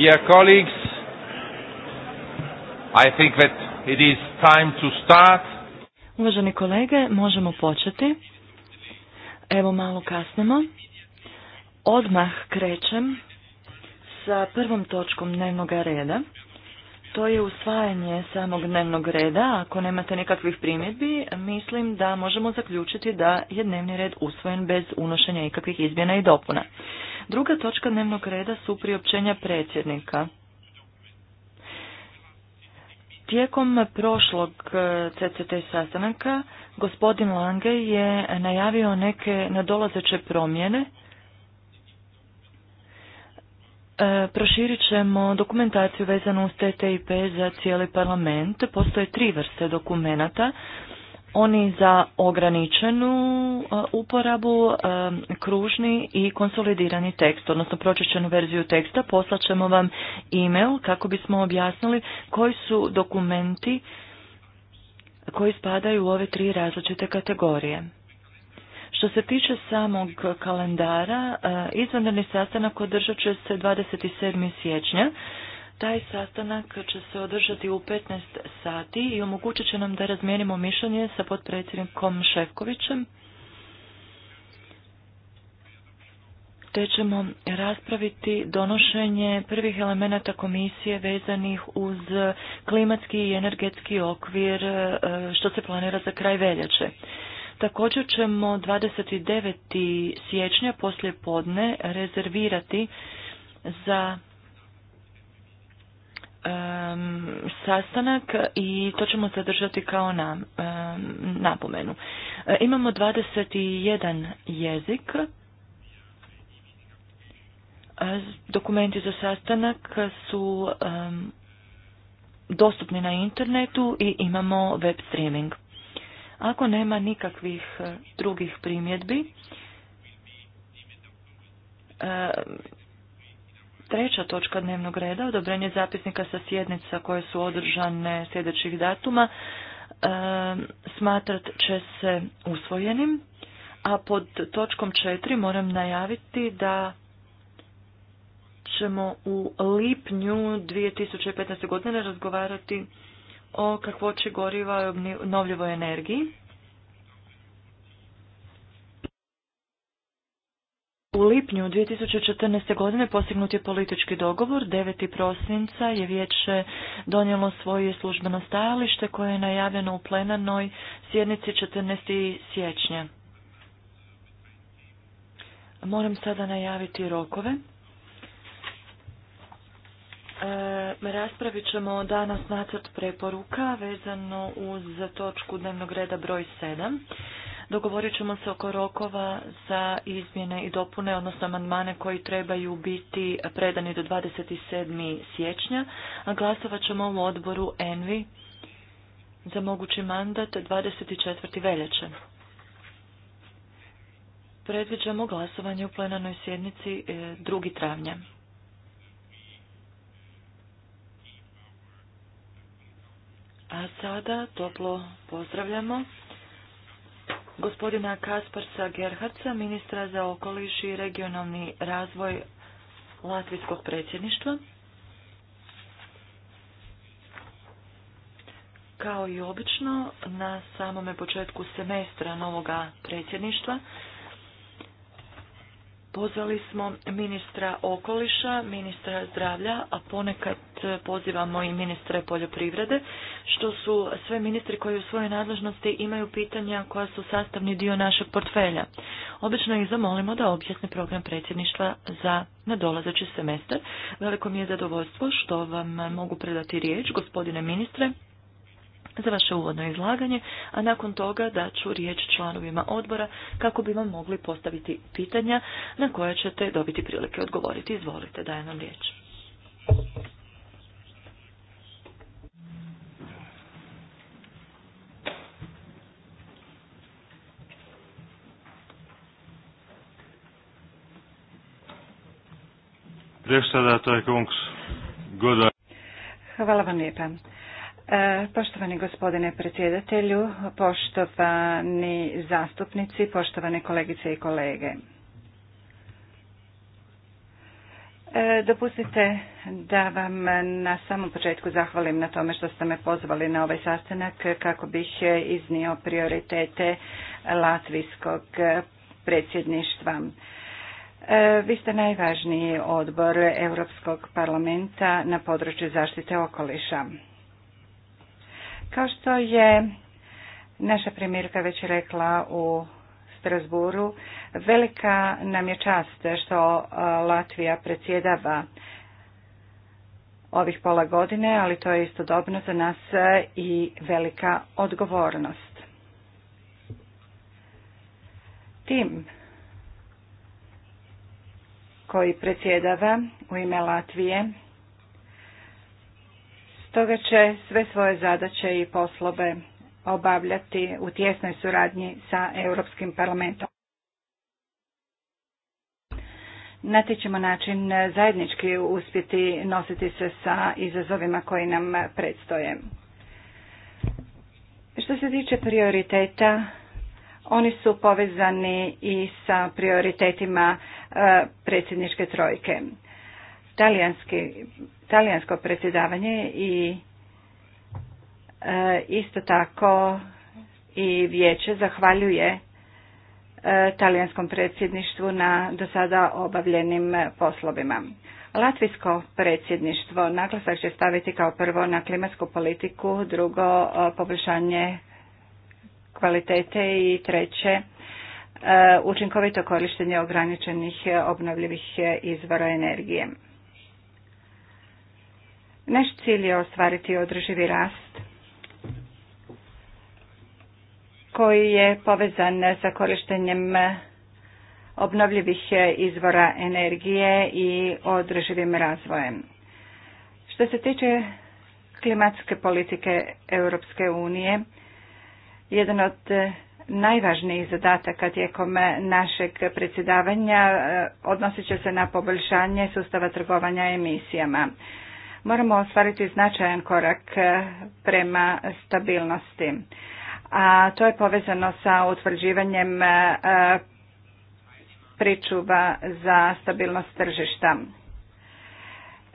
Dear colleagues, I think that it is time to start. Uvaženi kolege, možemo početi. Evo malo kasnimo. Odmah krećem sa prvom točkom dnevnog reda. To je usvajanje samog dnevnog reda. Ako nemate nikakvih primjedbi, mislim da možemo zaključiti da je dnevni red usvojen bez unošenja ikakvih izmjena i dopuna. Druga točka dnevnog reda su priopćenja predsjednika. Tijekom prošlog eh, CCT sastanaka gospodin Lange je najavio neke nadolazeće promjene. Eh, proširit ćemo dokumentaciju vezanu uz TTIP za cijeli parlament. Postoje tri vrste dokumenata oni za ograničenu e, uporabu e, kružni i konsolidirani tekst, odnosno pročišćenu verziju teksta, poslat ćemo vam e-mail kako bismo objasnili koji su dokumenti koji spadaju u ove tri različite kategorije. Što se tiče samog kalendara, e, izvanredni sastanak održat će se 27. siječnja taj sastanak će se održati u 15 sati i omogućit će nam da razmijenimo mišljenje sa potpredsjednikom Šefkovićem. te ćemo raspraviti donošenje prvih elemenata komisije vezanih uz klimatski i energetski okvir e, što se planira za kraj veljače. Također ćemo 29. siječnja poslije podne rezervirati za sastanak i to ćemo zadržati kao na, napomenu. E, imamo 21 jezik. E, dokumenti za sastanak su dostupni na internetu i imamo web streaming. Ako nema nikakvih e, drugih primjedbi, Treća točka dnevnog reda, odobrenje zapisnika sa sjednica koje su održane sljedećih datuma, smatrat će se usvojenim, a pod točkom četiri moram najaviti da ćemo u lipnju 2015. godine razgovarati o kakvoći goriva i obnovljivoj energiji. U lipnju 2014. godine postignut je politički dogovor, 9. prosinca je vijeće donijelo svoje službeno stajalište koje je najavljeno u plenarnoj sjednici 14. siječnja. Moram sada najaviti rokove. E, raspravit ćemo danas nacrt preporuka vezano uz točku dnevnog reda broj 7. Dogovorit ćemo se oko rokova za izmjene i dopune, odnosno amandmane koji trebaju biti predani do 27. siječnja, a glasovat ćemo u odboru ENVI za mogući mandat 24. veljače. Predviđamo glasovanje u plenarnoj sjednici 2. E, travnja. A sada toplo pozdravljamo gospodina Kasparca Gerharca, ministra za okoliš i regionalni razvoj Latvijskog predsjedništva. Kao i obično, na samome početku semestra novoga predsjedništva Pozvali smo ministra okoliša, ministra zdravlja, a ponekad pozivamo i ministre poljoprivrede, što su sve ministri koji u svojoj nadležnosti imaju pitanja koja su sastavni dio našeg portfelja. Obično ih zamolimo da objasne program predsjedništva za nadolazeći semestar. Veliko mi je zadovoljstvo što vam mogu predati riječ, gospodine ministre, za vaše uvodno izlaganje, a nakon toga da ću riječ članovima odbora kako bi vam mogli postaviti pitanja na koja ćete dobiti prilike odgovoriti. Izvolite, dajem vam riječ. Hvala vam lijepa. E, poštovani gospodine predsjedatelju, poštovani zastupnici, poštovane kolegice i kolege. E, dopustite da vam na samom početku zahvalim na tome što ste me pozvali na ovaj sastanak kako bih iznio prioritete latvijskog predsjedništva. E, vi ste najvažniji odbor Europskog parlamenta na području zaštite okoliša. Kao što je naša premijerka već rekla u Strasburu, velika nam je čast što e, Latvija predsjedava ovih pola godine, ali to je istodobno za nas e, i velika odgovornost. Tim koji predsjedava u ime Latvije Stoga će sve svoje zadaće i poslove obavljati u tjesnoj suradnji sa Europskim parlamentom. Nati ćemo način zajednički uspjeti nositi se sa izazovima koji nam predstoje. Što se tiče prioriteta, oni su povezani i sa prioritetima e, predsjedničke trojke. Talijanski talijansko predsjedavanje i e, isto tako i vijeće zahvaljuje e, talijanskom predsjedništvu na do sada obavljenim poslovima. Latvijsko predsjedništvo naglasak će staviti kao prvo na klimatsku politiku, drugo e, poboljšanje kvalitete i treće učinkovito korištenje ograničenih obnovljivih izvora energije. Naš cilj je ostvariti održivi rast koji je povezan sa korištenjem obnovljivih izvora energije i održivim razvojem. Što se tiče klimatske politike Europske unije, jedan od najvažnijih zadataka tijekom našeg predsjedavanja e, odnosit će se na poboljšanje sustava trgovanja emisijama moramo ostvariti značajan korak eh, prema stabilnosti. A to je povezano sa utvrđivanjem eh, pričuva za stabilnost tržišta.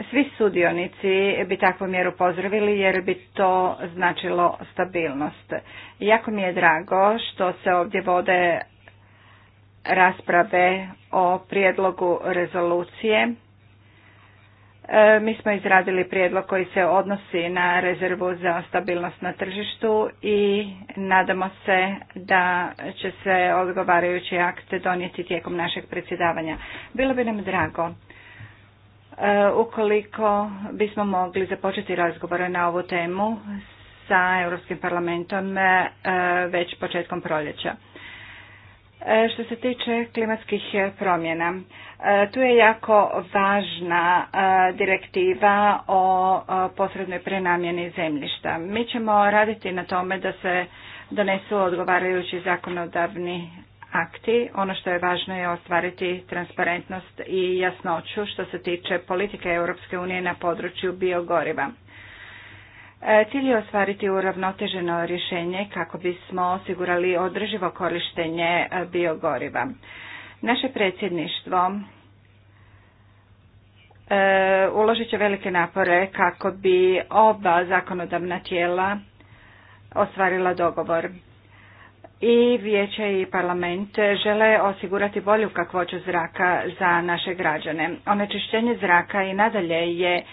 Svi sudionici bi takvu mjeru pozdravili jer bi to značilo stabilnost. Jako mi je drago što se ovdje vode rasprave o prijedlogu rezolucije E, mi smo izradili prijedlog koji se odnosi na rezervu za stabilnost na tržištu i nadamo se da će se odgovarajući akt donijeti tijekom našeg predsjedavanja. Bilo bi nam drago e, ukoliko bismo mogli započeti razgovore na ovu temu sa Europskim parlamentom e, već početkom proljeća. E, što se tiče klimatskih e, promjena, e, tu je jako važna direktiva o posrednoj prenamjeni zemljišta. Mi ćemo raditi na tome da se donesu odgovarajući zakonodavni akti. Ono što je važno je ostvariti transparentnost i jasnoću što se tiče politike Europske unije na području biogoriva. E, cilj je ostvariti uravnoteženo rješenje kako bismo osigurali održivo korištenje e, biogoriva. Naše predsjedništvo e, uložit će velike napore kako bi oba zakonodavna tijela ostvarila dogovor. I vijeće i parlament žele osigurati bolju kakvoću zraka za naše građane. Onečišćenje zraka i nadalje je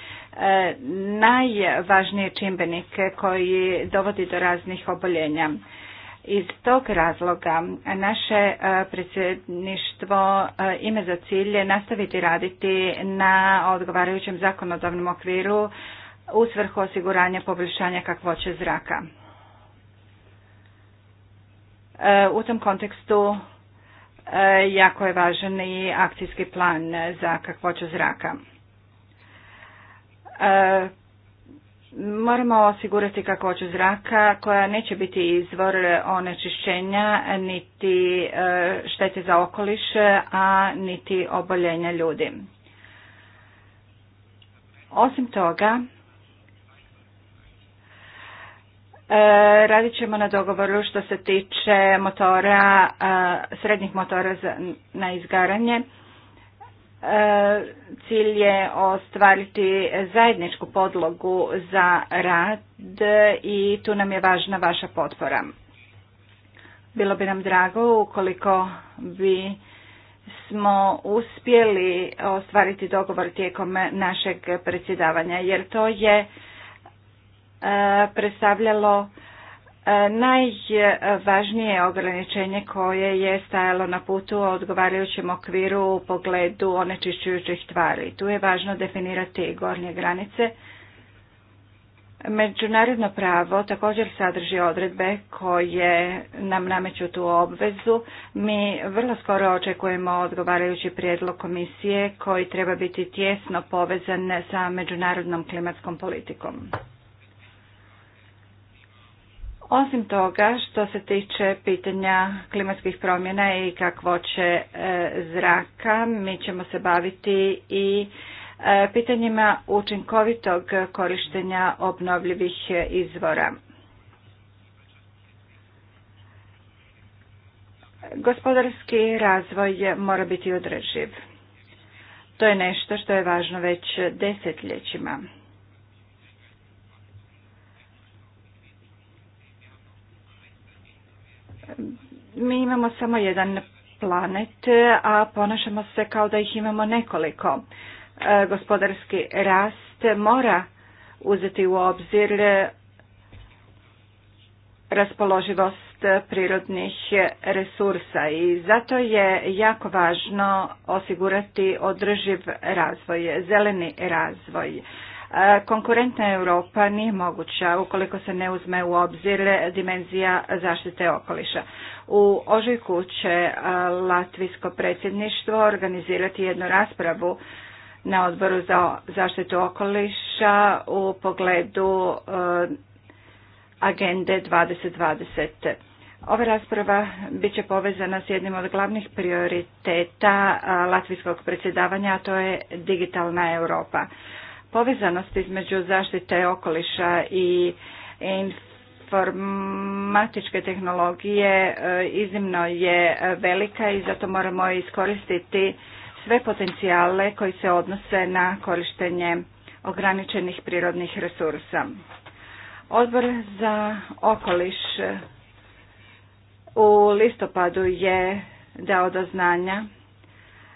najvažnije čimbenike koji dovodi do raznih oboljenja. Iz tog razloga naše e, predsjedništvo e, ime za cilj nastaviti raditi na odgovarajućem zakonodavnom okviru u svrhu osiguranja poboljšanja kakvoće zraka. E, u tom kontekstu jako je važan i akcijski plan za kakvoću zraka. E, moramo osigurati će zraka koja neće biti izvor onečišćenja niti e, štete za okoliš, a niti oboljenja ljudi. Osim toga, e, radit ćemo na dogovoru što se tiče motora, srednjih motora na izgaranje E, cilj je ostvariti zajedničku podlogu za rad i tu nam je važna vaša potpora. Bilo bi nam drago ukoliko bi smo uspjeli ostvariti dogovor tijekom našeg predsjedavanja jer to je e, predstavljalo E, najvažnije ograničenje koje je stajalo na putu o odgovarajućem okviru u pogledu onečišćujućih tvari. Tu je važno definirati gornje granice. Međunarodno pravo također sadrži odredbe koje nam nameću tu obvezu. Mi vrlo skoro očekujemo odgovarajući prijedlog komisije koji treba biti tjesno povezan sa međunarodnom klimatskom politikom. Osim toga, što se tiče pitanja klimatskih promjena i kakvoće e, zraka, mi ćemo se baviti i e, pitanjima učinkovitog korištenja obnovljivih izvora. Gospodarski razvoj mora biti održiv. To je nešto što je važno već desetljećima. Mi imamo samo jedan planet, a ponašamo se kao da ih imamo nekoliko. E, gospodarski rast mora uzeti u obzir raspoloživost prirodnih resursa i zato je jako važno osigurati održiv razvoj, zeleni razvoj. Konkurentna Europa nije moguća ukoliko se ne uzme u obzir dimenzija zaštite okoliša. U ožujku će Latvijsko predsjedništvo organizirati jednu raspravu na odboru za zaštitu okoliša u pogledu agende 2020. Ova rasprava bit će povezana s jednim od glavnih prioriteta latvijskog predsjedavanja, a to je digitalna Europa. Povezanost između zaštite okoliša i informatičke tehnologije e, iznimno je velika i zato moramo iskoristiti sve potencijale koji se odnose na korištenje ograničenih prirodnih resursa. Odbor za okoliš u listopadu je dao do znanja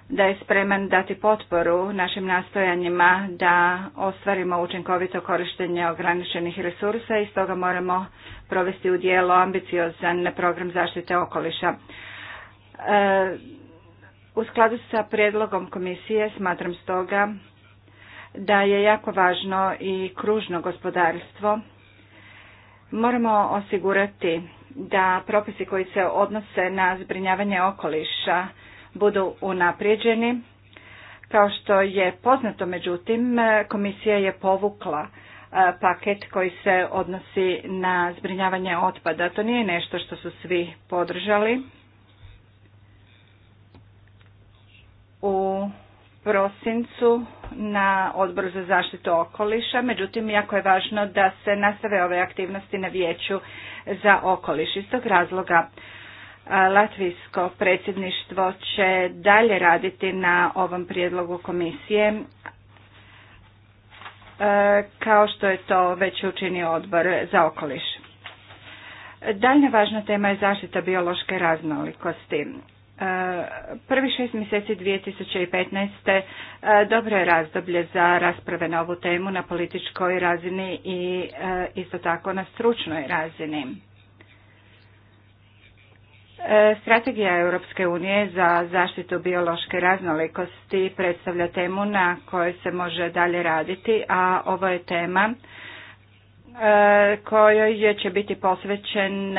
da je spreman dati potporu našim nastojanjima da ostvarimo učinkovito korištenje ograničenih resursa i stoga moramo provesti u dijelo ambiciozan program zaštite okoliša. E, u skladu sa prijedlogom komisije smatram stoga da je jako važno i kružno gospodarstvo. Moramo osigurati da propisi koji se odnose na zbrinjavanje okoliša budu unaprijeđeni. Kao što je poznato, međutim, komisija je povukla e, paket koji se odnosi na zbrinjavanje otpada. To nije nešto što su svi podržali. U prosincu na odboru za zaštitu okoliša, međutim jako je važno da se nastave ove aktivnosti na vijeću za okoliš. Iz tog razloga Latvijsko predsjedništvo će dalje raditi na ovom prijedlogu komisije e, kao što je to već učinio odbor za okoliš. Daljna važna tema je zaštita biološke raznolikosti. E, prvi šest mjeseci 2015. E, dobro je razdoblje za rasprave na ovu temu na političkoj razini i isto tako na stručnoj razini. Strategija Europske unije za zaštitu biološke raznolikosti predstavlja temu na kojoj se može dalje raditi, a ovo je tema e, kojoj će biti posvećen,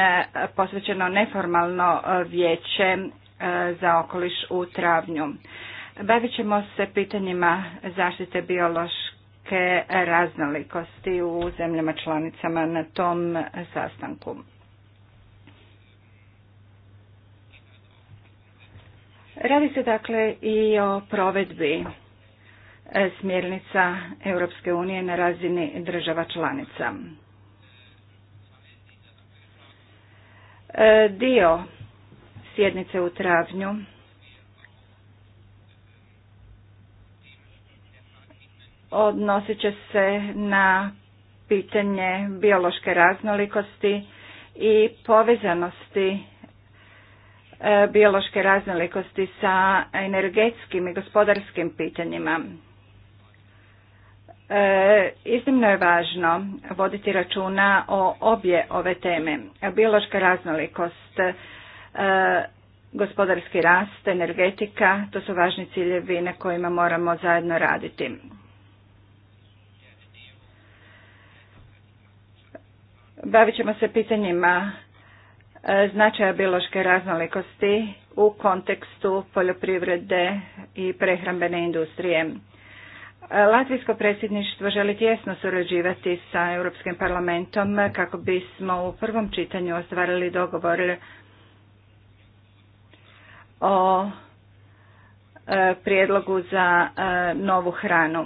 posvećeno neformalno e, vijeće e, za okoliš u travnju. Bavit ćemo se pitanjima zaštite biološke raznolikosti u zemljama članicama na tom sastanku. Radi se dakle i o provedbi e, smjernica Europske unije na razini država članica. E, dio sjednice u travnju odnosit će se na pitanje biološke raznolikosti i povezanosti E, biološke raznolikosti sa energetskim i gospodarskim pitanjima. E, iznimno je važno voditi računa o obje ove teme. Biološka raznolikost, e, gospodarski rast, energetika, to su važni ciljevi na kojima moramo zajedno raditi. Bavit ćemo se pitanjima E, značaja biološke raznolikosti u kontekstu poljoprivrede i prehrambene industrije. E, Latvijsko predsjedništvo želi tjesno surađivati sa Europskim parlamentom kako bismo u prvom čitanju ostvarili dogovor o e, prijedlogu za novu hranu.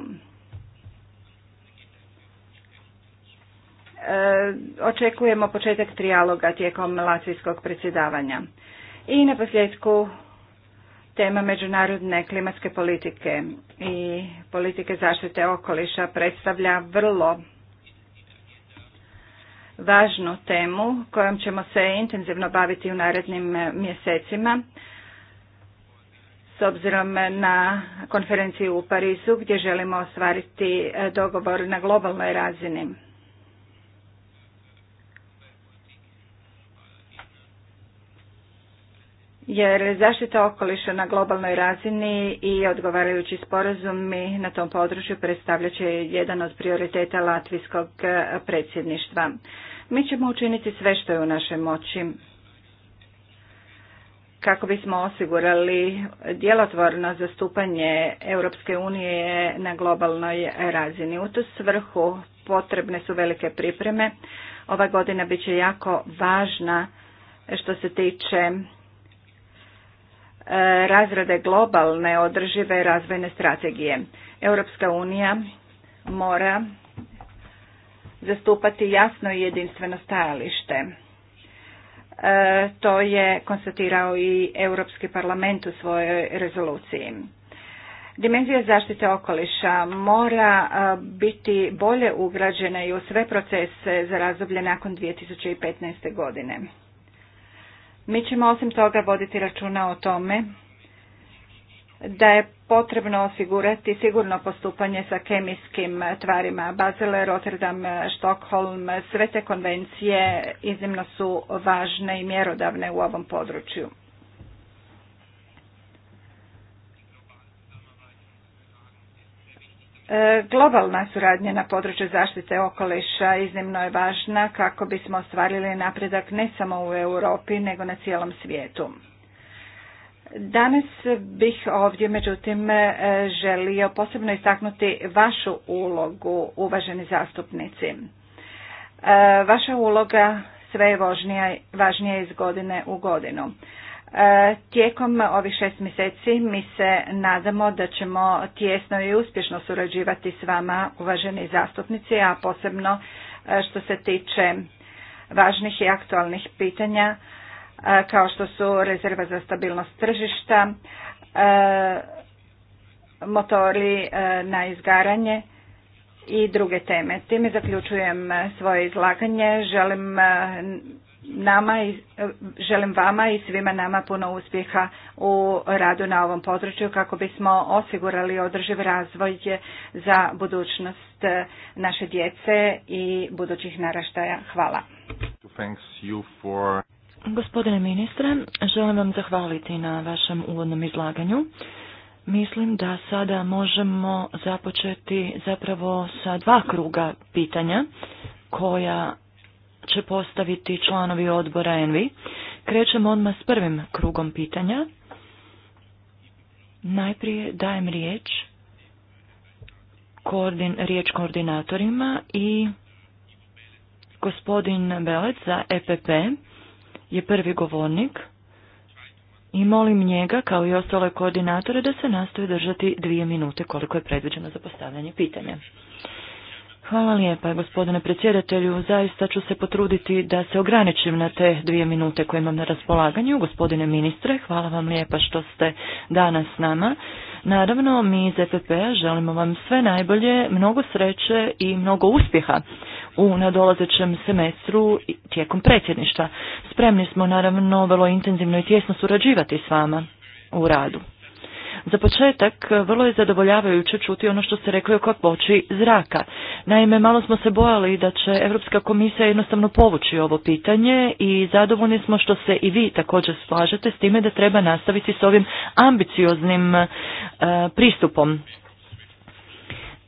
E, očekujemo početak trijaloga tijekom latvijskog predsjedavanja. I na posljedku tema međunarodne klimatske politike i politike zaštite okoliša predstavlja vrlo važnu temu kojom ćemo se intenzivno baviti u narednim mjesecima s obzirom na konferenciju u Parizu gdje želimo ostvariti dogovor na globalnoj razini. jer zaštita okoliša na globalnoj razini i odgovarajući sporazumi na tom području predstavljat će jedan od prioriteta latvijskog e, predsjedništva. Mi ćemo učiniti sve što je u našoj moći kako bismo osigurali djelotvorno zastupanje Europske unije na globalnoj razini. U tu svrhu potrebne su velike pripreme. Ova godina bit će jako važna što se tiče razrade globalne održive razvojne strategije. Europska unija mora zastupati jasno i jedinstveno stajalište. E, to je konstatirao i Europski parlament u svojoj rezoluciji. Dimenzija zaštite okoliša mora e, biti bolje ugrađena i u sve procese za razdoblje nakon 2015. godine. Mi ćemo osim toga voditi računa o tome da je potrebno osigurati sigurno postupanje sa kemijskim tvarima. Basel, Rotterdam, Stockholm, sve te konvencije iznimno su važne i mjerodavne u ovom području. E, globalna suradnja na području zaštite okoliša iznimno je važna kako bismo ostvarili napredak ne samo u Europi nego na cijelom svijetu. Danas bih ovdje međutim e, želio posebno istaknuti vašu ulogu, uvaženi zastupnici. E, vaša uloga sve je važnija, važnija iz godine u godinu. E, tijekom ovih šest mjeseci mi se nadamo da ćemo tjesno i uspješno surađivati s vama, uvaženi zastupnici, a posebno e, što se tiče važnih i aktualnih pitanja e, kao što su rezerva za stabilnost tržišta, motori na izgaranje i druge teme. Time zaključujem svoje izlaganje. Želim nama i e, želim vama i svima nama puno uspjeha u radu na ovom području kako bismo osigurali održiv razvoj za budućnost e, naše djece i budućih naraštaja. Hvala. Gospodine ministre, želim vam zahvaliti na vašem uvodnom izlaganju. Mislim da sada možemo započeti zapravo sa dva kruga pitanja koja će postaviti članovi odbora ENVI. Krećemo odmah s prvim krugom pitanja. Najprije dajem riječ koordin, riječ koordinatorima i gospodin Belec za EPP je prvi govornik i molim njega kao i ostale koordinatore da se nastoje držati dvije minute koliko je predviđeno za postavljanje pitanja. Hvala lijepa, gospodine predsjedatelju. Zaista ću se potruditi da se ograničim na te dvije minute koje imam na raspolaganju. Gospodine ministre, hvala vam lijepa što ste danas s nama. Naravno, mi iz EPP-a želimo vam sve najbolje, mnogo sreće i mnogo uspjeha u nadolazećem semestru tijekom predsjedništva. Spremni smo naravno vrlo intenzivno i tjesno surađivati s vama u radu. Za početak, vrlo je zadovoljavajuće čuti ono što ste rekli o kakvoći zraka. Naime, malo smo se bojali da će Europska komisija jednostavno povući ovo pitanje i zadovoljni smo što se i vi također slažete s time da treba nastaviti s ovim ambicioznim eh, pristupom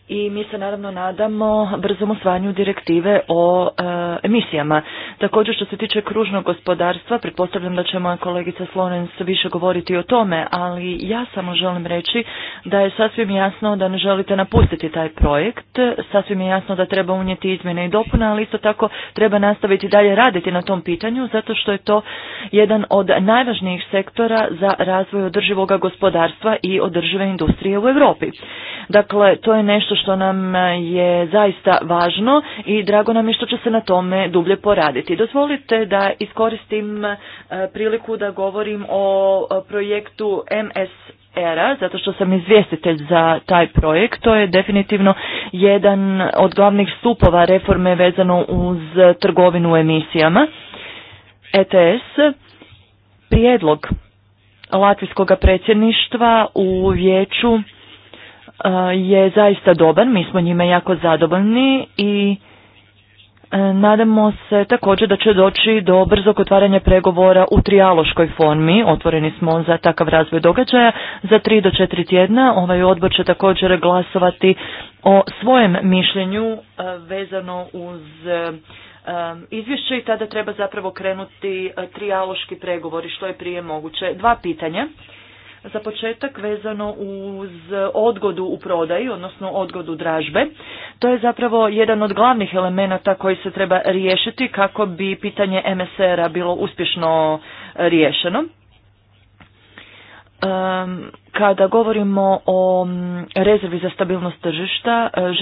i mi se naravno nadamo brzom usvajanju direktive o e, emisijama. Također što se tiče kružnog gospodarstva, pretpostavljam da će moja kolegica Florence više govoriti o tome, ali ja samo želim reći da je sasvim jasno da ne želite napustiti taj projekt, sasvim je jasno da treba unijeti izmjene i dopune, ali isto tako treba nastaviti dalje raditi na tom pitanju, zato što je to jedan od najvažnijih sektora za razvoj održivoga gospodarstva i održive industrije u Europi. Dakle, to je nešto što nam e, je zaista važno i drago nam je što će se na tome dublje poraditi. Dozvolite da iskoristim e, priliku da govorim o projektu MS era, zato što sam izvjestitelj za taj projekt, to je definitivno jedan od glavnih stupova reforme vezano uz trgovinu emisijama. ETS, prijedlog Latvijskog predsjedništva u vijeću je zaista dobar, mi smo njime jako zadovoljni i e, Nadamo se također da će doći do brzog otvaranja pregovora u trijaloškoj formi. Otvoreni smo za takav razvoj događaja. Za tri do četiri tjedna ovaj odbor će također glasovati o svojem mišljenju e, vezano uz e, izvješće i tada treba zapravo krenuti trijaloški pregovori što je prije moguće. Dva pitanja za početak vezano uz odgodu u prodaji, odnosno odgodu dražbe. To je zapravo jedan od glavnih elemenata koji se treba riješiti kako bi pitanje MSR-a bilo uspješno riješeno. Um, kada govorimo o mm, rezervi za stabilnost tržišta, e,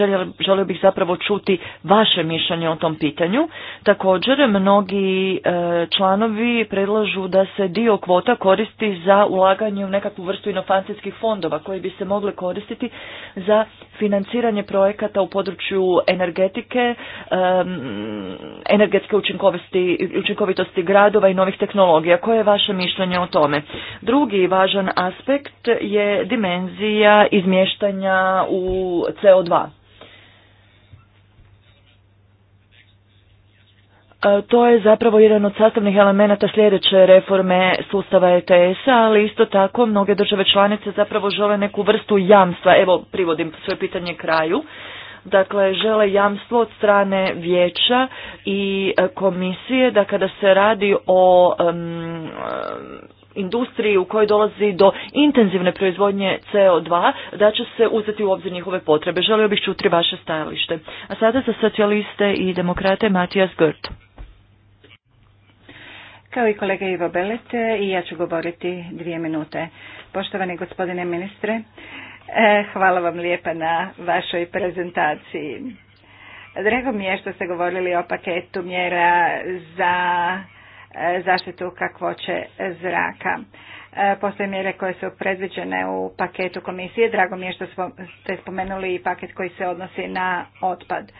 želio, bih zapravo čuti vaše mišljenje o tom pitanju. Također, mnogi e, članovi predlažu da se dio kvota koristi za ulaganje u nekakvu vrstu inovacijskih fondova koji bi se mogli koristiti za financiranje projekata u području energetike, e, mm, energetske učinkovitosti gradova i novih tehnologija. Koje je vaše mišljenje o tome? Drugi važan aspekt je dimenzija izmještanja u CO2. E, to je zapravo jedan od sastavnih elemenata sljedeće reforme sustava ETS-a, ali isto tako mnoge države članice zapravo žele neku vrstu jamstva. Evo, privodim svoje pitanje kraju. Dakle, žele jamstvo od strane vijeća i e, komisije da kada se radi o industriji u kojoj dolazi do intenzivne proizvodnje CO2, da će se uzeti u obzir njihove potrebe. Želio bih čuti vaše stajalište. A sada za socijaliste i demokrate Matijas Gurt. Kao i kolega Ivo Belete i ja ću govoriti dvije minute. Poštovani gospodine ministre, eh, hvala vam lijepa na vašoj prezentaciji. Drago mi je što ste govorili o paketu mjera za E, zaštitu kakvoće zraka. E, postoje mjere koje su predviđene u paketu komisije. Drago mi je što ste spomenuli i paket koji se odnosi na otpad.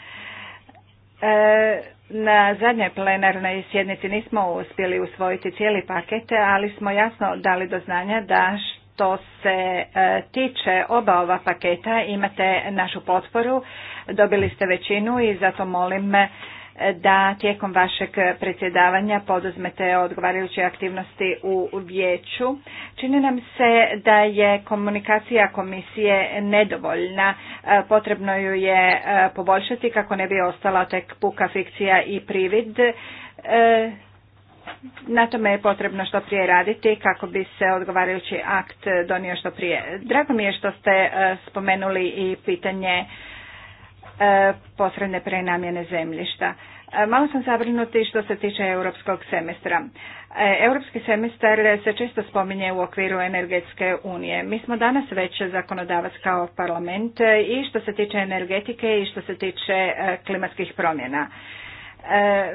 E, na zadnjoj plenarnoj sjednici nismo uspjeli usvojiti cijeli paket, ali smo jasno dali do znanja da što se tiče oba ova paketa imate našu potporu, dobili ste većinu i zato molim da tijekom vašeg predsjedavanja poduzmete odgovarajuće aktivnosti u vijeću. Čini nam se da je komunikacija komisije nedovoljna. E, potrebno ju je e, poboljšati kako ne bi ostala tek puka fikcija i privid. E, na tome je potrebno što prije raditi kako bi se odgovarajući akt donio što prije. Drago mi je što ste spomenuli i pitanje E, posredne prenamjene zemljišta. E, malo sam zabrinuti što se tiče europskog semestra. E, europski semestar se često spominje u okviru energetske unije. Mi smo danas već zakonodavac kao parlament i što se tiče energetike i što se tiče klimatskih promjena.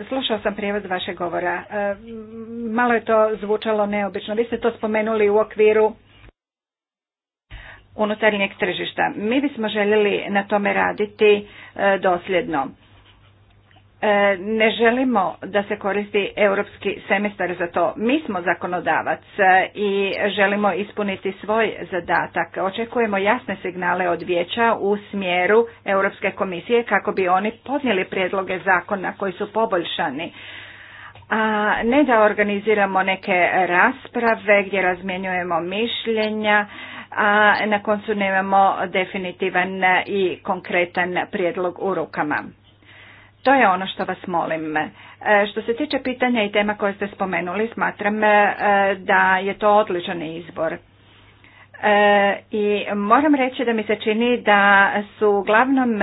Slušao sam prijevod vašeg govora. Malo je to zvučalo neobično. Vi ste to spomenuli u okviru unutarnjeg tržišta. Mi bismo željeli na tome raditi e, dosljedno. E, ne želimo da se koristi europski semestar za to. Mi smo zakonodavac e, i želimo ispuniti svoj zadatak. Očekujemo jasne signale od vijeća u smjeru Europske komisije kako bi oni podnijeli prijedloge zakona koji su poboljšani. A ne da organiziramo neke rasprave gdje razmjenjujemo mišljenja, a na koncu nemamo definitivan i konkretan prijedlog u rukama. To je ono što vas molim. E, što se tiče pitanja i tema koje ste spomenuli, smatram e, da je to odličan izbor. E, I moram reći da mi se čini da su uglavnom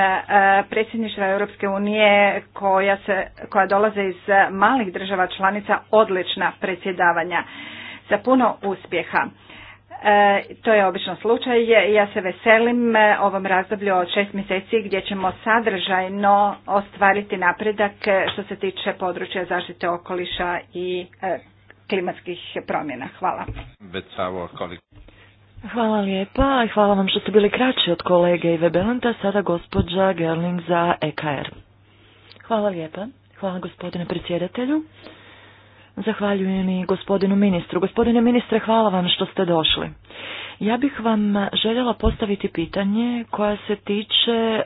predsjedništva Europske unije koja, se, koja dolaze iz malih država članica odlična predsjedavanja sa puno uspjeha. E, to je obično slučaj. Ja se veselim e, ovom razdoblju od šest mjeseci gdje ćemo sadržajno ostvariti napredak e, što se tiče područja zaštite okoliša i klimatskih promjena. Hvala. Hvala lijepa i hvala vam što ste bili kraći od kolege i Belanta, sada gospođa Gerling za EKR. Hvala lijepa. Hvala gospodine predsjedatelju. Zahvaljujem i gospodinu ministru. Gospodine ministre, hvala vam što ste došli. Ja bih vam željela postaviti pitanje koja se tiče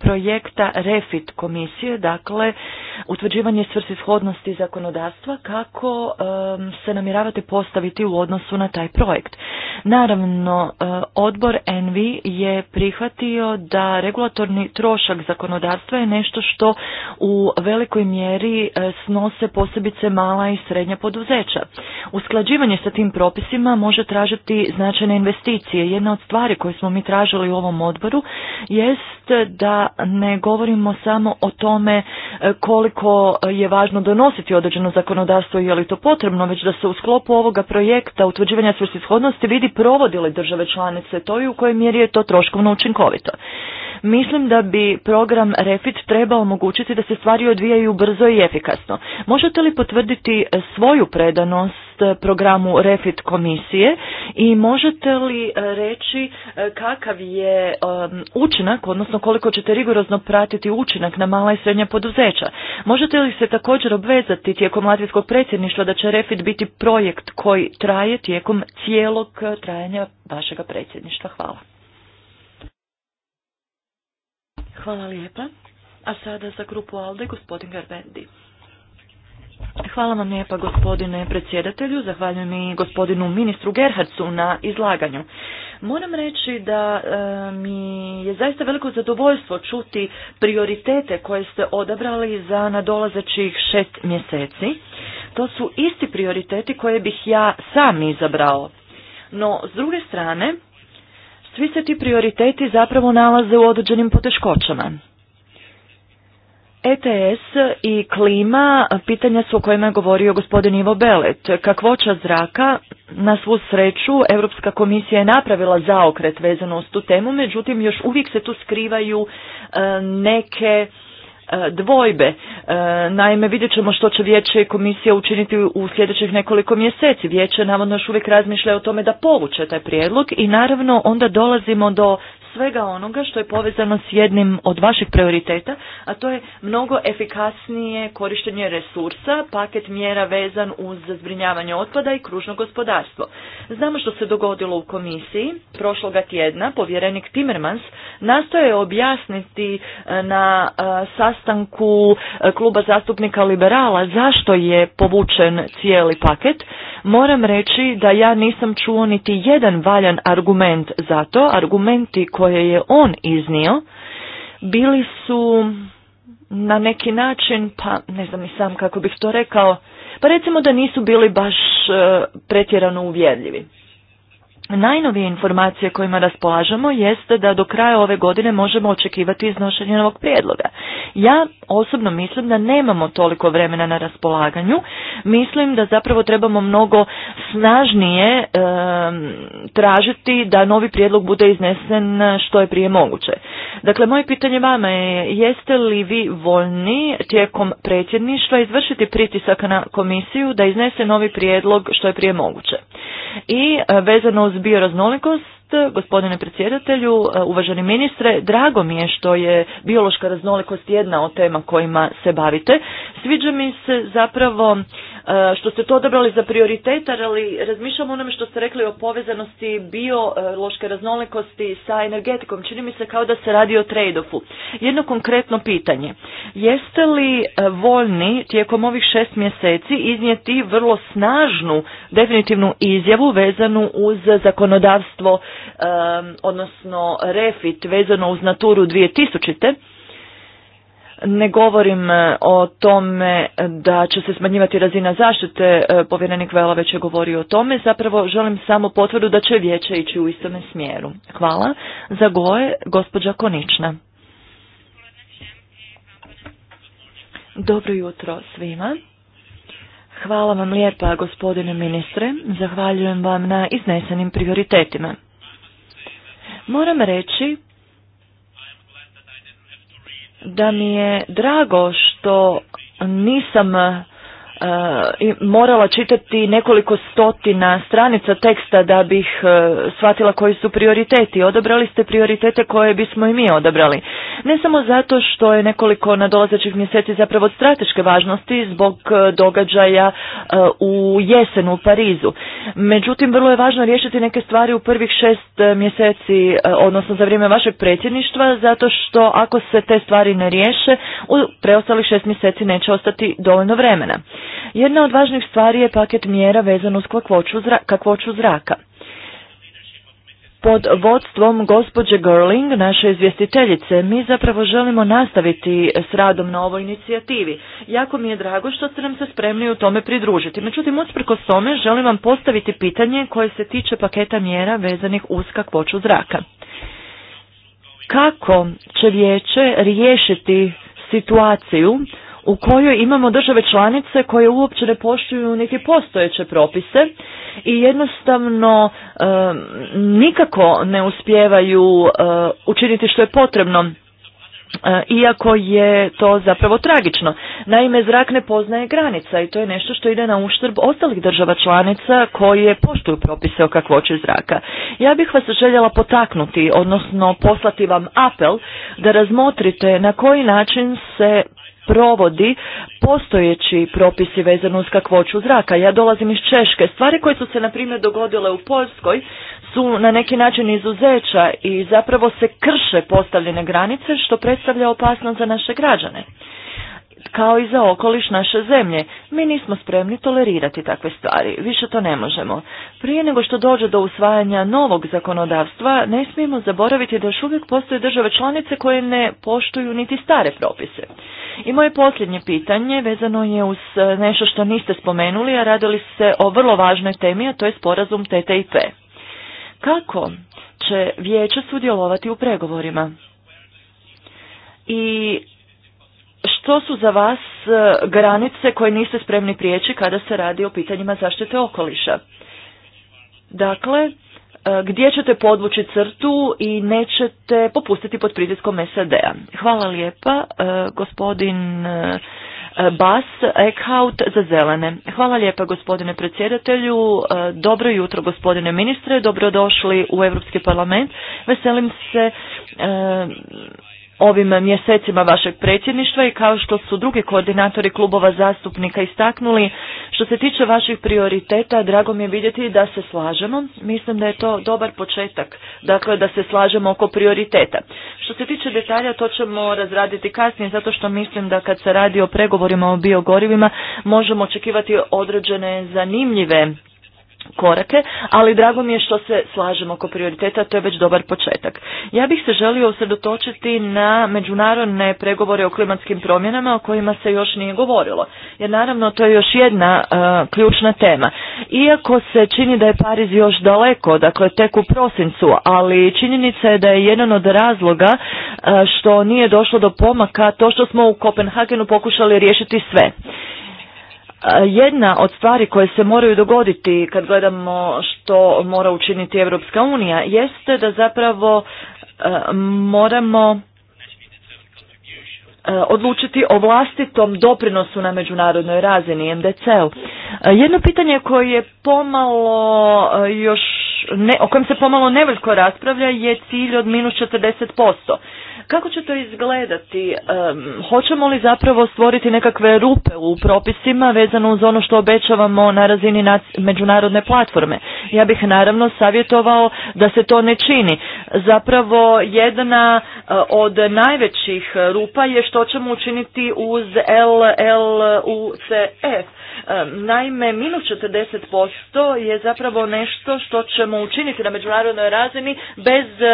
projekta REFIT komisije, dakle utvrđivanje svrsishodnosti zakonodavstva, kako se namiravate postaviti u odnosu na taj projekt. Naravno, e, odbor NV je prihvatio da regulatorni trošak zakonodavstva je nešto što u velikoj mjeri e, snose posebice mala i srednja poduzeća. Usklađivanje sa tim propisima može tražiti značajne investicije. Jedna od stvari koje smo mi tražili u ovom odboru jest da ne govorimo samo o tome e, koliko je važno donositi određeno zakonodavstvo i je li to potrebno, već da se u sklopu ovoga projekta utvrđivanja svrsishodnosti vidi provodile države članice to i u kojoj mjeri je to troškovno učinkovito. Mislim da bi program REFIT trebao omogućiti da se stvari odvijaju brzo i efikasno. Možete li potvrditi svoju predanost programu REFIT komisije i možete li e, reći e, kakav je e, učinak, odnosno koliko ćete rigorozno pratiti učinak na mala i srednja poduzeća? Možete li se također obvezati tijekom latvijskog predsjedništva da će REFIT biti projekt koji traje tijekom cijelog trajanja vašega predsjedništva? Hvala. Hvala lijepa. A sada za grupu ALDE gospodin Garbendi. Hvala vam lijepa gospodine predsjedatelju, zahvaljujem i gospodinu ministru Gerhardcu na izlaganju. Moram reći da e, mi je zaista veliko zadovoljstvo čuti prioritete koje ste odabrali za nadolazećih šest mjeseci. To su isti prioriteti koje bih ja sam izabrao. No, s druge strane, svi se ti prioriteti zapravo nalaze u određenim poteškoćama. ETS i klima, pitanja su o kojima je govorio gospodin Ivo Belet. Kakvoća zraka, na svu sreću, Europska komisija je napravila zaokret vezano uz tu temu, međutim još uvijek se tu skrivaju e, neke E, dvojbe. E, naime, vidjet ćemo što će vijeće i komisija učiniti u sljedećih nekoliko mjeseci. Vijeće navodno još uvijek razmišlja o tome da povuče taj prijedlog i naravno onda dolazimo do svega onoga što je povezano s jednim od vaših prioriteta, a to je mnogo efikasnije korištenje resursa, paket mjera vezan uz zbrinjavanje otpada i kružno gospodarstvo. Znamo što se dogodilo u komisiji. Prošloga tjedna povjerenik Timmermans nastoje objasniti e, na e, sastanku e, kluba zastupnika liberala zašto je povučen cijeli paket. Moram reći da ja nisam čuo niti jedan valjan argument za to. Argumenti koji koje je on iznio bili su na neki način, pa ne znam ni sam kako bih to rekao, pa recimo da nisu bili baš e, pretjerano uvjerljivi. Najnovije informacije kojima raspolažemo jeste da do kraja ove godine možemo očekivati iznošenje novog prijedloga. Ja osobno mislim da nemamo toliko vremena na raspolaganju, mislim da zapravo trebamo mnogo snažnije e, tražiti da novi prijedlog bude iznesen što je prije moguće. Dakle, moje pitanje vama je jeste li vi voljni tijekom predsjedništva izvršiti pritisak na komisiju da iznese novi prijedlog što je prije moguće? I e, vezano uz bioraznolikost, gospodine predsjedatelju, e, uvaženi ministre, drago mi je što je biološka raznolikost jedna od tema kojima se bavite. Sviđa mi se zapravo E, što ste to odabrali za prioritetar, ali razmišljamo onome što ste rekli o povezanosti biološke e, raznolikosti sa energetikom. Čini mi se kao da se radi o trade-offu. Jedno konkretno pitanje. Jeste li e, voljni tijekom ovih šest mjeseci iznijeti vrlo snažnu definitivnu izjavu vezanu uz zakonodavstvo, odnosno refit vezano uz naturu 2000. Ne govorim e, o tome da će se smanjivati razina zaštite, e, povjerenik Vela već je govorio o tome, zapravo želim samo potvrdu da će vijeće ići u istome smjeru. Hvala. Za goje, gospođa Konična. Dobro jutro svima. Hvala vam lijepa gospodine ministre, zahvaljujem vam na iznesenim prioritetima. Moram reći da mi je drago što nisam E, i morala čitati nekoliko stotina stranica teksta da bih e, shvatila koji su prioriteti. Odabrali ste prioritete koje bismo i mi odabrali. Ne samo zato što je nekoliko nadolazećih mjeseci zapravo od strateške važnosti zbog e, događaja u jesenu u Parizu. Međutim, vrlo je važno riješiti neke stvari u prvih šest mjeseci, odnosno za vrijeme vašeg predsjedništva, zato što ako se te stvari ne riješe, u preostalih šest mjeseci neće ostati dovoljno vremena. Jedna od važnih stvari je paket mjera vezan uz kakvoću, zraka. Pod vodstvom gospođe Gerling, naše izvjestiteljice, mi zapravo želimo nastaviti s radom na ovoj inicijativi. Jako mi je drago što ste nam se spremni u tome pridružiti. Međutim, usprkos tome želim vam postaviti pitanje koje se tiče paketa mjera vezanih uz kakvoću zraka. Kako će vijeće riješiti situaciju u kojoj imamo države članice koje uopće ne poštuju neke postojeće propise i jednostavno e, nikako ne uspijevaju e, učiniti što je potrebno e, iako je to zapravo tragično. Naime, zrak ne poznaje granica i to je nešto što ide na uštrb ostalih država članica koje poštuju propise o kakvoći zraka. Ja bih vas željela potaknuti, odnosno poslati vam apel da razmotrite na koji način se provodi postojeći propisi vezano uz kakvoću zraka. Ja dolazim iz Češke. Stvari koje su se, na primjer, dogodile u Poljskoj su na neki način izuzeća i zapravo se krše postavljene granice što predstavlja opasnost za naše građane kao i za okoliš naše zemlje. Mi nismo spremni tolerirati takve stvari, više to ne možemo. Prije nego što dođe do usvajanja novog zakonodavstva, ne smijemo zaboraviti da još uvijek postoje države članice koje ne poštuju niti stare propise. I moje posljednje pitanje vezano je uz e, nešto što niste spomenuli, a radili se o vrlo važnoj temi, a to je sporazum TTIP. Kako će vijeće sudjelovati u pregovorima? I što su za vas e, granice koje niste spremni prijeći kada se radi o pitanjima zaštite okoliša? Dakle, e, gdje ćete podvući crtu i nećete popustiti pod pritiskom SAD-a? Hvala lijepa, e, gospodin Bas Eckhout za zelene. Hvala lijepa gospodine predsjedatelju, dobro jutro gospodine ministre, dobrodošli u Europski parlament. Veselim se ovim mjesecima vašeg predsjedništva i kao što su drugi koordinatori klubova zastupnika istaknuli, što se tiče vaših prioriteta, drago mi je vidjeti da se slažemo. Mislim da je to dobar početak, dakle da se slažemo oko prioriteta. Što se tiče detalja, to ćemo razraditi kasnije, zato što mislim da kad se radi o pregovorima o biogorivima, možemo očekivati određene zanimljive korake, ali drago mi je što se slažemo oko prioriteta, to je već dobar početak. Ja bih se želio usredotočiti na međunarodne pregovore o klimatskim promjenama o kojima se još nije govorilo, jer naravno to je još jedna e, ključna tema. Iako se čini da je Pariz još daleko, dakle tek u prosincu, ali činjenica je da je jedan od razloga e, što nije došlo do pomaka to što smo u Kopenhagenu pokušali riješiti sve. E, jedna od stvari koje se moraju dogoditi kad gledamo što mora učiniti Europska unija jeste da zapravo e, moramo e, odlučiti o vlastitom doprinosu na međunarodnoj razini MDC-u. Jedno pitanje koje je pomalo još ne, o kojem se pomalo neveljko raspravlja je cilj od minus 40%. Kako će to izgledati? hoćemo li zapravo stvoriti nekakve rupe u propisima vezano uz ono što obećavamo na razini međunarodne platforme? Ja bih naravno savjetovao da se to ne čini. Zapravo jedna e, od najvećih rupa je što ćemo učiniti uz LLUCF E, naime, minus 40% je zapravo nešto što ćemo učiniti na međunarodnoj razini bez e,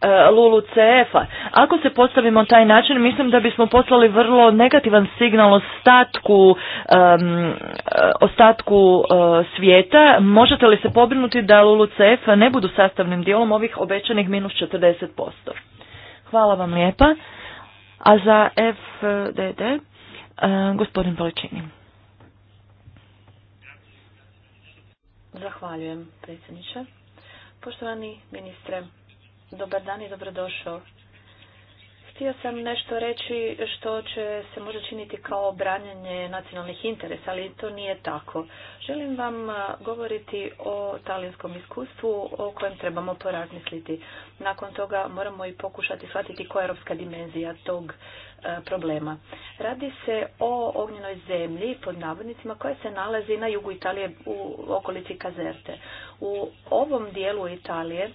e, Lulu CF-a. Ako se postavimo taj način, mislim da bismo poslali vrlo negativan signal ostatku, ostatku svijeta. Možete li se pobrinuti da Lulu CF ne budu sastavnim dijelom ovih obećanih minus 40%? Hvala vam lijepa. A za FDD, gospodin Poličini. Zahvaljujem, predsjedniče. Poštovani ministre, dobar dan i dobrodošao. Htio sam nešto reći što će se možda činiti kao branjanje nacionalnih interesa, ali to nije tako. Želim vam govoriti o talijanskom iskustvu o kojem trebamo porazmisliti. Nakon toga moramo i pokušati shvatiti koja je europska dimenzija tog E, problema. Radi se o ognjenoj zemlji pod navodnicima koja se nalazi na jugu Italije u okolici Kazerte. U ovom dijelu Italije e,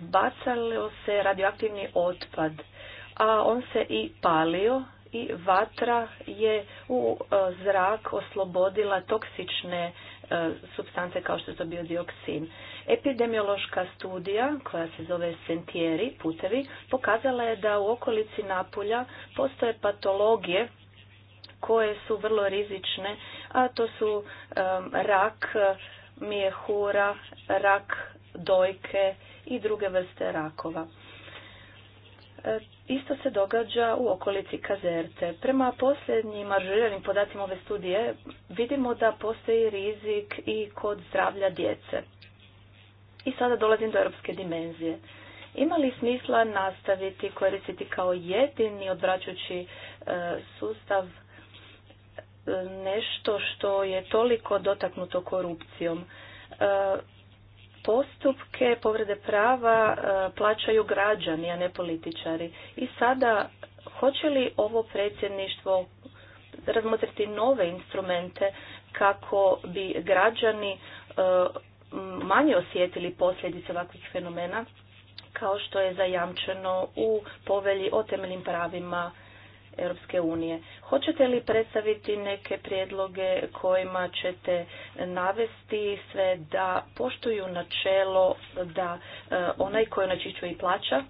bacalo se radioaktivni otpad, a on se i palio i vatra je u e, zrak oslobodila toksične substance kao što su to bio dioksin. Epidemiološka studija koja se zove Sentieri, putevi, pokazala je da u okolici Napulja postoje patologije koje su vrlo rizične, a to su rak, mijehura, rak dojke i druge vrste rakova. E, isto se događa u okolici Kazerte. Prema posljednjim ažuriranim podacima ove studije vidimo da postoji rizik i kod zdravlja djece. I sada dolazim do europske dimenzije. Ima li smisla nastaviti koristiti kao jedini odvraćajući e, sustav e, nešto što je toliko dotaknuto korupcijom? E, postupke povrede prava plaćaju građani, a ne političari. I sada, hoće li ovo predsjedništvo razmotriti nove instrumente kako bi građani manje osjetili posljedice ovakvih fenomena kao što je zajamčeno u povelji o temeljnim pravima Europske unije. Hoćete li predstaviti neke prijedloge kojima ćete navesti sve da poštuju načelo da e, onaj koji onečišćuje i plaća?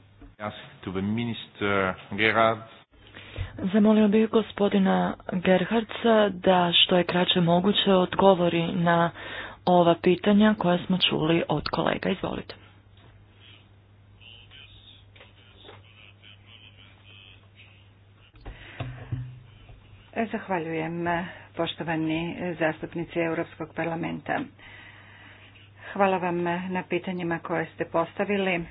Zamolio bih gospodina Gerhardca da što je kraće moguće odgovori na ova pitanja koja smo čuli od kolega. Izvolite. Zahvaljujem poštovani zastupnici Europskog parlamenta. Hvala vam na pitanjima koje ste postavili.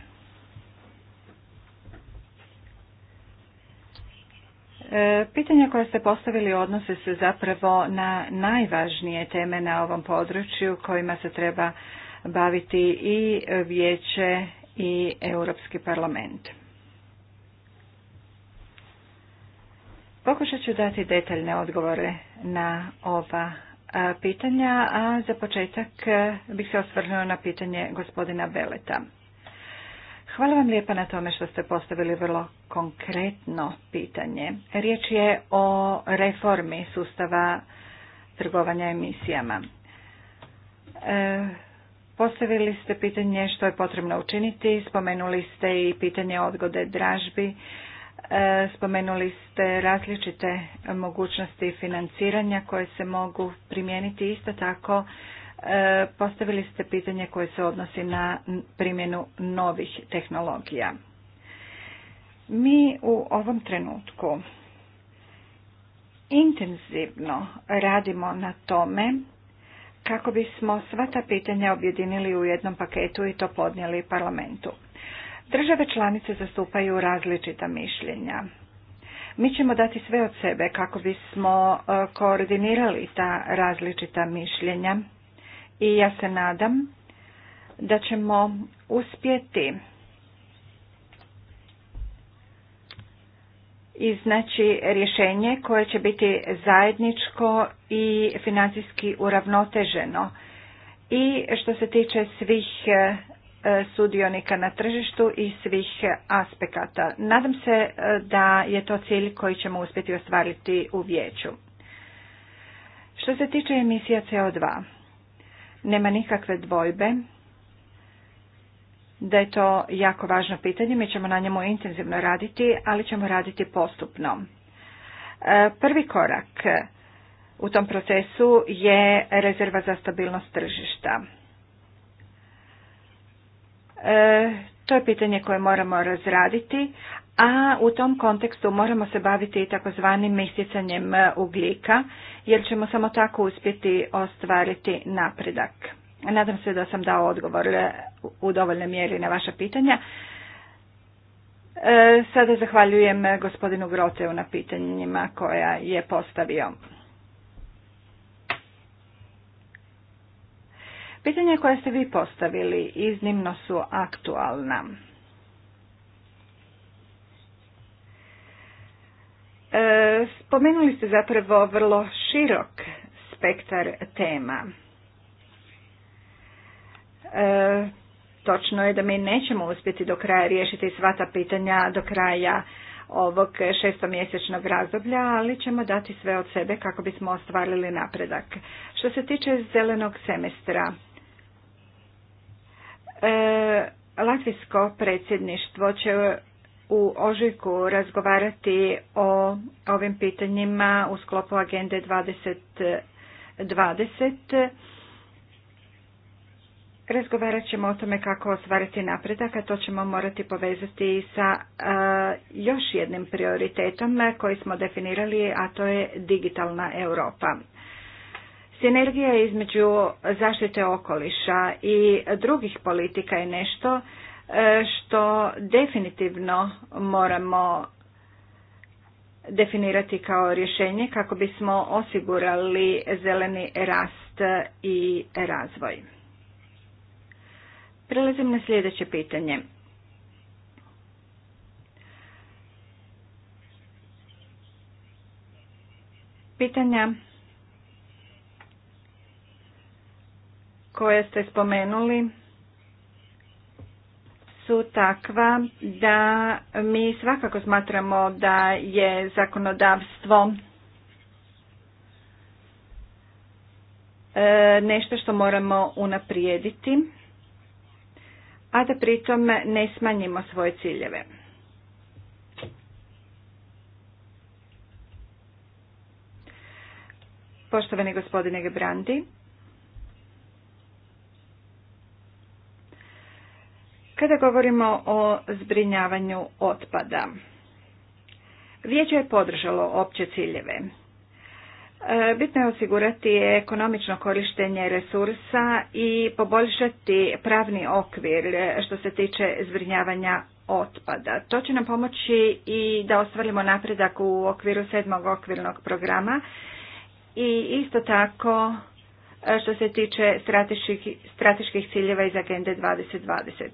E, pitanja koja ste postavili odnose se zapravo na najvažnije teme na ovom području kojima se treba baviti i vijeće i Europski parlament. Pokušat ću dati detaljne odgovore na ova pitanja, a za početak bih se osvrnuo na pitanje gospodina Beleta. Hvala vam lijepa na tome što ste postavili vrlo konkretno pitanje. Riječ je o reformi sustava trgovanja emisijama. E, postavili ste pitanje što je potrebno učiniti, spomenuli ste i pitanje odgode dražbi, e, spomenuli ste različite mogućnosti financiranja koje se mogu primijeniti isto tako E, postavili ste pitanje koje se odnosi na primjenu novih tehnologija. Mi u ovom trenutku intenzivno radimo na tome kako bismo sva ta pitanja objedinili u jednom paketu i to podnijeli parlamentu. Države članice zastupaju različita mišljenja. Mi ćemo dati sve od sebe kako bismo e, koordinirali ta različita mišljenja i ja se nadam da ćemo uspjeti iznaći rješenje koje će biti zajedničko i financijski uravnoteženo. I što se tiče svih e, sudionika na tržištu i svih aspekata. Nadam se e, da je to cilj koji ćemo uspjeti ostvariti u vijeću. Što se tiče emisija CO2, nema nikakve dvojbe da je to jako važno pitanje. Mi ćemo na njemu intenzivno raditi, ali ćemo raditi postupno. E, prvi korak u tom procesu je rezerva za stabilnost tržišta. E, to je pitanje koje moramo razraditi, a u tom kontekstu moramo se baviti i takozvanim isticanjem e, ugljika, jer ćemo samo tako uspjeti ostvariti napredak. Nadam se da sam dao odgovor e, u dovoljnoj mjeri na vaša pitanja. E, sada zahvaljujem gospodinu Groteu na pitanjima koja je postavio. Pitanja koja ste vi postavili iznimno su aktualna. E, spomenuli ste zapravo vrlo širok spektar tema. E, točno je da mi nećemo uspjeti do kraja riješiti sva ta pitanja do kraja ovog šestomjesečnog razdoblja, ali ćemo dati sve od sebe kako bismo ostvarili napredak. Što se tiče zelenog semestra, e, Latvijsko predsjedništvo će u ožujku razgovarati o ovim pitanjima u sklopu Agende 2020. Razgovarat ćemo o tome kako ostvariti napredak, a to ćemo morati povezati sa e, još jednim prioritetom koji smo definirali, a to je digitalna Europa. Sinergija između zaštite okoliša i drugih politika je nešto E, što definitivno moramo definirati kao rješenje kako bismo osigurali zeleni rast i razvoj. Prelazim na sljedeće pitanje. Pitanja koje ste spomenuli su takva da mi svakako smatramo da je zakonodavstvo e, nešto što moramo unaprijediti, a da pritom ne smanjimo svoje ciljeve. Poštovani gospodine Gebrandi, Kada govorimo o zbrinjavanju otpada, vijeće je podržalo opće ciljeve. E, bitno je osigurati ekonomično korištenje resursa i poboljšati pravni okvir što se tiče zbrinjavanja otpada. To će nam pomoći i da ostvarimo napredak u okviru sedmog okvirnog programa i isto tako e, što se tiče strateških, strateških ciljeva iz Agende 2020.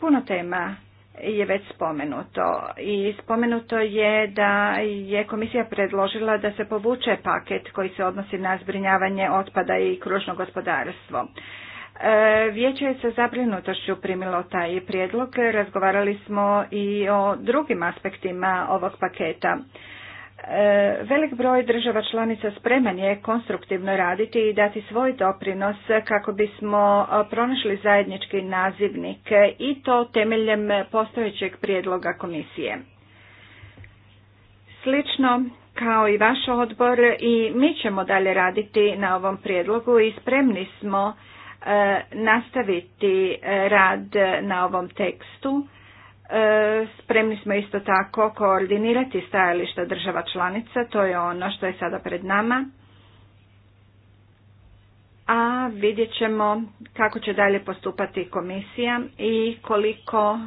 Puno tema je već spomenuto i spomenuto je da je komisija predložila da se povuče paket koji se odnosi na zbrinjavanje otpada i kružno gospodarstvo. E, vijeće je sa zabrinutošću primilo taj prijedlog. Razgovarali smo i o drugim aspektima ovog paketa. E, velik broj država članica spreman je konstruktivno raditi i dati svoj doprinos kako bismo e, pronašli zajednički nazivnik i to temeljem postojećeg prijedloga komisije. Slično kao i vaš odbor i mi ćemo dalje raditi na ovom prijedlogu i spremni smo e, nastaviti rad na ovom tekstu E, spremni smo isto tako koordinirati stajališta država članica, to je ono što je sada pred nama. A vidjet ćemo kako će dalje postupati komisija i koliko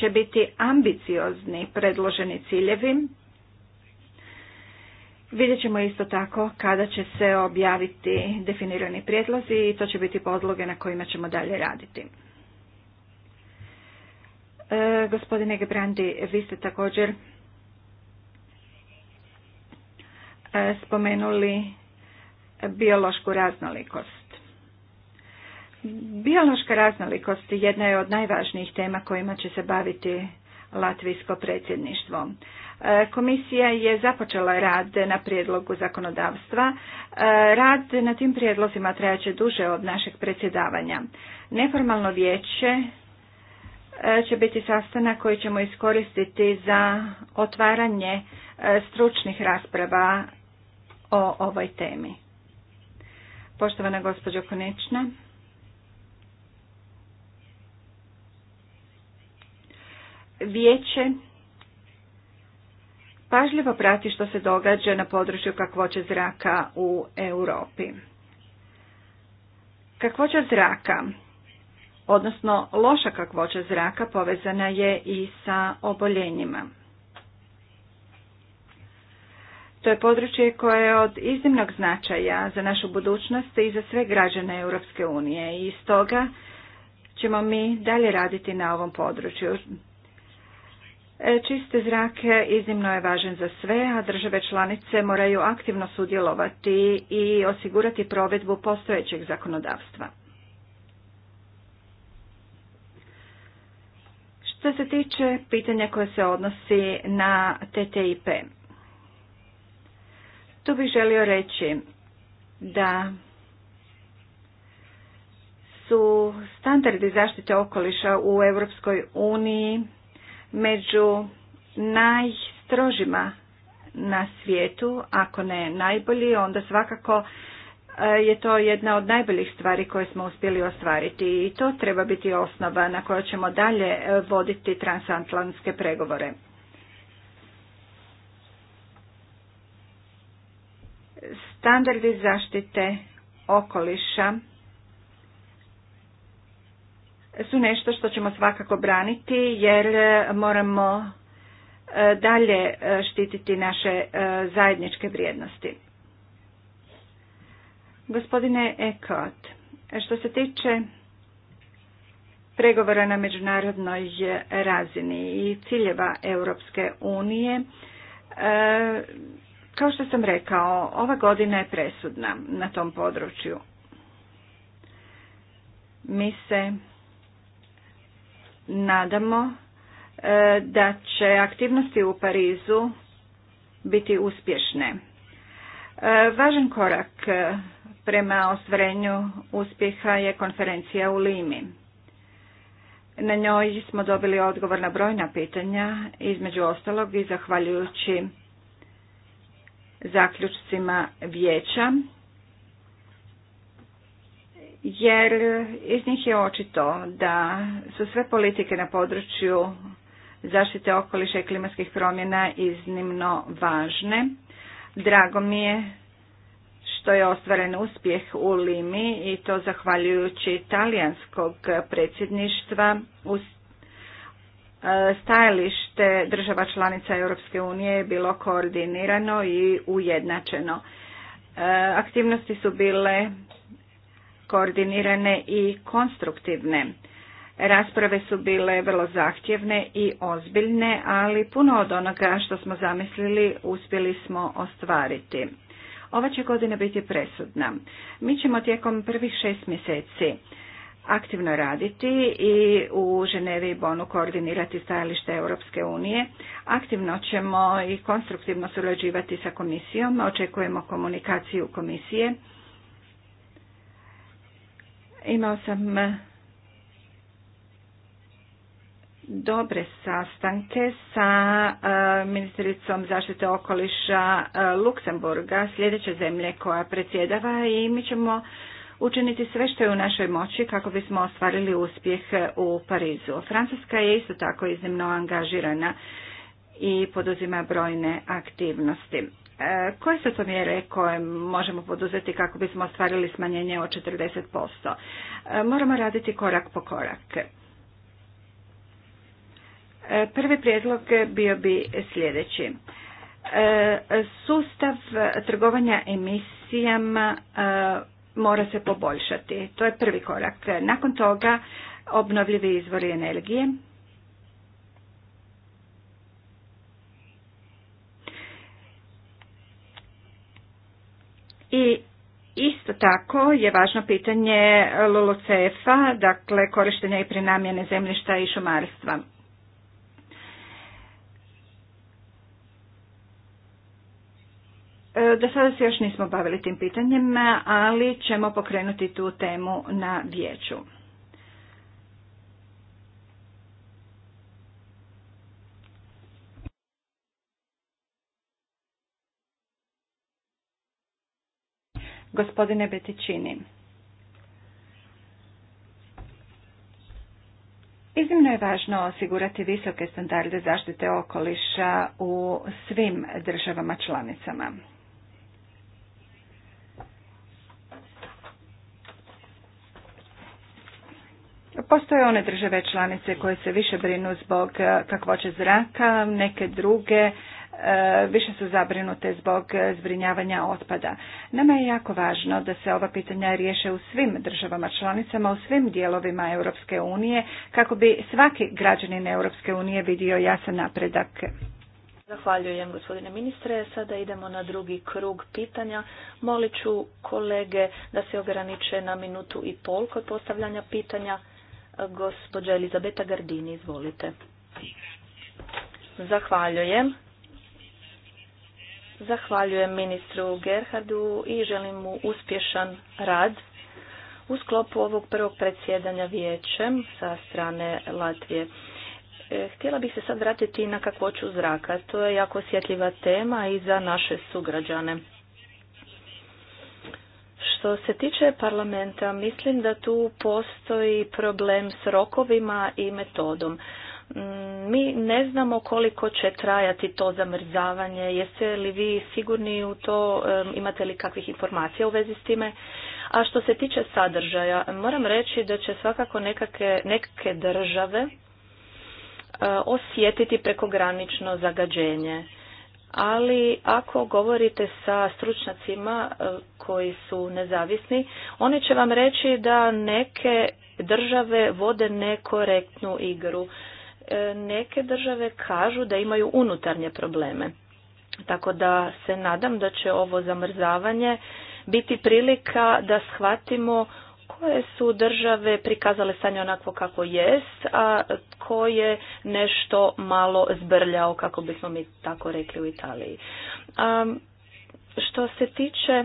će biti ambiciozni predloženi ciljevi. Vidjet ćemo isto tako kada će se objaviti definirani prijedlozi i to će biti podloge na kojima ćemo dalje raditi. E, gospodine Gebrandi, vi ste također e, spomenuli biološku raznolikost. Biološka raznolikost jedna je od najvažnijih tema kojima će se baviti Latvijsko predsjedništvo. E, komisija je započela rad na prijedlogu zakonodavstva. Rad na tim prijedlozima trajaće duže od našeg predsjedavanja. Neformalno vijeće E, će biti sastanak koji ćemo iskoristiti za otvaranje e, stručnih rasprava o ovoj temi. Poštovana gospođo Konečna. Vijeće pažljivo prati što se događa na području kakvoće zraka u Europi. Kakvoća zraka odnosno loša kakvoća zraka povezana je i sa oboljenjima. To je područje koje je od iznimnog značaja za našu budućnost i za sve građane Europske unije i stoga ćemo mi dalje raditi na ovom području. E, čiste zrake iznimno je važan za sve, a države članice moraju aktivno sudjelovati i osigurati provedbu postojećeg zakonodavstva. Što se tiče pitanja koje se odnosi na TTIP, tu bih želio reći da su standardi zaštite okoliša u Europskoj uniji među najstrožima na svijetu, ako ne najbolji, onda svakako je to jedna od najboljih stvari koje smo uspjeli ostvariti i to treba biti osnova na kojoj ćemo dalje e, voditi transatlantske pregovore. Standardi zaštite okoliša su nešto što ćemo svakako braniti jer e, moramo e, dalje štititi naše zajedničke vrijednosti. Gospodine Ekot, što se tiče pregovora na međunarodnoj razini i ciljeva Europske unije, e, kao što sam rekao, ova godina je presudna na tom području. Mi se nadamo e, da će aktivnosti u Parizu biti uspješne. E, važan korak prema ostvarenju uspjeha je konferencija u Limi. Na njoj smo dobili odgovor na brojna pitanja, između ostalog i zahvaljujući zaključcima vijeća, jer iz njih je očito da su sve politike na području zaštite okoliša i klimatskih promjena iznimno važne. Drago mi je što je ostvaren uspjeh u Limi i to zahvaljujući italijanskog predsjedništva uz e, stajalište država članica Europske unije je bilo koordinirano i ujednačeno. E, aktivnosti su bile koordinirane i konstruktivne. Rasprave su bile vrlo zahtjevne i ozbiljne, ali puno od onoga što smo zamislili uspjeli smo ostvariti. Ova će godina biti presudna. Mi ćemo tijekom prvih šest mjeseci aktivno raditi i u Ženevi i Bonu koordinirati stajalište Europske unije. Aktivno ćemo i konstruktivno surađivati sa komisijom, očekujemo komunikaciju komisije. Imao sam dobre sastanke sa e, ministricom zaštite okoliša e, Luksemburga, sljedeće zemlje koja predsjedava i mi ćemo učiniti sve što je u našoj moći kako bismo ostvarili uspjeh u Parizu. Francuska je isto tako iznimno angažirana i poduzima brojne aktivnosti. E, koje su to mjere koje možemo poduzeti kako bismo ostvarili smanjenje od 40%? Moramo raditi korak po korak. E, prvi prijedlog bio bi sljedeći. E, sustav trgovanja emisijama e, mora se poboljšati. To je prvi korak. Nakon toga obnovljivi izvori energije. I isto tako je važno pitanje lulucf dakle korištenja i prenamjene zemljišta i šumarstva. E, do sada se još nismo bavili tim pitanjem, ali ćemo pokrenuti tu temu na vijeću. Gospodine Betićini, Iznimno je važno osigurati visoke standarde zaštite okoliša u svim državama članicama. Postoje one države članice koje se više brinu zbog e, kakvoće zraka, neke druge e, više su zabrinute zbog e, zbrinjavanja otpada. Nama je jako važno da se ova pitanja riješe u svim državama članicama, u svim dijelovima Europske unije, kako bi svaki građanin Europske unije vidio jasan napredak. Zahvaljujem gospodine ministre. Sada idemo na drugi krug pitanja. Molit ću kolege da se ograniče na minutu i pol kod postavljanja pitanja. Gospođa Elizabeta Gardini, izvolite. Zahvaljujem. Zahvaljujem ministru Gerhardu i želim mu uspješan rad u sklopu ovog prvog predsjedanja vijećem sa strane Latvije. E, htjela bih se sad vratiti na kakvoću zraka. To je jako osjetljiva tema i za naše sugrađane. Što se tiče parlamenta, mislim da tu postoji problem s rokovima i metodom. Mm, mi ne znamo koliko će trajati to zamrzavanje, jeste li vi sigurni u to, imate li kakvih informacija u vezi s time? A što se tiče sadržaja, moram reći da će svakako nekake, neke države e, osjetiti prekogranično zagađenje ali ako govorite sa stručnacima e, koji su nezavisni, oni će vam reći da neke države vode nekorektnu igru. E, neke države kažu da imaju unutarnje probleme. Tako da se nadam da će ovo zamrzavanje biti prilika da shvatimo koje su države prikazale stanje onako kako jest, a koje je nešto malo zbrljao, kako bismo mi tako rekli u Italiji. što se tiče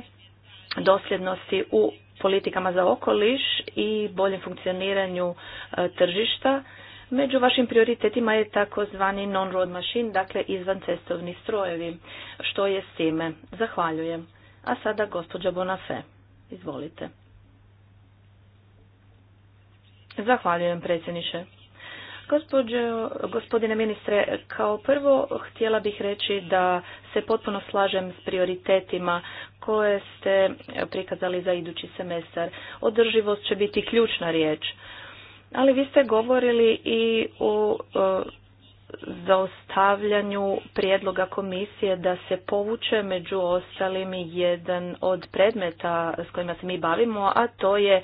dosljednosti u politikama za okoliš i boljem funkcioniranju e, tržišta, Među vašim prioritetima je takozvani non-road machine, dakle izvan cestovni strojevi. Što je s time? Zahvaljujem. A sada gospođa Bonafé. Izvolite. Zahvaljujem predsjedniče. gospodine ministre, kao prvo htjela bih reći da se potpuno slažem s prioritetima koje ste prikazali za idući semestar. Održivost će biti ključna riječ. Ali vi ste govorili i o zaostavljanju prijedloga komisije da se povuče među ostalim jedan od predmeta s kojima se mi bavimo, a to je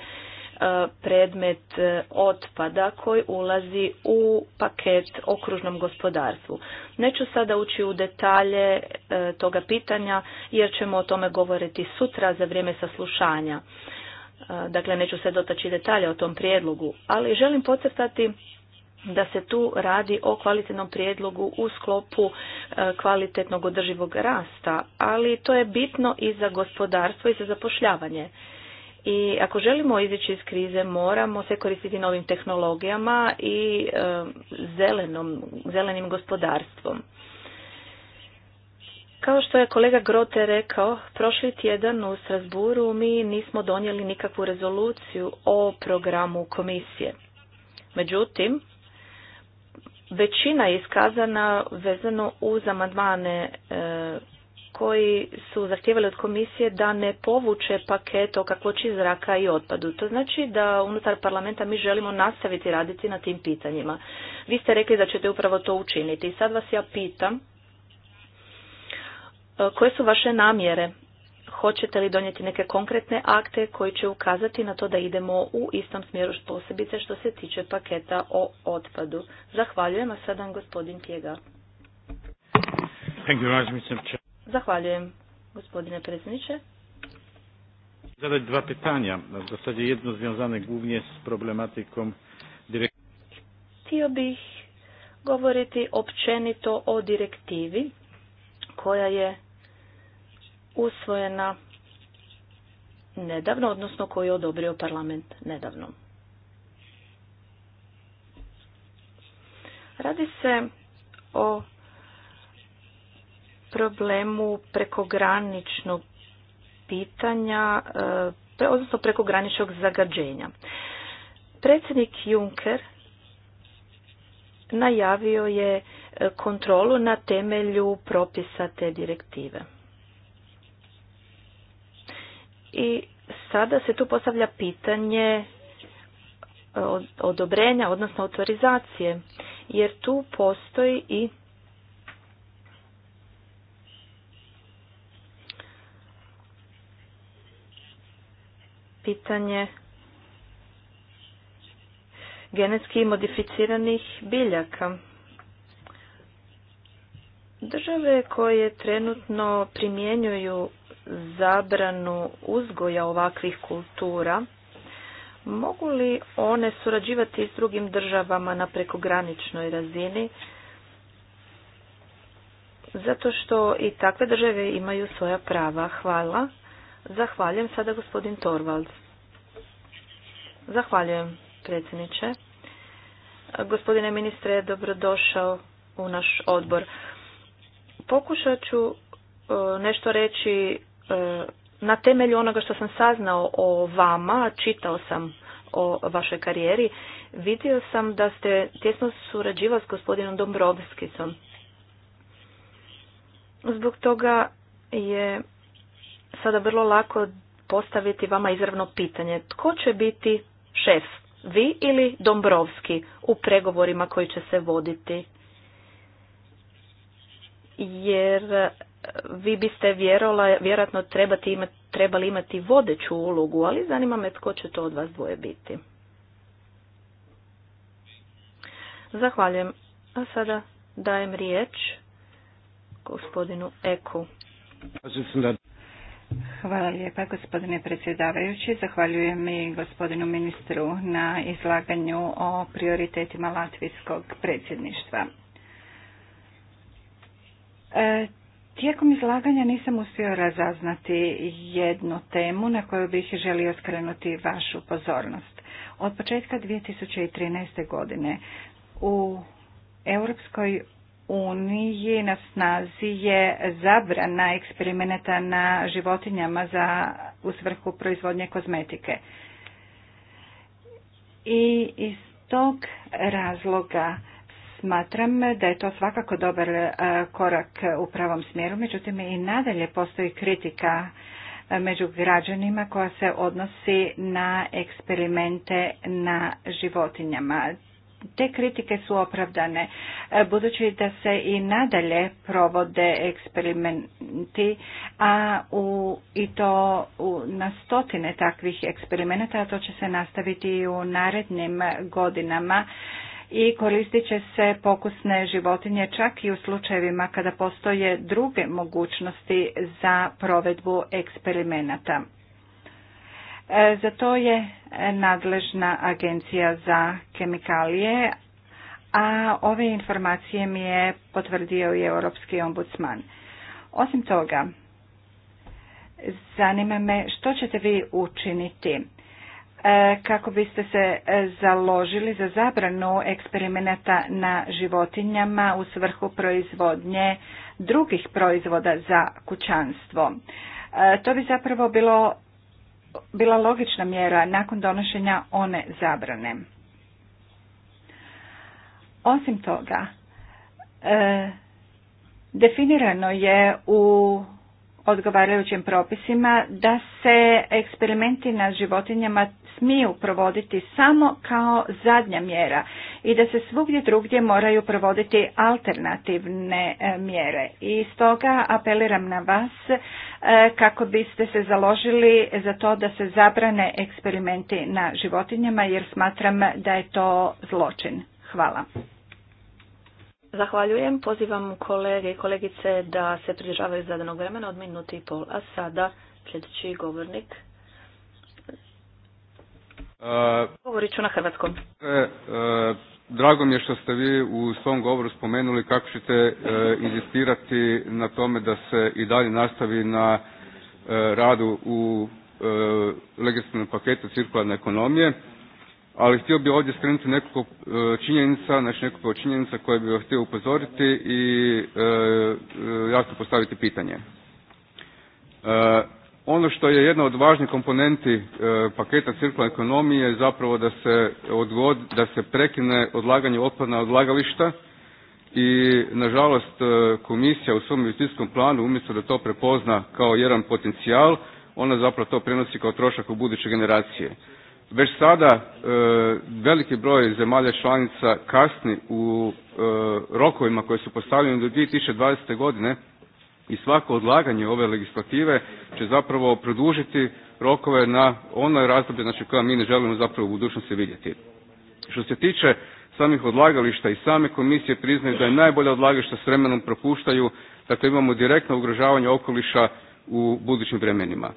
E, predmet e, otpada koji ulazi u paket okružnom gospodarstvu. Neću sada ući u detalje e, toga pitanja jer ćemo o tome govoriti sutra za vrijeme saslušanja. Dakle, neću se dotaći detalje o tom prijedlogu, ali želim podcrtati da se tu radi o kvalitetnom prijedlogu u sklopu kvalitetnog održivog rasta, ali to je bitno i za gospodarstvo i za zapošljavanje. I ako želimo izići iz krize, moramo se koristiti novim tehnologijama i e, zelenom, zelenim gospodarstvom. Kao što je kolega Grote rekao, prošli tjedan u Strasburu mi nismo donijeli nikakvu rezoluciju o programu komisije. Međutim, većina je iskazana vezano uz amandmane e, koji su zahtijevali od komisije da ne povuče paket o kakvoći zraka i otpadu. To znači da unutar parlamenta mi želimo nastaviti raditi na tim pitanjima. Vi ste rekli da ćete upravo to učiniti. I sad vas ja pitam, e, koje su vaše namjere? Hoćete li donijeti neke konkretne akte koji će ukazati na to da idemo u istom smjeru posebice što se tiče paketa o otpadu? Zahvaljujem, a sada gospodin Pjega. Thank Zahvaljujem, gospodine predsjedniče. Zadać dva pitanja, w zasadzie jedno związane głównie z Htio bih govoriti općenito o direktivi koja je usvojena nedavno, odnosno koju je odobrio parlament nedavno. Radi se o problemu prekograničnog pitanja, e, odnosno prekograničnog zagađenja. Predsjednik Juncker najavio je e, kontrolu na temelju propisa te direktive. I sada se tu postavlja pitanje e, odobrenja, odnosno autorizacije, jer tu postoji i pitanje genetski modificiranih biljaka. Države koje trenutno primjenjuju zabranu uzgoja ovakvih kultura, mogu li one surađivati s drugim državama na prekograničnoj razini? Zato što i takve države imaju svoja prava. Hvala. Zahvaljujem sada gospodin Torvald. Zahvaljujem predsjedniče. Gospodine ministre, dobrodošao u naš odbor. Pokušat ću e, nešto reći e, na temelju onoga što sam saznao o vama, čitao sam o vašoj karijeri, vidio sam da ste tjesno surađivali s gospodinom Dombrovskisom. Zbog toga je sada vrlo lako postaviti vama izravno pitanje. Tko će biti šef? Vi ili Dombrovski u pregovorima koji će se voditi? Jer e, vi biste vjerola, vjerojatno trebati imati, trebali imati vodeću ulogu, ali zanima me tko će to od vas dvoje biti. Zahvaljujem. A sada dajem riječ gospodinu Eku. Hvala lijepa gospodine predsjedavajući. Zahvaljujem i gospodinu ministru na izlaganju o prioritetima latvijskog predsjedništva. E, tijekom izlaganja nisam uspio razaznati jednu temu na koju bih želio skrenuti vašu pozornost. Od početka 2013. godine u Europskoj uniji na snazi je zabrana eksperimenata na životinjama za u svrhu proizvodnje kozmetike. I iz tog razloga smatram da je to svakako dobar e, korak u pravom smjeru, međutim i nadalje postoji kritika e, među građanima koja se odnosi na eksperimente na životinjama te kritike su opravdane, e, budući da se i nadalje provode eksperimenti, a u, i to u, na stotine takvih eksperimenata, a to će se nastaviti i u narednim godinama i koristit će se pokusne životinje čak i u slučajevima kada postoje druge mogućnosti za provedbu eksperimenata. Za to je nadležna agencija za kemikalije, a ove informacije mi je potvrdio i Europski ombudsman. Osim toga, zanima me što ćete vi učiniti e, kako biste se založili za zabranu eksperimenata na životinjama u svrhu proizvodnje drugih proizvoda za kućanstvo. E, to bi zapravo bilo bila logična mjera nakon donošenja one zabrane. Osim toga, e, definirano je u odgovarajućim propisima da se eksperimenti na životinjama smiju provoditi samo kao zadnja mjera i da se svugdje drugdje moraju provoditi alternativne e, mjere. I stoga apeliram na vas e, kako biste se založili za to da se zabrane eksperimenti na životinjama jer smatram da je to zločin. Hvala. Zahvaljujem. Pozivam kolege i kolegice da se pridržavaju zadanog vremena od minuti i pol. A sada sljedeći govornik. Uh, Govorit ću na hrvatskom. E, e, drago mi je što ste vi u svom govoru spomenuli kako ćete e, inzistirati na tome da se i dalje nastavi na radu u legislativnom paketu cirkularne ekonomije ali htio bih ovdje skrenuti nekoliko e, činjenica, znači nekoliko činjenica koje bih htio upozoriti i e, e, jasno postaviti pitanje. Ono što je jedna od važnih komponenti paketa cirkularne ekonomije je zapravo da se odgod, da se prekine odlaganje otpada na odlagališta i nažalost komisija u svom investicijskom planu umjesto da to prepozna kao jedan potencijal, ona zapravo to prenosi kao trošak u buduće generacije. Već sada e, veliki broj zemalja članica kasni u e, rokovima koje su postavljene do 2020. godine i svako odlaganje ove legislative će zapravo produžiti rokove na onoj razdoblje znači, koja mi ne želimo zapravo u budućnosti vidjeti. Što se tiče samih odlagališta i same komisije priznaju da je najbolje odlagališta s vremenom propuštaju, dakle imamo direktno ugrožavanje okoliša u budućim vremenima.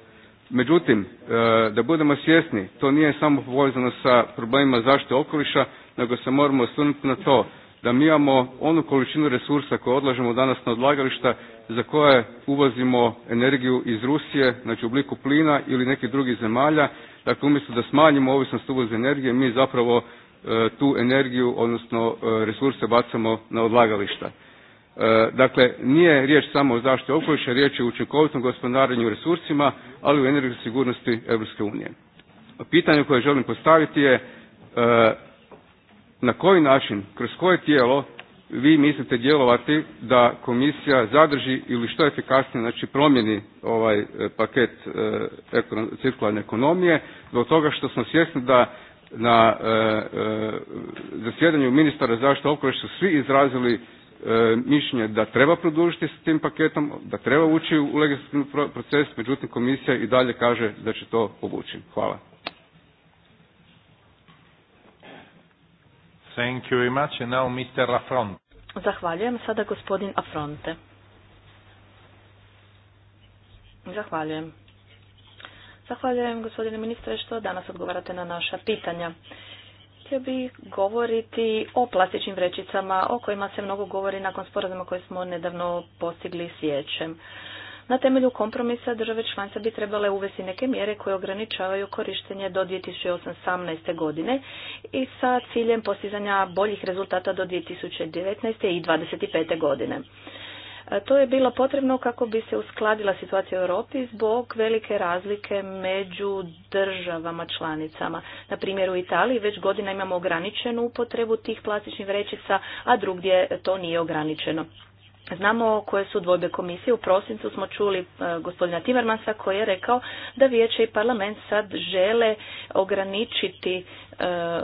Međutim, e, da budemo svjesni, to nije samo povezano sa problemima zaštite okoliša, nego se moramo osvrnuti na to da mi imamo onu količinu resursa koju odlažemo danas na odlagališta za koje uvozimo energiju iz Rusije, znači u obliku plina ili nekih drugih zemalja. Dakle, umjesto da smanjimo ovisnost uvoza energije, mi zapravo e, tu energiju, odnosno e, resurse bacamo na odlagališta. E, dakle, nije riječ samo o zaštiti okoliša, riječ je o učinkovitom gospodarenju resursima, ali i u energetskoj sigurnosti Europske unije. Pitanje koje želim postaviti je e, na koji način, kroz koje tijelo vi mislite djelovati da komisija zadrži ili što efikasnije znači promjeni ovaj e, paket cirkularne ekonomije zbog toga što smo svjesni da na zasjedanju ministara zaštite okoliša su svi izrazili mišljenje da treba produžiti s tim paketom, da treba ući u legislativni proces, međutim komisija i dalje kaže da će to povući. Hvala. Thank you very much. now Mr. Zahvaljujem. Sada gospodin Afronte. Zahvaljujem. Zahvaljujem gospodine ministre što danas odgovarate na naša pitanja. Htio bih govoriti o plastičnim vrećicama o kojima se mnogo govori nakon sporazuma koje smo nedavno postigli s vijećem. Na temelju kompromisa države članice bi trebale uvesti neke mjere koje ograničavaju korištenje do 2018. godine i sa ciljem postizanja boljih rezultata do 2019. i 2025. godine. E, to je bilo potrebno kako bi se uskladila situacija u Europi zbog velike razlike među državama članicama. Na primjer u Italiji već godina imamo ograničenu upotrebu tih plastičnih vrećica, a drugdje to nije ograničeno. Znamo koje su dvojbe komisije. U prosincu smo čuli e, gospodina Timmermansa koji je rekao da vijeće i parlament sad žele ograničiti e,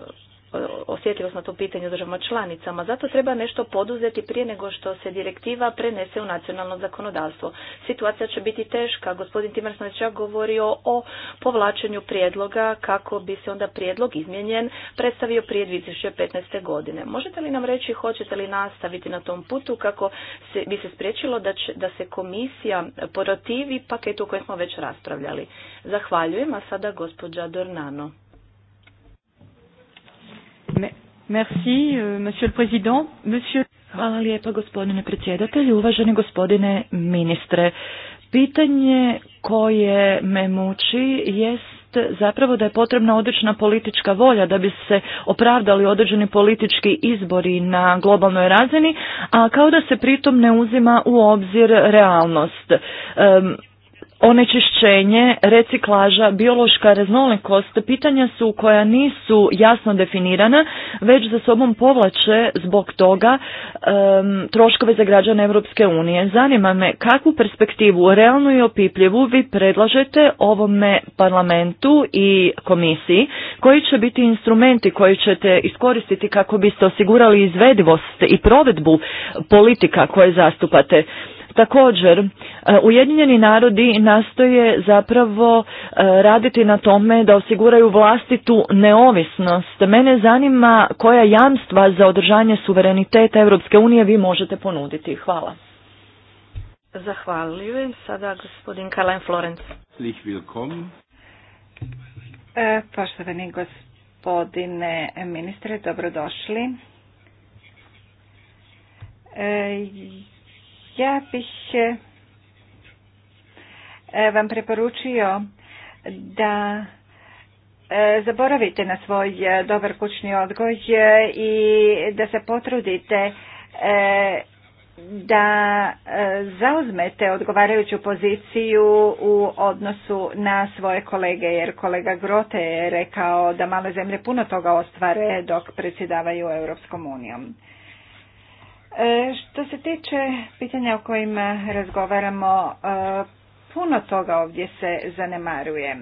osjetljivost na to pitanje u državama članicama. Zato treba nešto poduzeti prije nego što se direktiva prenese u nacionalno zakonodavstvo. Situacija će biti teška. Gospodin Timersnović je govorio o povlačenju prijedloga kako bi se onda prijedlog izmijenjen predstavio prije 2015. godine. Možete li nam reći hoćete li nastaviti na tom putu kako se, bi se spriječilo da, će, da se komisija porotivi paketu o kojem smo već raspravljali? Zahvaljujem, a sada gospođa Dornano. Merci, euh, monsieur le président. Monsieur... Hvala lijepa gospodine predsjedatelju, uvaženi gospodine ministre. Pitanje koje me muči jest zapravo da je potrebna odlična politička volja da bi se opravdali određeni politički izbori na globalnoj razini, a kao da se pritom ne uzima u obzir realnost onečišćenje, reciklaža, biološka raznolikost, pitanja su koja nisu jasno definirana, već za sobom povlače zbog toga troškove za građane Europske unije. Zanima me kakvu perspektivu, realnu i opipljivu, vi predlažete ovome parlamentu i komisiji, koji će biti instrumenti koji ćete iskoristiti kako biste osigurali izvedivost i provedbu politika koje zastupate. Također, e, Ujedinjeni narodi nastoje zapravo e, raditi na tome da osiguraju vlastitu neovisnost. Mene zanima koja jamstva za održanje suvereniteta Europske unije vi možete ponuditi. Hvala. Zahvaljujem. Sada gospodin Karlajn Florenc. E, Poštoveni gospodine ministre, dobrodošli. E, ja bih e, e, vam preporučio da e, zaboravite na svoj dobar kućni odgoj i da se potrudite da zauzmete odgovarajuću poziciju u odnosu na svoje kolege, jer kolega Grote je rekao da male zemlje puno toga ostvare dok predsjedavaju Europskom unijom. E, što se tiče pitanja o kojima razgovaramo, e, puno toga ovdje se zanemaruje.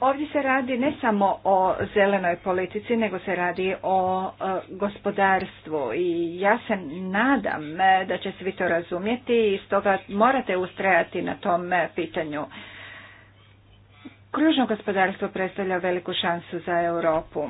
Ovdje se radi ne samo o zelenoj politici, nego se radi o e, gospodarstvu i ja se nadam da će svi to razumjeti i stoga morate ustrajati na tom pitanju. Kružno gospodarstvo predstavlja veliku šansu za Europu.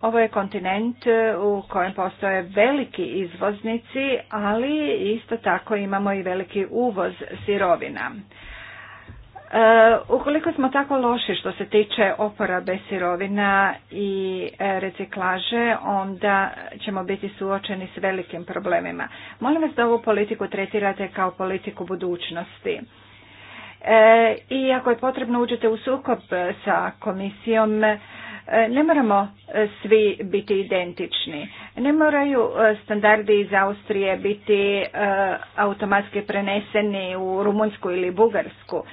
Ovo je kontinent e, u kojem postoje veliki izvoznici, ali isto tako imamo i veliki uvoz sirovina. E, ukoliko smo tako loši što se tiče oporabe sirovina i e, reciklaže, onda ćemo biti suočeni s velikim problemima. Molim vas da ovu politiku tretirate kao politiku budućnosti. E, I ako je potrebno uđete u sukob sa komisijom, E, ne moramo e, svi biti identični. Ne moraju e, standardi iz Austrije biti automatski preneseni u Rumunjsku ili Bugarsku.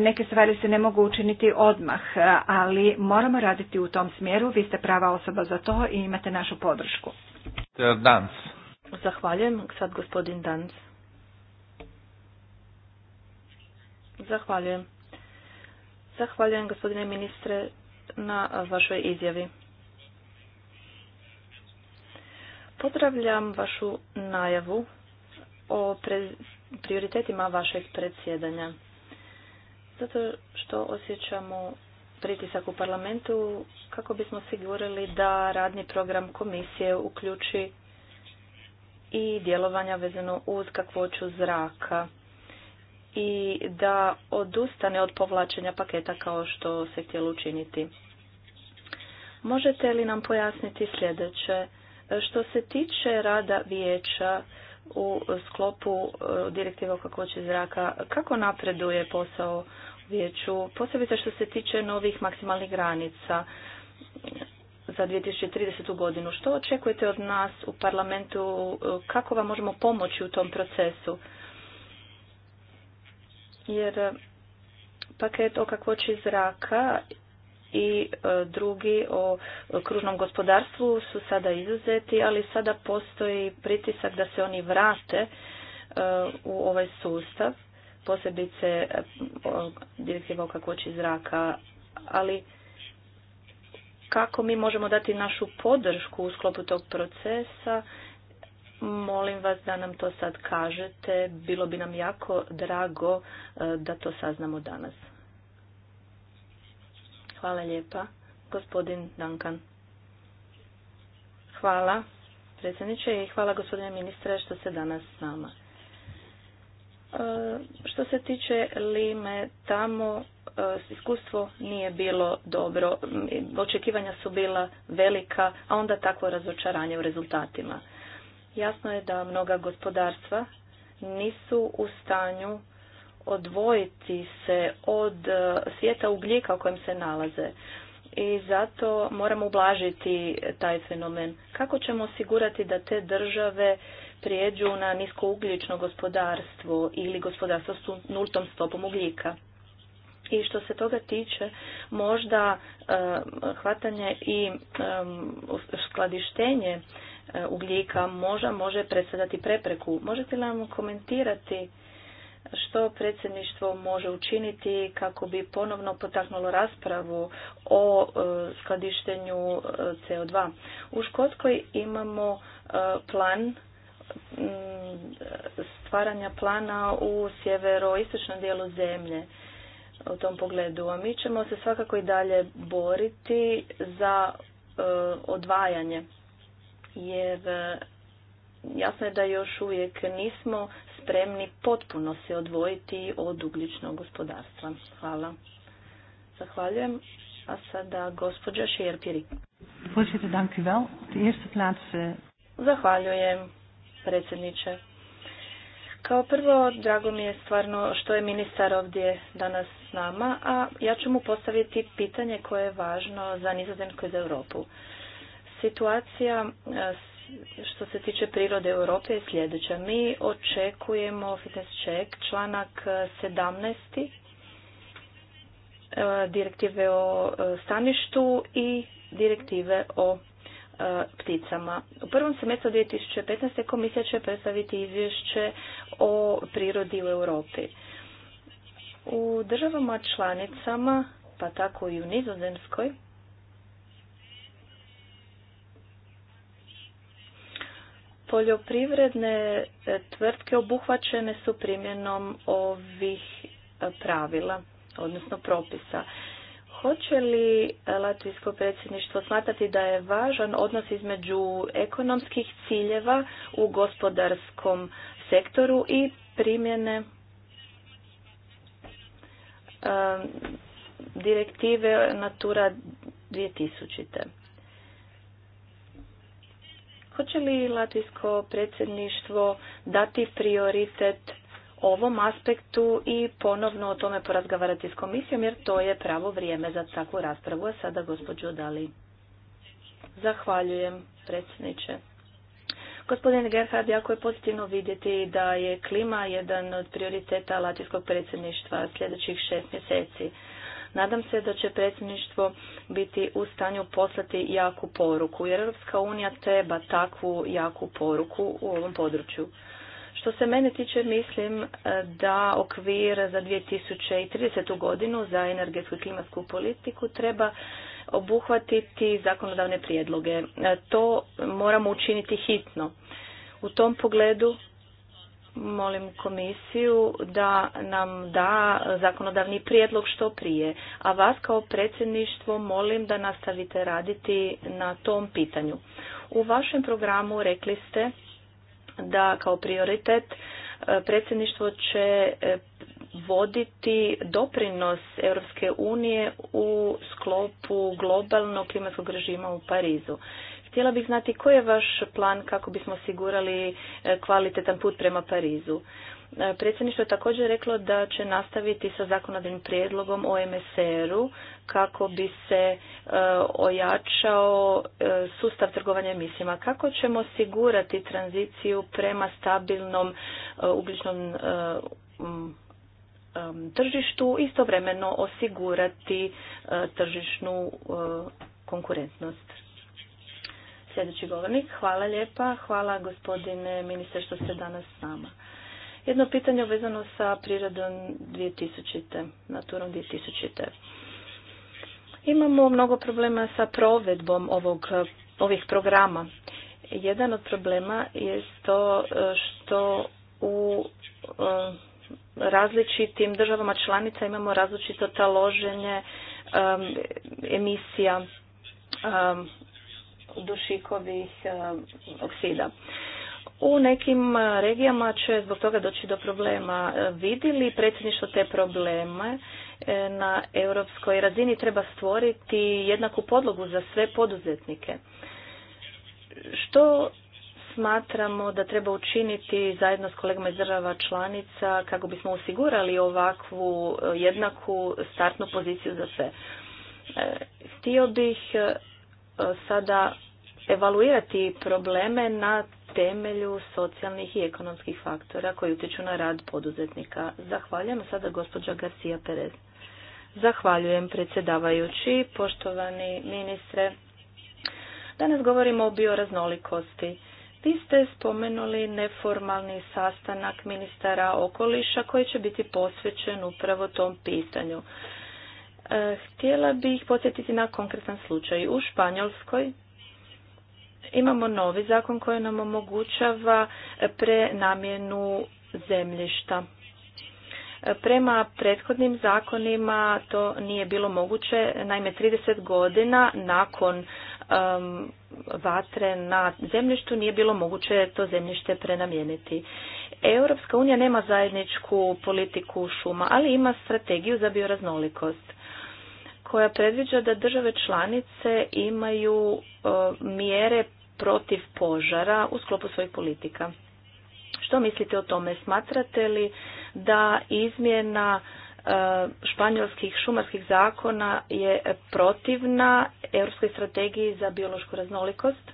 Neke stvari se ne mogu učiniti odmah, ali moramo raditi u tom smjeru. Vi ste prava osoba za to i imate našu podršku. Dans. Zahvaljujem. Sad gospodin Danc. Zahvaljujem. Zahvaljujem gospodine ministre na vašoj izjavi. Pozdravljam vašu najavu o prioritetima vašeg predsjedanja. Zato što osjećamo pritisak u parlamentu kako bismo sigurili da radni program komisije uključi i djelovanja vezano uz kakvoću zraka i da odustane od povlačenja paketa kao što se htjelo učiniti. Možete li nam pojasniti sljedeće? Što se tiče rada vijeća u sklopu e, direktive o kakvoći zraka, kako napreduje posao vijeću, posebice što se tiče novih maksimalnih granica za 2030. godinu? Što očekujete od nas u parlamentu? Kako vam možemo pomoći u tom procesu? jer e, paket o kakvoći zraka i e, drugi o kružnom gospodarstvu su sada izuzeti, ali sada postoji pritisak da se oni vrate e, u ovaj sustav, posebice direktiva o kakvoći zraka, ali kako mi možemo dati našu podršku u sklopu tog procesa Molim vas da nam to sad kažete. Bilo bi nam jako drago e, da to saznamo danas. Hvala lijepa. Gospodin Duncan. Hvala predsjedniče i hvala gospodine ministre što ste danas s nama. E, što se tiče Lime, tamo e, iskustvo nije bilo dobro, očekivanja su bila velika, a onda takvo razočaranje u rezultatima. Jasno je da mnoga gospodarstva nisu u stanju odvojiti se od e, svijeta ugljika u kojem se nalaze. I zato moramo ublažiti taj fenomen. Kako ćemo osigurati da te države prijeđu na niskougljično gospodarstvo ili gospodarstvo s nultom stopom ugljika? I što se toga tiče, možda e, hvatanje i e, skladištenje E, ugljika možda može predstavljati prepreku. Možete li nam komentirati što predsjedništvo može učiniti kako bi ponovno potaknulo raspravu o e, skladištenju e, CO2. U Škotskoj imamo plan mm, stvaranja plana u sjeveroistočnom dijelu zemlje u tom pogledu, a mi ćemo se svakako i dalje boriti za odvajanje jer e, jasno je da još uvijek nismo spremni potpuno se odvojiti od ugljičnog gospodarstva. Hvala. Zahvaljujem. A sada gospođa Šerpiri. Počete, eh, Zahvaljujem, predsjedniče. Kao prvo, drago mi je stvarno što je ministar ovdje danas s nama, a ja ću mu postaviti pitanje koje je važno za nizozemsku i za Europu. Situacija e, što se tiče prirode Europe je sljedeća. Mi očekujemo fitness check članak 17. E, direktive o e, staništu i direktive o pticama. U prvom semestru 2015. komisija će predstaviti izvješće o prirodi u Europi. U državama članicama, pa tako i u Nizozemskoj, Poljoprivredne e, tvrtke obuhvaćene su primjenom ovih e, pravila, odnosno propisa. Hoće li e, Latvijsko predsjedništvo smatrati da je važan odnos između ekonomskih ciljeva u gospodarskom sektoru i primjene direktive Natura 2000. Hoće li Latinsko predsjedništvo dati prioritet ovom aspektu i ponovno o tome porazgovarati s komisijom jer to je pravo vrijeme za takvu raspravu. A sada gospođo Dali. Zahvaljujem predsjedniče. Gospodin Gerhard, jako je pozitivno vidjeti da je klima jedan od prioriteta Latinskog predsjedništva sljedećih šest mjeseci. Nadam se da će predsjedništvo biti u stanju poslati jaku poruku, jer Europska unija treba takvu jaku poruku u ovom području. Što se mene tiče, mislim eh, da okvir za 2030. godinu za energetsku i klimatsku politiku treba obuhvatiti zakonodavne prijedloge. Eh, to moramo učiniti hitno. U tom pogledu molim komisiju da nam da zakonodavni prijedlog što prije, a vas kao predsjedništvo molim da nastavite raditi na tom pitanju. U vašem programu rekli ste da kao prioritet e, predsjedništvo će e, voditi doprinos Europske unije u sklopu globalnog klimatskog režima u Parizu. Htjela bih znati koji je vaš plan kako bismo osigurali e, kvalitetan put prema Parizu. E, predsjedništvo je također reklo da će nastaviti sa zakonodavnim prijedlogom o MSR-u kako bi se e, ojačao sustav trgovanja emisijama. Kako ćemo osigurati tranziciju prema stabilnom ugljičnom tržištu istovremeno osigurati tržišnu konkurentnost. Sljedeći govornik, hvala lijepa, hvala gospodine ministre što ste danas s nama. Jedno pitanje vezano sa prirodom 2000. Naturom 2000. Imamo mnogo problema sa provedbom ovog, ovih programa. Jedan od problema je to e, što u e, različitim državama članica imamo različito taloženje e, emisija dušikovih eh, oksida. U nekim eh, regijama će zbog toga doći do problema. Eh, Vidjeli predsjedništvo te probleme na europskoj razini treba stvoriti jednaku podlogu za sve poduzetnike. Što smatramo da treba učiniti zajedno s kolegama iz država članica kako bismo osigurali ovakvu jednaku startnu poziciju za sve? Htio bih sada evaluirati probleme na temelju socijalnih i ekonomskih faktora koji utječu na rad poduzetnika. Zahvaljujem sada gospođa Garcia Perez. Zahvaljujem predsjedavajući, poštovani ministre. Danas govorimo o bioraznolikosti. Vi ste spomenuli neformalni sastanak ministara okoliša koji će biti posvećen upravo tom pitanju. Htjela bih podsjetiti na konkretan slučaj. U Španjolskoj imamo novi zakon koji nam omogućava prenamjenu zemljišta. Prema prethodnim zakonima to nije bilo moguće, naime 30 godina nakon um, vatre na zemljištu nije bilo moguće to zemljište prenamijeniti. Europska unija nema zajedničku politiku šuma, ali ima strategiju za bioraznolikost koja predviđa da države članice imaju e, mjere protiv požara u sklopu svojih politika. Što mislite o tome? Smatrate li da izmjena e, španjolskih šumarskih zakona je protivna Europskoj strategiji za biološku raznolikost? E,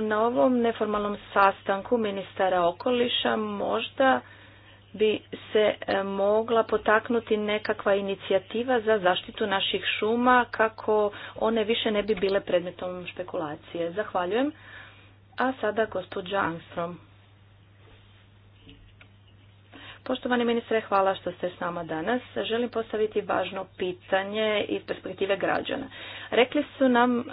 na ovom neformalnom sastanku ministara okoliša možda bi se e, mogla potaknuti nekakva inicijativa za zaštitu naših šuma kako one više ne bi bile predmetom špekulacije. Zahvaljujem. A sada gospođa Angstrom. Poštovani ministre, hvala što ste s nama danas. Želim postaviti važno pitanje iz perspektive građana. Rekli su nam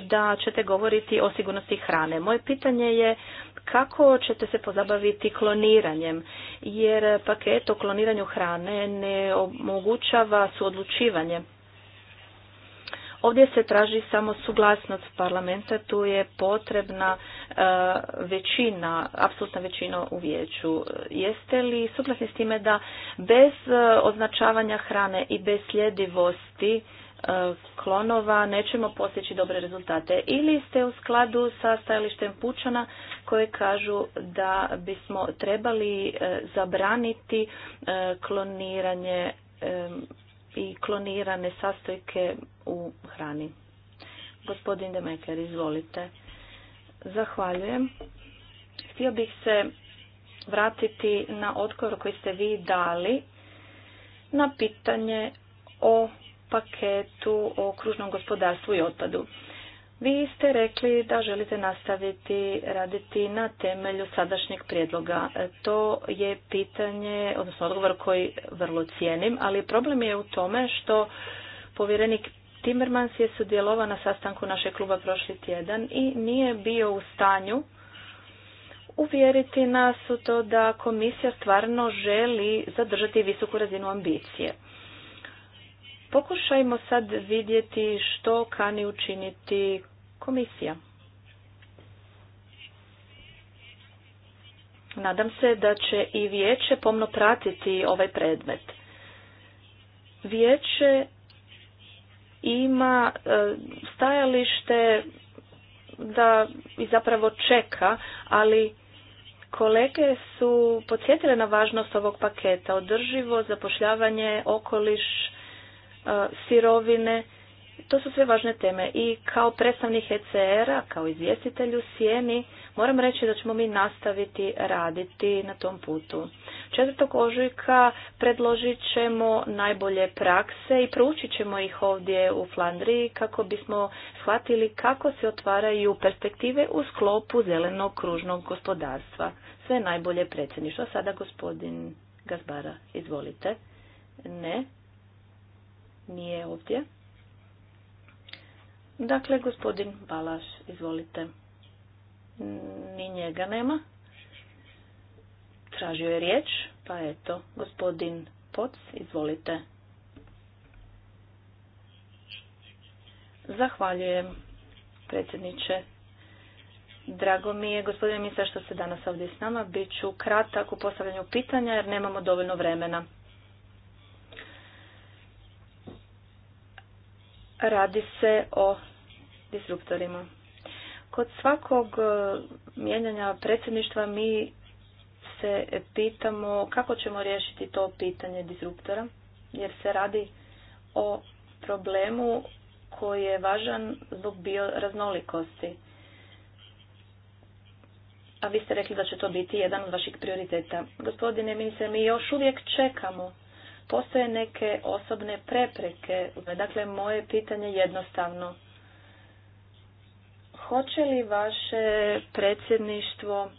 da ćete govoriti o sigurnosti hrane. Moje pitanje je kako ćete se pozabaviti kloniranjem, jer paket o kloniranju hrane ne omogućava suodlučivanje. Ovdje se traži samo suglasnost parlamenta, tu je potrebna e, većina, apsolutna većina u vijeću. Jeste li suglasni s time da bez e, označavanja hrane i bez sljedivosti E, klonova nećemo postići dobre rezultate. Ili ste u skladu sa stajalištem Pučana koje kažu da bismo trebali e, zabraniti e, kloniranje i klonirane sastojke u hrani. Gospodin Demeker, izvolite. Zahvaljujem. Htio bih se vratiti na odgovor koji ste vi dali na pitanje o paketu o kružnom gospodarstvu i otpadu. Vi ste rekli da želite nastaviti raditi na temelju sadašnjeg prijedloga. To je pitanje, odnosno odgovor koji vrlo cijenim, ali problem je u tome što povjerenik Timmermans je sudjelovao na sastanku našeg kluba prošli tjedan i nije bio u stanju uvjeriti nas u to da komisija stvarno želi zadržati visoku razinu ambicije. Pokušajmo sad vidjeti što kani učiniti komisija. Nadam se da će i vijeće pomno pratiti ovaj predmet. Vijeće ima e, stajalište da i zapravo čeka, ali kolege su podsjetile na važnost ovog paketa, održivo zapošljavanje, okoliš, E, sirovine. To su sve važne teme i kao predstavnik ECR-a, kao izvjestitelj u sjeni moram reći da ćemo mi nastaviti raditi na tom putu. 4. ožujka predložit ćemo najbolje prakse i proučit ćemo ih ovdje u Flandriji kako bismo shvatili kako se otvaraju perspektive u sklopu zelenog kružnog gospodarstva. Sve najbolje predsjedništvo. Sada gospodin Gazbara, izvolite. Ne nije ovdje. Dakle, gospodin Balaš, izvolite. Ni njega nema. Tražio je riječ, pa eto, gospodin Poc, izvolite. Zahvaljujem, predsjedniče. Drago mi je, gospodine ministar, što ste danas ovdje s nama. Biću kratak u postavljanju pitanja jer nemamo dovoljno vremena. radi se o disruptorima. Kod svakog e, mijenjanja predsjedništva mi se pitamo kako ćemo riješiti to pitanje disruptora, jer se radi o problemu koji je važan zbog bioraznolikosti. A vi ste rekli da će to biti jedan od vaših prioriteta. Gospodine ministre, mi još uvijek čekamo postoje neke osobne prepreke. Dakle, moje pitanje jednostavno. Hoće li vaše predsjedništvo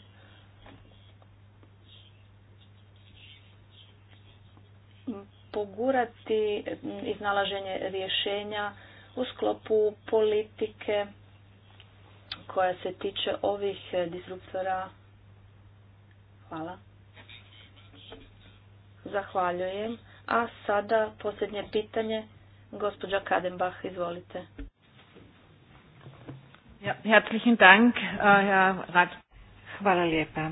pogurati iznalaženje rješenja u sklopu politike koja se tiče ovih disruptora? Hvala. Zahvaljujem. A sada posljednje pitanje, gospođa Kadenbach, izvolite. Ja, Dank, ja, äh, rad. Hvala lijepa.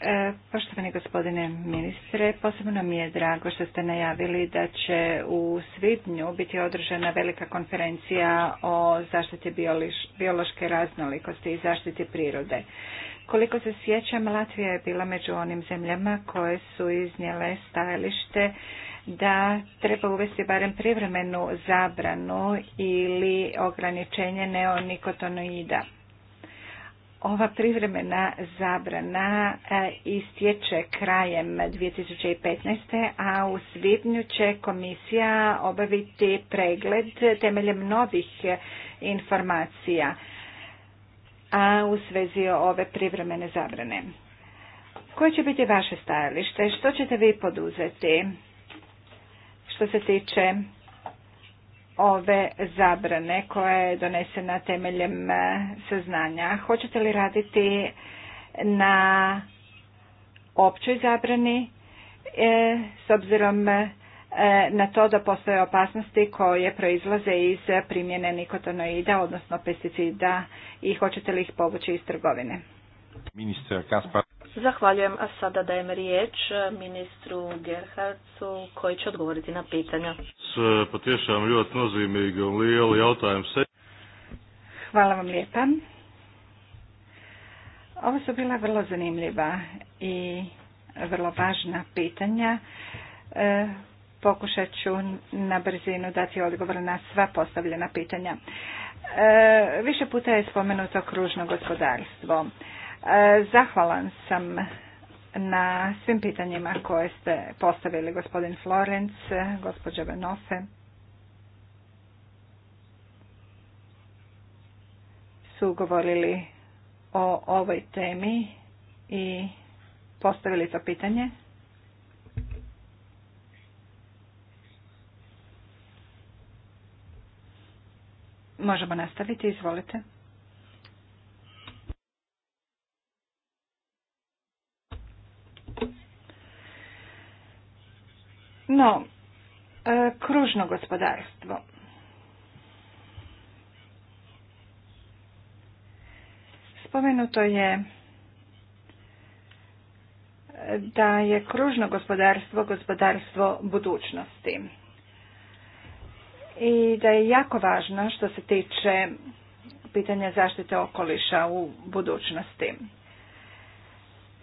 E, poštovani gospodine ministre, posebno mi je drago što ste najavili da će u svibnju biti održana velika konferencija o zaštiti biološke raznolikosti i zaštiti prirode. Koliko se sjećam, Latvija je bila među onim zemljama koje su iznijele stajalište da treba uvesti barem privremenu zabranu ili ograničenje neonikotonoida. Ova privremena zabrana e, istječe krajem 2015. a u svibnju će komisija obaviti pregled temeljem novih informacija a u svezi ove privremene zabrane. Koje će biti vaše stajalište? Što ćete vi poduzeti što se tiče ove zabrane koja je donesena temeljem eh, saznanja? Hoćete li raditi na općoj zabrani eh, s obzirom eh, E, na to da postoje opasnosti koje proizlaze iz primjene nikotinoida, odnosno pesticida i hoćete li ih povući iz trgovine? Zahvaljujem, a sada dajem riječ e, ministru Gerhardcu koji će odgovoriti na pitanja. Hvala vam lijepa. Ovo su bila vrlo zanimljiva i vrlo važna pitanja e, Pokušat ću na brzinu dati odgovor na sva postavljena pitanja. E, više puta je spomenuto kružno gospodarstvo. E, zahvalan sam na svim pitanjima koje ste postavili gospodin Florenc, gospođa Benofe. Su govorili o ovoj temi i postavili to pitanje. Možemo nastaviti, izvolite. No, e, kružno gospodarstvo. Spomenuto je da je kružno gospodarstvo gospodarstvo budućnosti i da je jako važno što se tiče pitanja zaštite okoliša u budućnosti.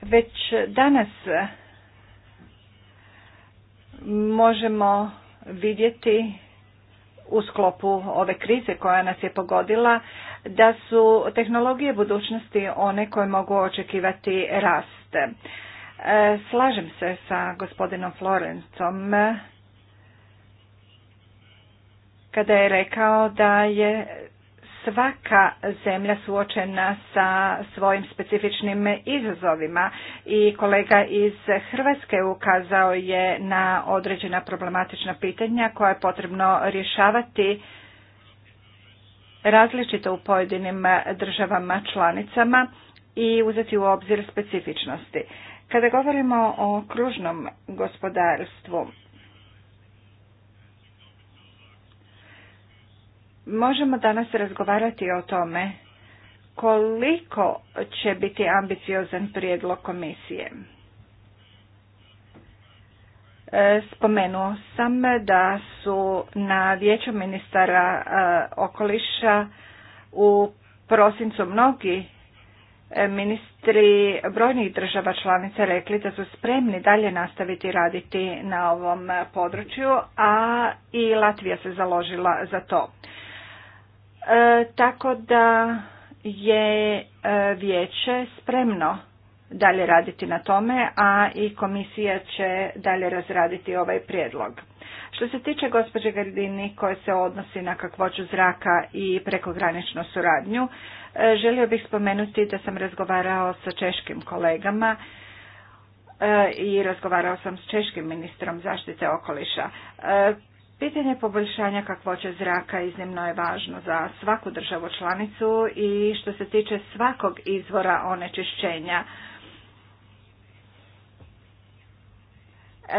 Već danas možemo vidjeti u sklopu ove krize koja nas je pogodila da su tehnologije budućnosti one koje mogu očekivati raste. Slažem se sa gospodinom Florencom kada je rekao da je svaka zemlja suočena sa svojim specifičnim izazovima i kolega iz Hrvatske ukazao je na određena problematična pitanja koja je potrebno rješavati različito u pojedinim državama članicama i uzeti u obzir specifičnosti. Kada govorimo o kružnom gospodarstvu, Možemo danas razgovarati o tome koliko će biti ambiciozan prijedlog komisije. E, spomenuo sam da su na vijeću ministara e, okoliša u prosincu mnogi e, ministri brojnih država članica rekli da su spremni dalje nastaviti raditi na ovom području, a i Latvija se založila za to. E, tako da je e, vijeće spremno dalje raditi na tome, a i komisija će dalje razraditi ovaj prijedlog. Što se tiče gospođe Gardini koje se odnosi na kakvoću zraka i prekograničnu suradnju, e, želio bih spomenuti da sam razgovarao sa češkim kolegama i razgovarao sam s češkim ministrom zaštite okoliša Pitanje poboljšanja kakvoće zraka iznimno je važno za svaku državu članicu i što se tiče svakog izvora onečišćenja.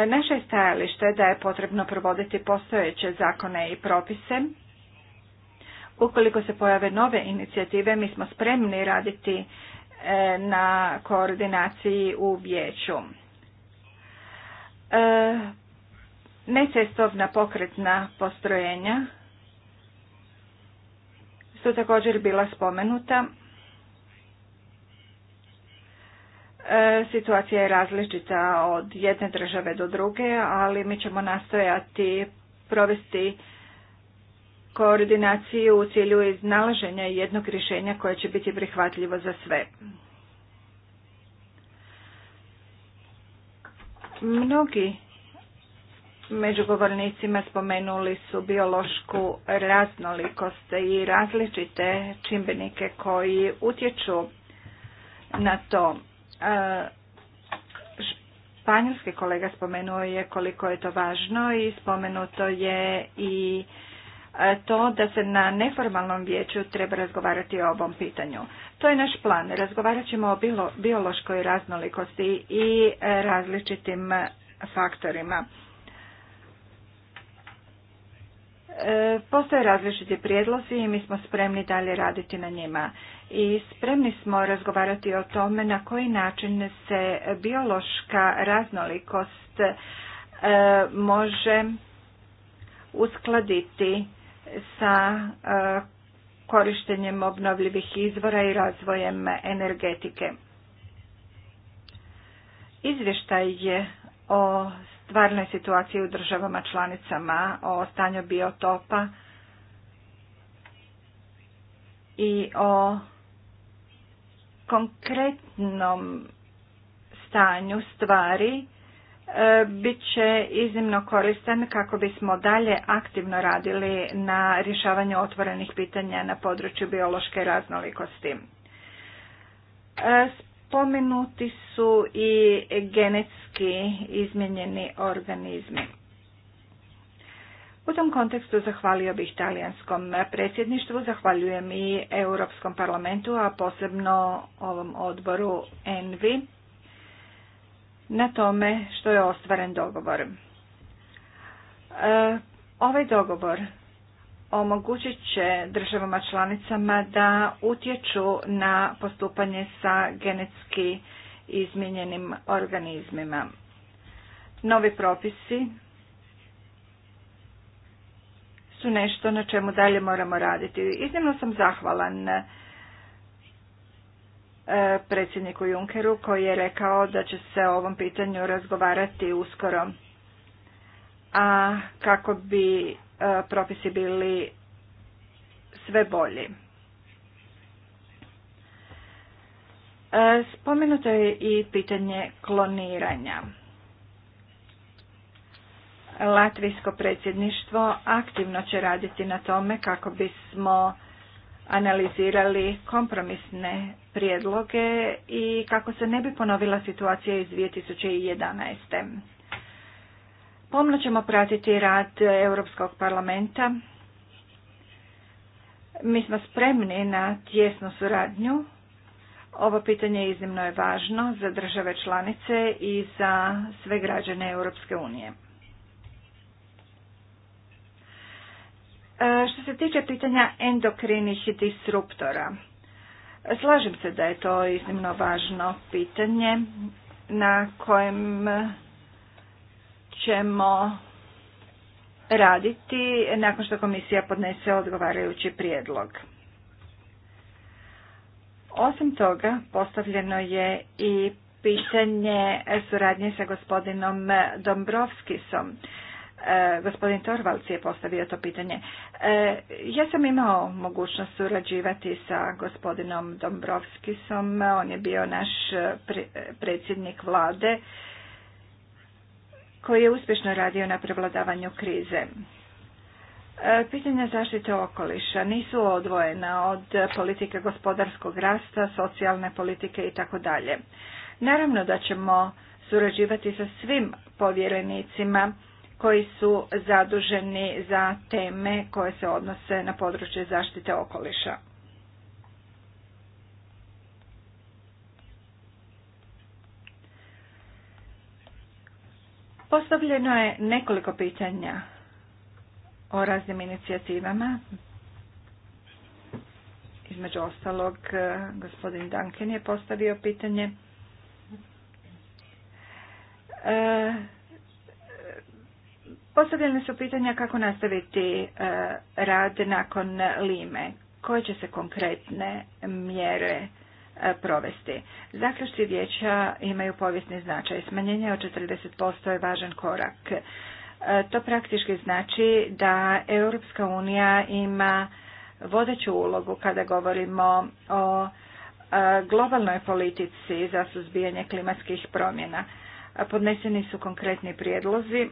Naše je da je potrebno provoditi postojeće zakone i propise. Ukoliko se pojave nove inicijative, mi smo spremni raditi e, na koordinaciji u vijeću. E, Necestovna pokretna postrojenja su također bila spomenuta. E, situacija je različita od jedne države do druge, ali mi ćemo nastojati provesti koordinaciju u cilju iznalaženja jednog rješenja koje će biti prihvatljivo za sve. Mnogi Među govornicima spomenuli su biološku raznolikost i različite čimbenike koji utječu na to. E, španjolski kolega spomenuo je koliko je to važno i spomenuto je i e, to da se na neformalnom vijeću treba razgovarati o ovom pitanju. To je naš plan. Razgovarat ćemo o biološkoj raznolikosti i e, različitim faktorima. E, postoje različiti prijedlozi i mi smo spremni dalje raditi na njima. I spremni smo razgovarati o tome na koji način se biološka raznolikost e, može uskladiti sa e, korištenjem obnovljivih izvora i razvojem energetike. Izvještaj je o stvarnoj situaciji u državama članicama, o stanju biotopa i o konkretnom stanju stvari e, bit će iznimno koristan kako bismo dalje aktivno radili na rješavanju otvorenih pitanja na području biološke raznolikosti. E, spomenuti su i genetski izmjenjeni organizmi. U tom kontekstu zahvalio bih talijanskom predsjedništvu, zahvaljujem i Europskom parlamentu, a posebno ovom odboru ENVI na tome što je ostvaren dogovor. E, ovaj dogovor omogućit će državama članicama da utječu na postupanje sa genetski izmijenjenim organizmima. Novi propisi su nešto na čemu dalje moramo raditi. Iznimno sam zahvalan e, predsjedniku Junkeru koji je rekao da će se o ovom pitanju razgovarati uskoro. A kako bi E, propisi bili sve bolji. E, spomenuto je i pitanje kloniranja. Latvijsko predsjedništvo aktivno će raditi na tome kako bismo analizirali kompromisne prijedloge i kako se ne bi ponovila situacija iz 2011. Pomno ćemo pratiti rad Europskog parlamenta. Mi smo spremni na tjesnu suradnju. Ovo pitanje iznimno je važno za države članice i za sve građane Europske unije. E, što se tiče pitanja endokrinih disruptora, slažem se da je to iznimno važno pitanje na kojem ćemo raditi nakon što komisija podnese odgovarajući prijedlog. Osim toga, postavljeno je i pitanje suradnje sa gospodinom Dombrovskisom. E, gospodin torvalci je postavio to pitanje. E, ja sam imao mogućnost surađivati sa gospodinom Dombrovskisom. On je bio naš predsjednik vlade koji je uspješno radio na prevladavanju krize. E, pitanja zaštite okoliša nisu odvojena od politike gospodarskog rasta, socijalne politike dalje. Naravno da ćemo surađivati sa svim povjerenicima koji su zaduženi za teme koje se odnose na područje zaštite okoliša. Postavljeno je nekoliko pitanja o raznim inicijativama. Između ostalog, e, gospodin Duncan je postavio pitanje. E, Postavljene su pitanja kako nastaviti e, rad nakon Lime. Koje će se konkretne mjere E, provesti. Zaključci vijeća imaju povijesni značaj. Smanjenje od 40% je važan korak. E, to praktički znači da Europska unija ima vodeću ulogu kada govorimo o e, globalnoj politici za suzbijanje klimatskih promjena. Podneseni su konkretni prijedlozi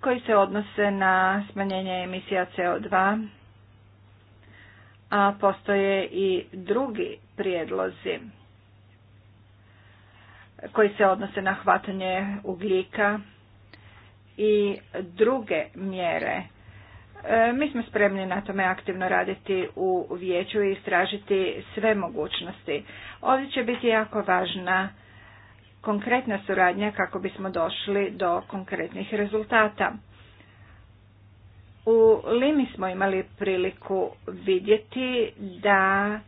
koji se odnose na smanjenje emisija CO2, a postoje i drugi prijedlozi koji se odnose na hvatanje ugljika i druge mjere. E, mi smo spremni na tome aktivno raditi u vijeću i istražiti sve mogućnosti. Ovdje će biti jako važna konkretna suradnja kako bismo došli do konkretnih rezultata. U Limi smo imali priliku vidjeti da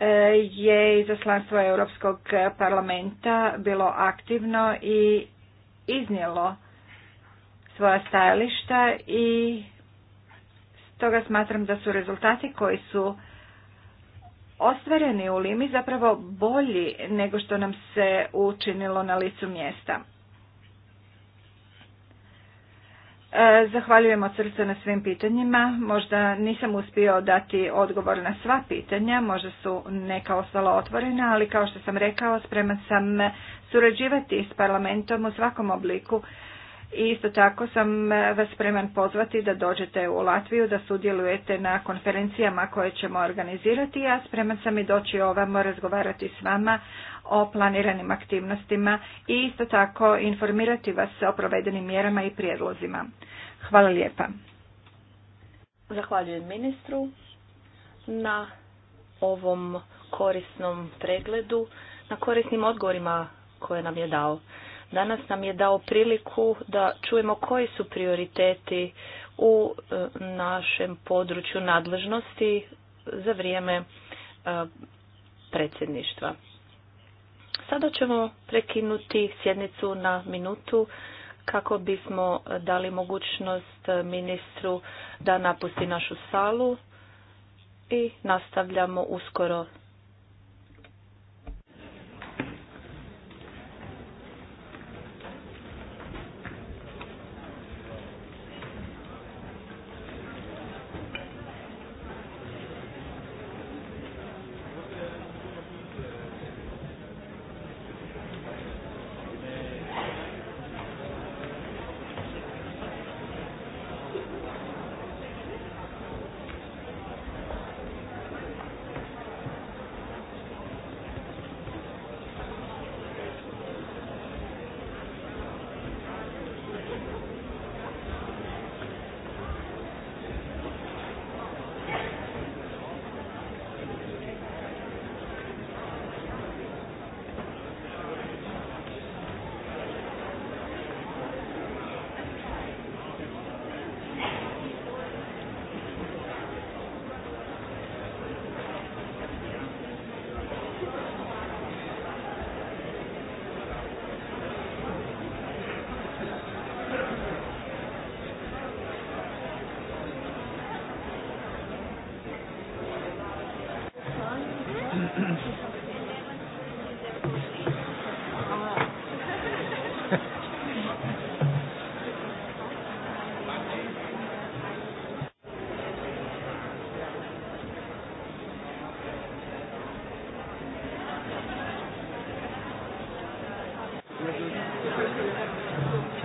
e, je izaslanstvo Europskog parlamenta bilo aktivno i iznijelo svoja stajališta i stoga smatram da su rezultati koji su ostvareni u Limi zapravo bolji nego što nam se učinilo na licu mjesta. E, zahvaljujemo od srca na svim pitanjima. Možda nisam uspio dati odgovor na sva pitanja, možda su neka ostala otvorena, ali kao što sam rekao, spreman sam surađivati s parlamentom u svakom obliku i isto tako sam e, vas spreman pozvati da dođete u Latviju, da sudjelujete na konferencijama koje ćemo organizirati, a spreman sam i doći ovamo razgovarati s vama o planiranim aktivnostima i isto tako informirati vas o provedenim mjerama i prijedlozima. Hvala lijepa. Zahvaljujem ministru na ovom korisnom pregledu, na korisnim odgovorima koje nam je dao danas nam je dao priliku da čujemo koji su prioriteti u e, našem području nadležnosti za vrijeme e, predsjedništva. Sada ćemo prekinuti sjednicu na minutu kako bismo dali mogućnost ministru da napusti našu salu i nastavljamo uskoro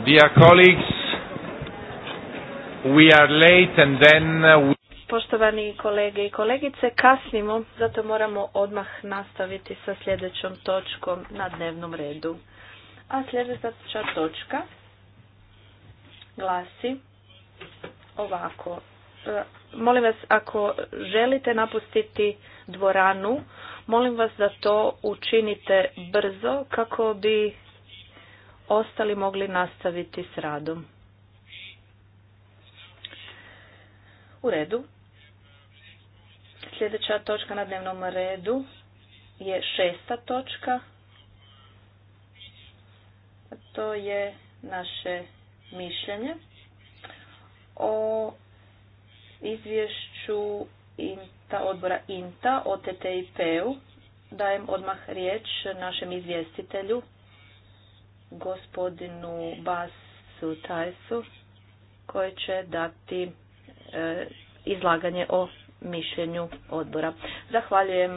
Dear colleagues, we are late and then uh, Poštovani kolege i kolegice, kasnimo, zato moramo odmah nastaviti sa sljedećom točkom na dnevnom redu. A sljedeća točka glasi ovako. E, molim vas, ako želite napustiti dvoranu, molim vas da to učinite brzo kako bi ostali mogli nastaviti s radom. U redu. Sljedeća točka na dnevnom redu je šesta točka. To je naše mišljenje o izvješću INTA, odbora INTA o TTIP-u. Dajem odmah riječ našem izvjestitelju, gospodinu Basu Tajsu koji će dati e, izlaganje o mišljenju odbora. Zahvaljujem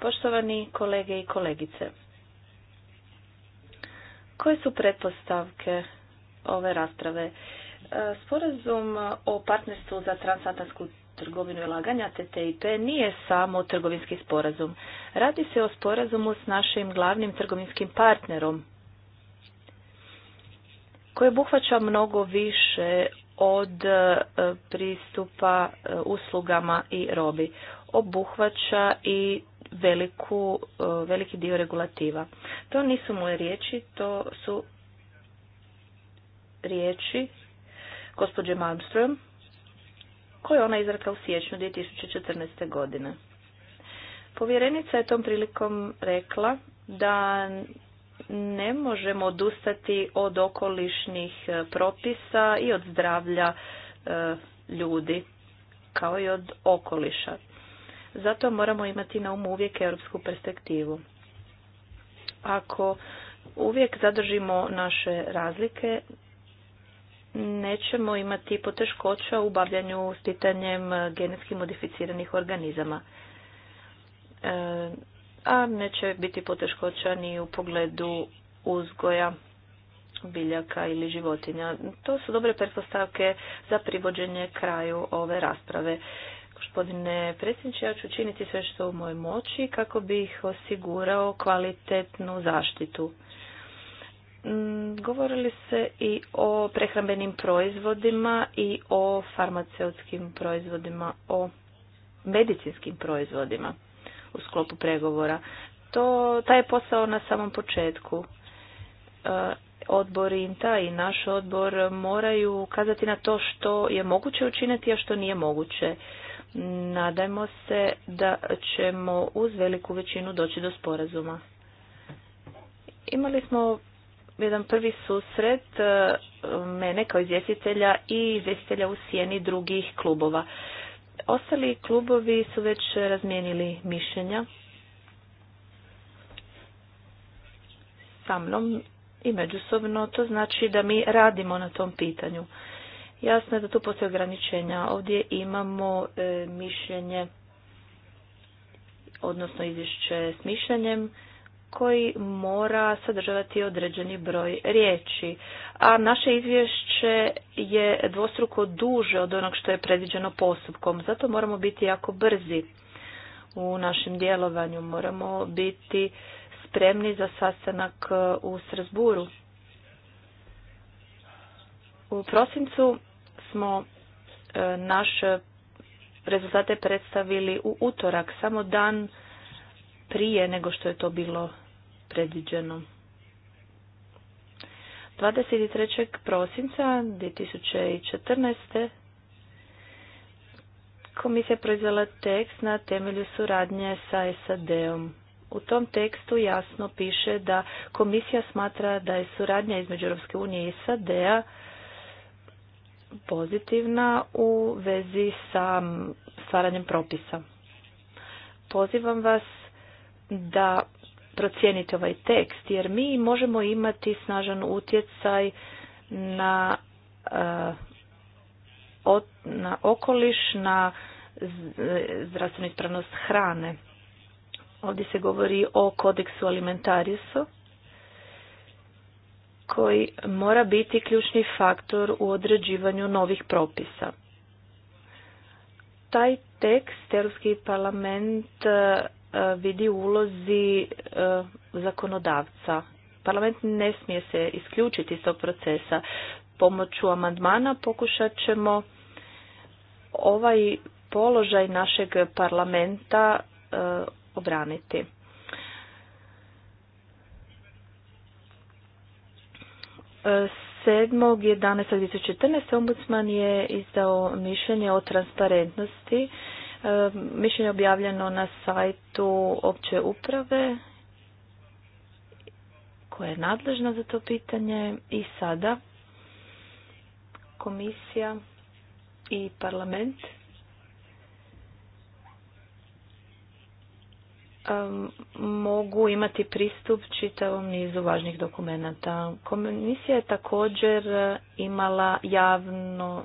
poštovani kolege i kolegice. Koje su pretpostavke ove rasprave? E, sporazum o partnerstvu za transatlantsku trgovinu i laganja TTIP nije samo trgovinski sporazum. Radi se o sporazumu s našim glavnim trgovinskim partnerom koje obuhvaća mnogo više od e, pristupa e, uslugama i robi. Obuhvaća i veliku, e, veliki dio regulativa. To nisu moje riječi, to su riječi gospođe Malmström koje ona izrekla u siječnju 2014. godine. Povjerenica je tom prilikom rekla da ne možemo odustati od okolišnih e, propisa i od zdravlja e, ljudi kao i od okoliša. Zato moramo imati na umu uvijek europsku perspektivu. Ako uvijek zadržimo naše razlike, nećemo imati poteškoća u bavljanju s pitanjem genetski modificiranih organizama. E, a neće biti poteškoća ni u pogledu uzgoja biljaka ili životinja. To su dobre pretpostavke za privođenje kraju ove rasprave. Gospodine predsjedniče, ja ću činiti sve što u mojoj moći kako bih osigurao kvalitetnu zaštitu. Mm, govorili se i o prehrambenim proizvodima i o farmaceutskim proizvodima, o medicinskim proizvodima u sklopu pregovora. To, taj je posao na samom početku. E, odbor INTA i naš odbor moraju ukazati na to što je moguće učiniti, a što nije moguće. Nadajmo se da ćemo uz veliku većinu doći do sporazuma. Imali smo jedan prvi susret e, mene kao izvjestitelja i izvjestitelja u sjeni drugih klubova. Ostali klubovi su već razmijenili mišljenja sa mnom i međusobno. To znači da mi radimo na tom pitanju. Jasno je da tu postoje ograničenja. Ovdje imamo e, mišljenje, odnosno izvješće s mišljenjem koji mora sadržavati određeni broj riječi. A naše izvješće je dvostruko duže od onog što je predviđeno postupkom, zato moramo biti jako brzi u našem djelovanju, moramo biti spremni za sastanak u Srasburu. U prosincu smo e, naše rezultate predstavili u utorak, samo dan prije nego što je to bilo predviđeno. 23. prosinca 2014. Komisija proizvela tekst na temelju suradnje sa SAD-om. U tom tekstu jasno piše da komisija smatra da je suradnja između Europske unije i SAD-a pozitivna u vezi sa stvaranjem propisa. Pozivam vas da procijeniti ovaj tekst jer mi možemo imati snažan utjecaj na, eh, na okoliš, na zdravstvenu ispravnost hrane. Ovdje se govori o kodeksu alimentariusu koji mora biti ključni faktor u određivanju novih propisa. Taj tekst Europski parlament eh, E, vidi ulozi e, zakonodavca. Parlament ne smije se isključiti iz tog procesa. Pomoću amandmana pokušat ćemo ovaj položaj našeg parlamenta e, obraniti. tisuće 2014. ombudsman je izdao mišljenje o transparentnosti Mišljenje je objavljeno na sajtu opće uprave koja je nadležna za to pitanje i sada komisija i parlament mogu imati pristup čitavom nizu važnih dokumenata. Komisija je također imala javno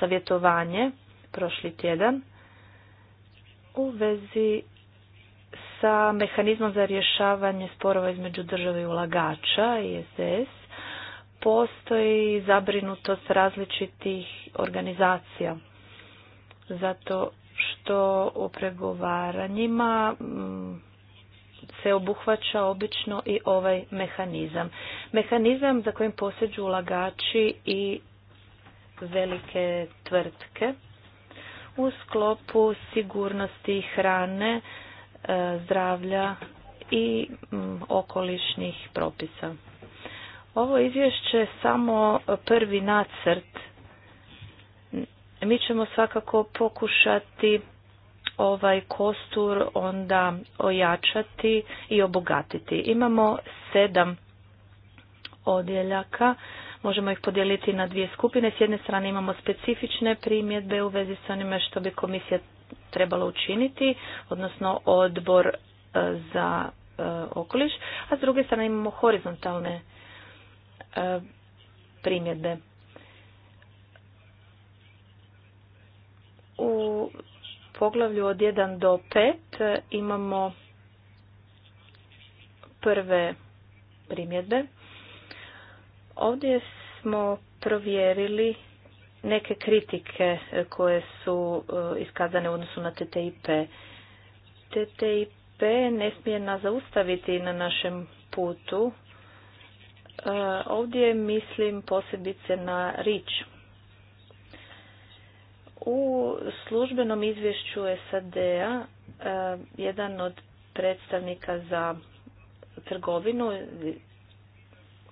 savjetovanje prošli tjedan u vezi sa mehanizmom za rješavanje sporova između države i ulagača i postoji zabrinutost različitih organizacija zato što u pregovaranjima mm, se obuhvaća obično i ovaj mehanizam. Mehanizam za kojim poseđu ulagači i velike tvrtke u sklopu sigurnosti hrane, e, zdravlja i okolišnih propisa. Ovo izvješće je samo prvi nacrt. Mi ćemo svakako pokušati ovaj kostur onda ojačati i obogatiti. Imamo sedam odjeljaka Možemo ih podijeliti na dvije skupine. S jedne strane imamo specifične primjedbe u vezi s onime što bi komisija trebala učiniti, odnosno odbor e, za e, okoliš, a s druge strane imamo horizontalne e, primjedbe. U poglavlju od 1 do 5 imamo prve primjedbe. Ovdje smo provjerili neke kritike e, koje su e, iskazane u odnosu na TTIP. TTIP ne smije nas zaustaviti na našem putu. E, ovdje mislim posebice na rič. U službenom izvješću SAD-a jedan od predstavnika za trgovinu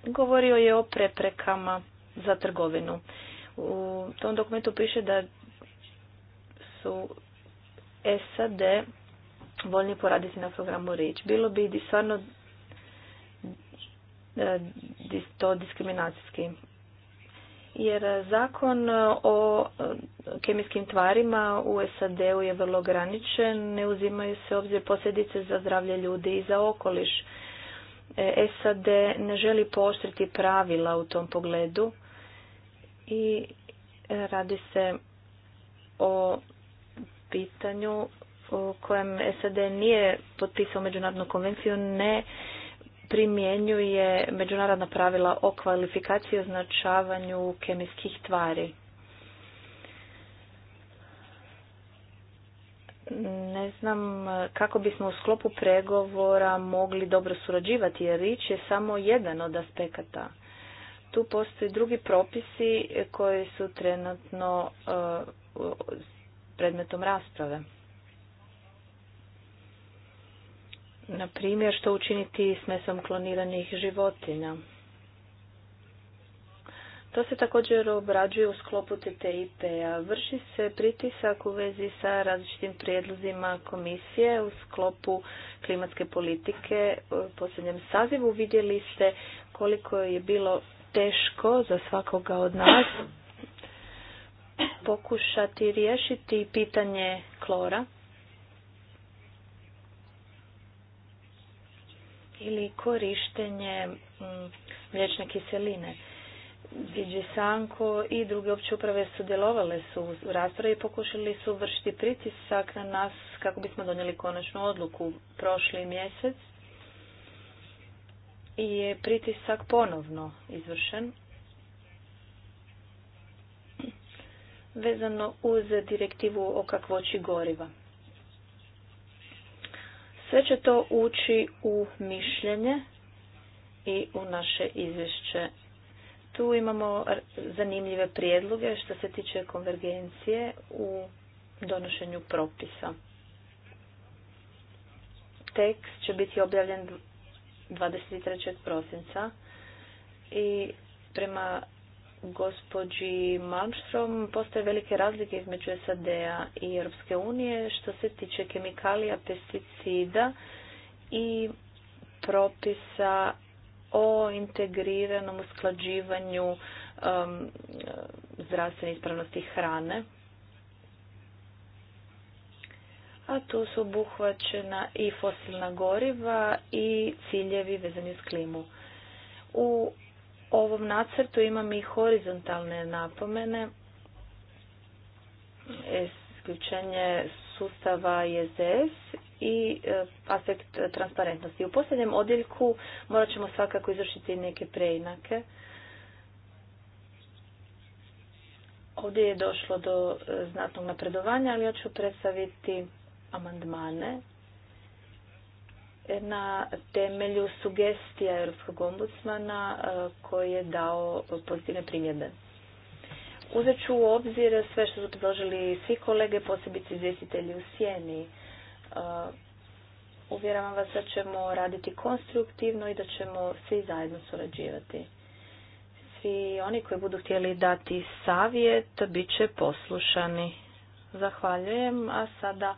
govorio je o preprekama za trgovinu. U tom dokumentu piše da su SAD voljni poraditi na programu REACH. Bilo bi stvarno e, to diskriminacijski. Jer zakon o e, kemijskim tvarima u SAD-u je vrlo ograničen, ne uzimaju se obzir posljedice za zdravlje ljudi i za okoliš. E, SAD ne želi poštriti pravila u tom pogledu i e, radi se o pitanju u kojem SAD nije potpisao međunarodnu konvenciju, ne primjenjuje međunarodna pravila o kvalifikaciji označavanju kemijskih tvari. ne znam e, kako bismo u sklopu pregovora mogli dobro surađivati jer riječ je samo jedan od aspekata. Tu postoji drugi propisi koji su trenutno e, predmetom rasprave. Na primjer, što učiniti s mesom kloniranih životinja? To se također obrađuje u sklopu TTIP-a. Vrši se pritisak u vezi sa različitim prijedlozima komisije u sklopu klimatske politike. U posljednjem sazivu vidjeli ste koliko je bilo teško za svakoga od nas pokušati riješiti pitanje klora ili korištenje mm, mliječne kiseline. Viđi Sanko i druge opće uprave sudjelovale su u raspravi i pokušali su vršiti pritisak na nas kako bismo donijeli konačnu odluku prošli mjesec i je pritisak ponovno izvršen. vezano uz direktivu o kakvoći goriva. Sve će to ući u mišljenje i u naše izvješće tu imamo zanimljive prijedloge što se tiče konvergencije u donošenju propisa. Tekst će biti objavljen 23. prosinca i prema gospođi Malmström postoje velike razlike između SAD-a i Europske unije što se tiče kemikalija, pesticida i propisa o integriranom usklađivanju um, zdravstvene ispravnosti hrane. A tu su obuhvaćena i fosilna goriva i ciljevi vezani s klimu. U ovom nacrtu imam i horizontalne napomene, isključenje sustava ZS i e, aspekt transparentnosti. U posljednjem odjeljku morat ćemo svakako izvršiti neke preinake. Ovdje je došlo do e, znatnog napredovanja, ali ja ću predstaviti amandmane e, na temelju sugestija Europskog ombudsmana koji je dao pozitivne primjedbe. Uzet ću u obzir sve što su predložili svi kolege, posebice izvjestitelji u Sjeni. Uh, uvjeravam vas da ćemo raditi konstruktivno i da ćemo svi zajedno surađivati. Svi oni koji budu htjeli dati savjet bit će poslušani. Zahvaljujem, a sada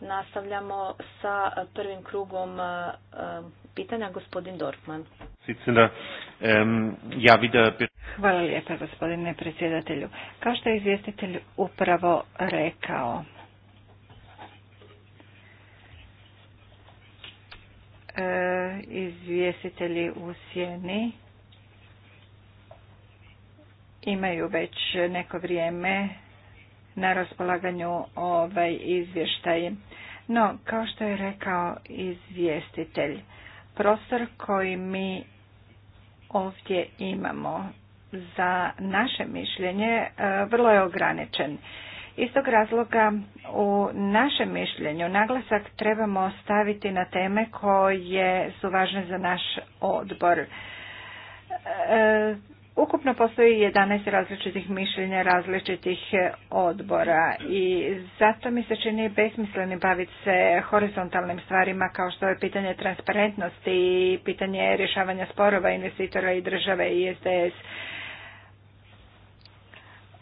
nastavljamo sa prvim krugom uh, uh, pitanja gospodin Dorfman. Um, Hvala lijepa gospodine predsjedatelju. Kao što je izvjestitelj upravo rekao, E, izvjestitelji u sjeni imaju već neko vrijeme na raspolaganju ovaj izvještaj. No, kao što je rekao izvjestitelj, prostor koji mi ovdje imamo za naše mišljenje e, vrlo je ograničen Istog tog razloga u našem mišljenju naglasak trebamo staviti na teme koje su važne za naš odbor. E, ukupno postoji 11 različitih mišljenja različitih odbora i zato mi se čini besmislenim baviti se horizontalnim stvarima kao što je pitanje transparentnosti i pitanje rješavanja sporova investitora i države i SDS.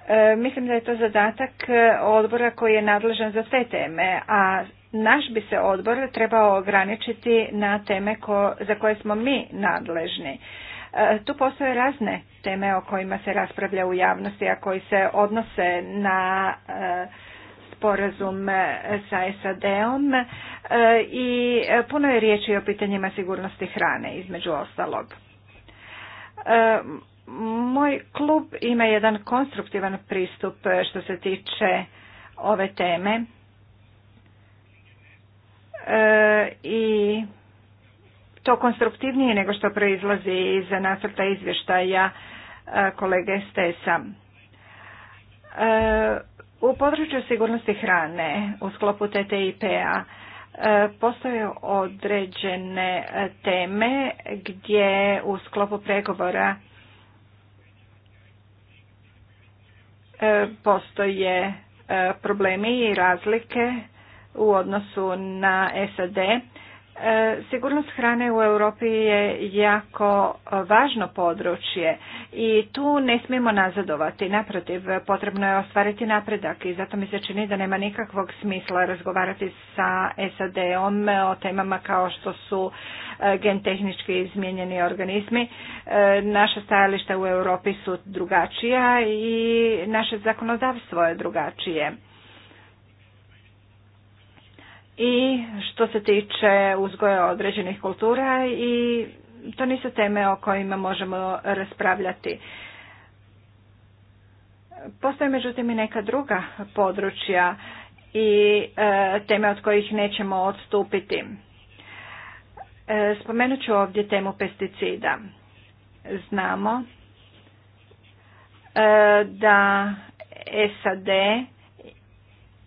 E, mislim da je to zadatak e, odbora koji je nadležan za sve teme, a naš bi se odbor trebao ograničiti na teme ko, za koje smo mi nadležni. E, tu postoje razne teme o kojima se raspravlja u javnosti, a koji se odnose na sporazum sa SAD-om i puno je riječi o pitanjima sigurnosti hrane, između ostalog. Moj klub ima jedan konstruktivan pristup što se tiče ove teme e, i to konstruktivnije nego što proizlazi iz nacrta izvještaja e, kolege Stesa. E, u području sigurnosti hrane u sklopu TTIP-a postoje određene teme gdje u sklopu pregovora E, postoje e, problemi i razlike u odnosu na SAD Sigurnost hrane u Europi je jako važno područje i tu ne smijemo nazadovati. Naprotiv, potrebno je ostvariti napredak i zato mi se čini da nema nikakvog smisla razgovarati sa SAD-om o temama kao što su e, gentehnički izmijenjeni organizmi. E, naša stajališta u Europi su drugačija i naše zakonodavstvo je drugačije i što se tiče uzgoja određenih kultura i to nisu teme o kojima možemo raspravljati. Postoje međutim i neka druga područja i e, teme od kojih nećemo odstupiti. E, spomenut ću ovdje temu pesticida. Znamo e, da SAD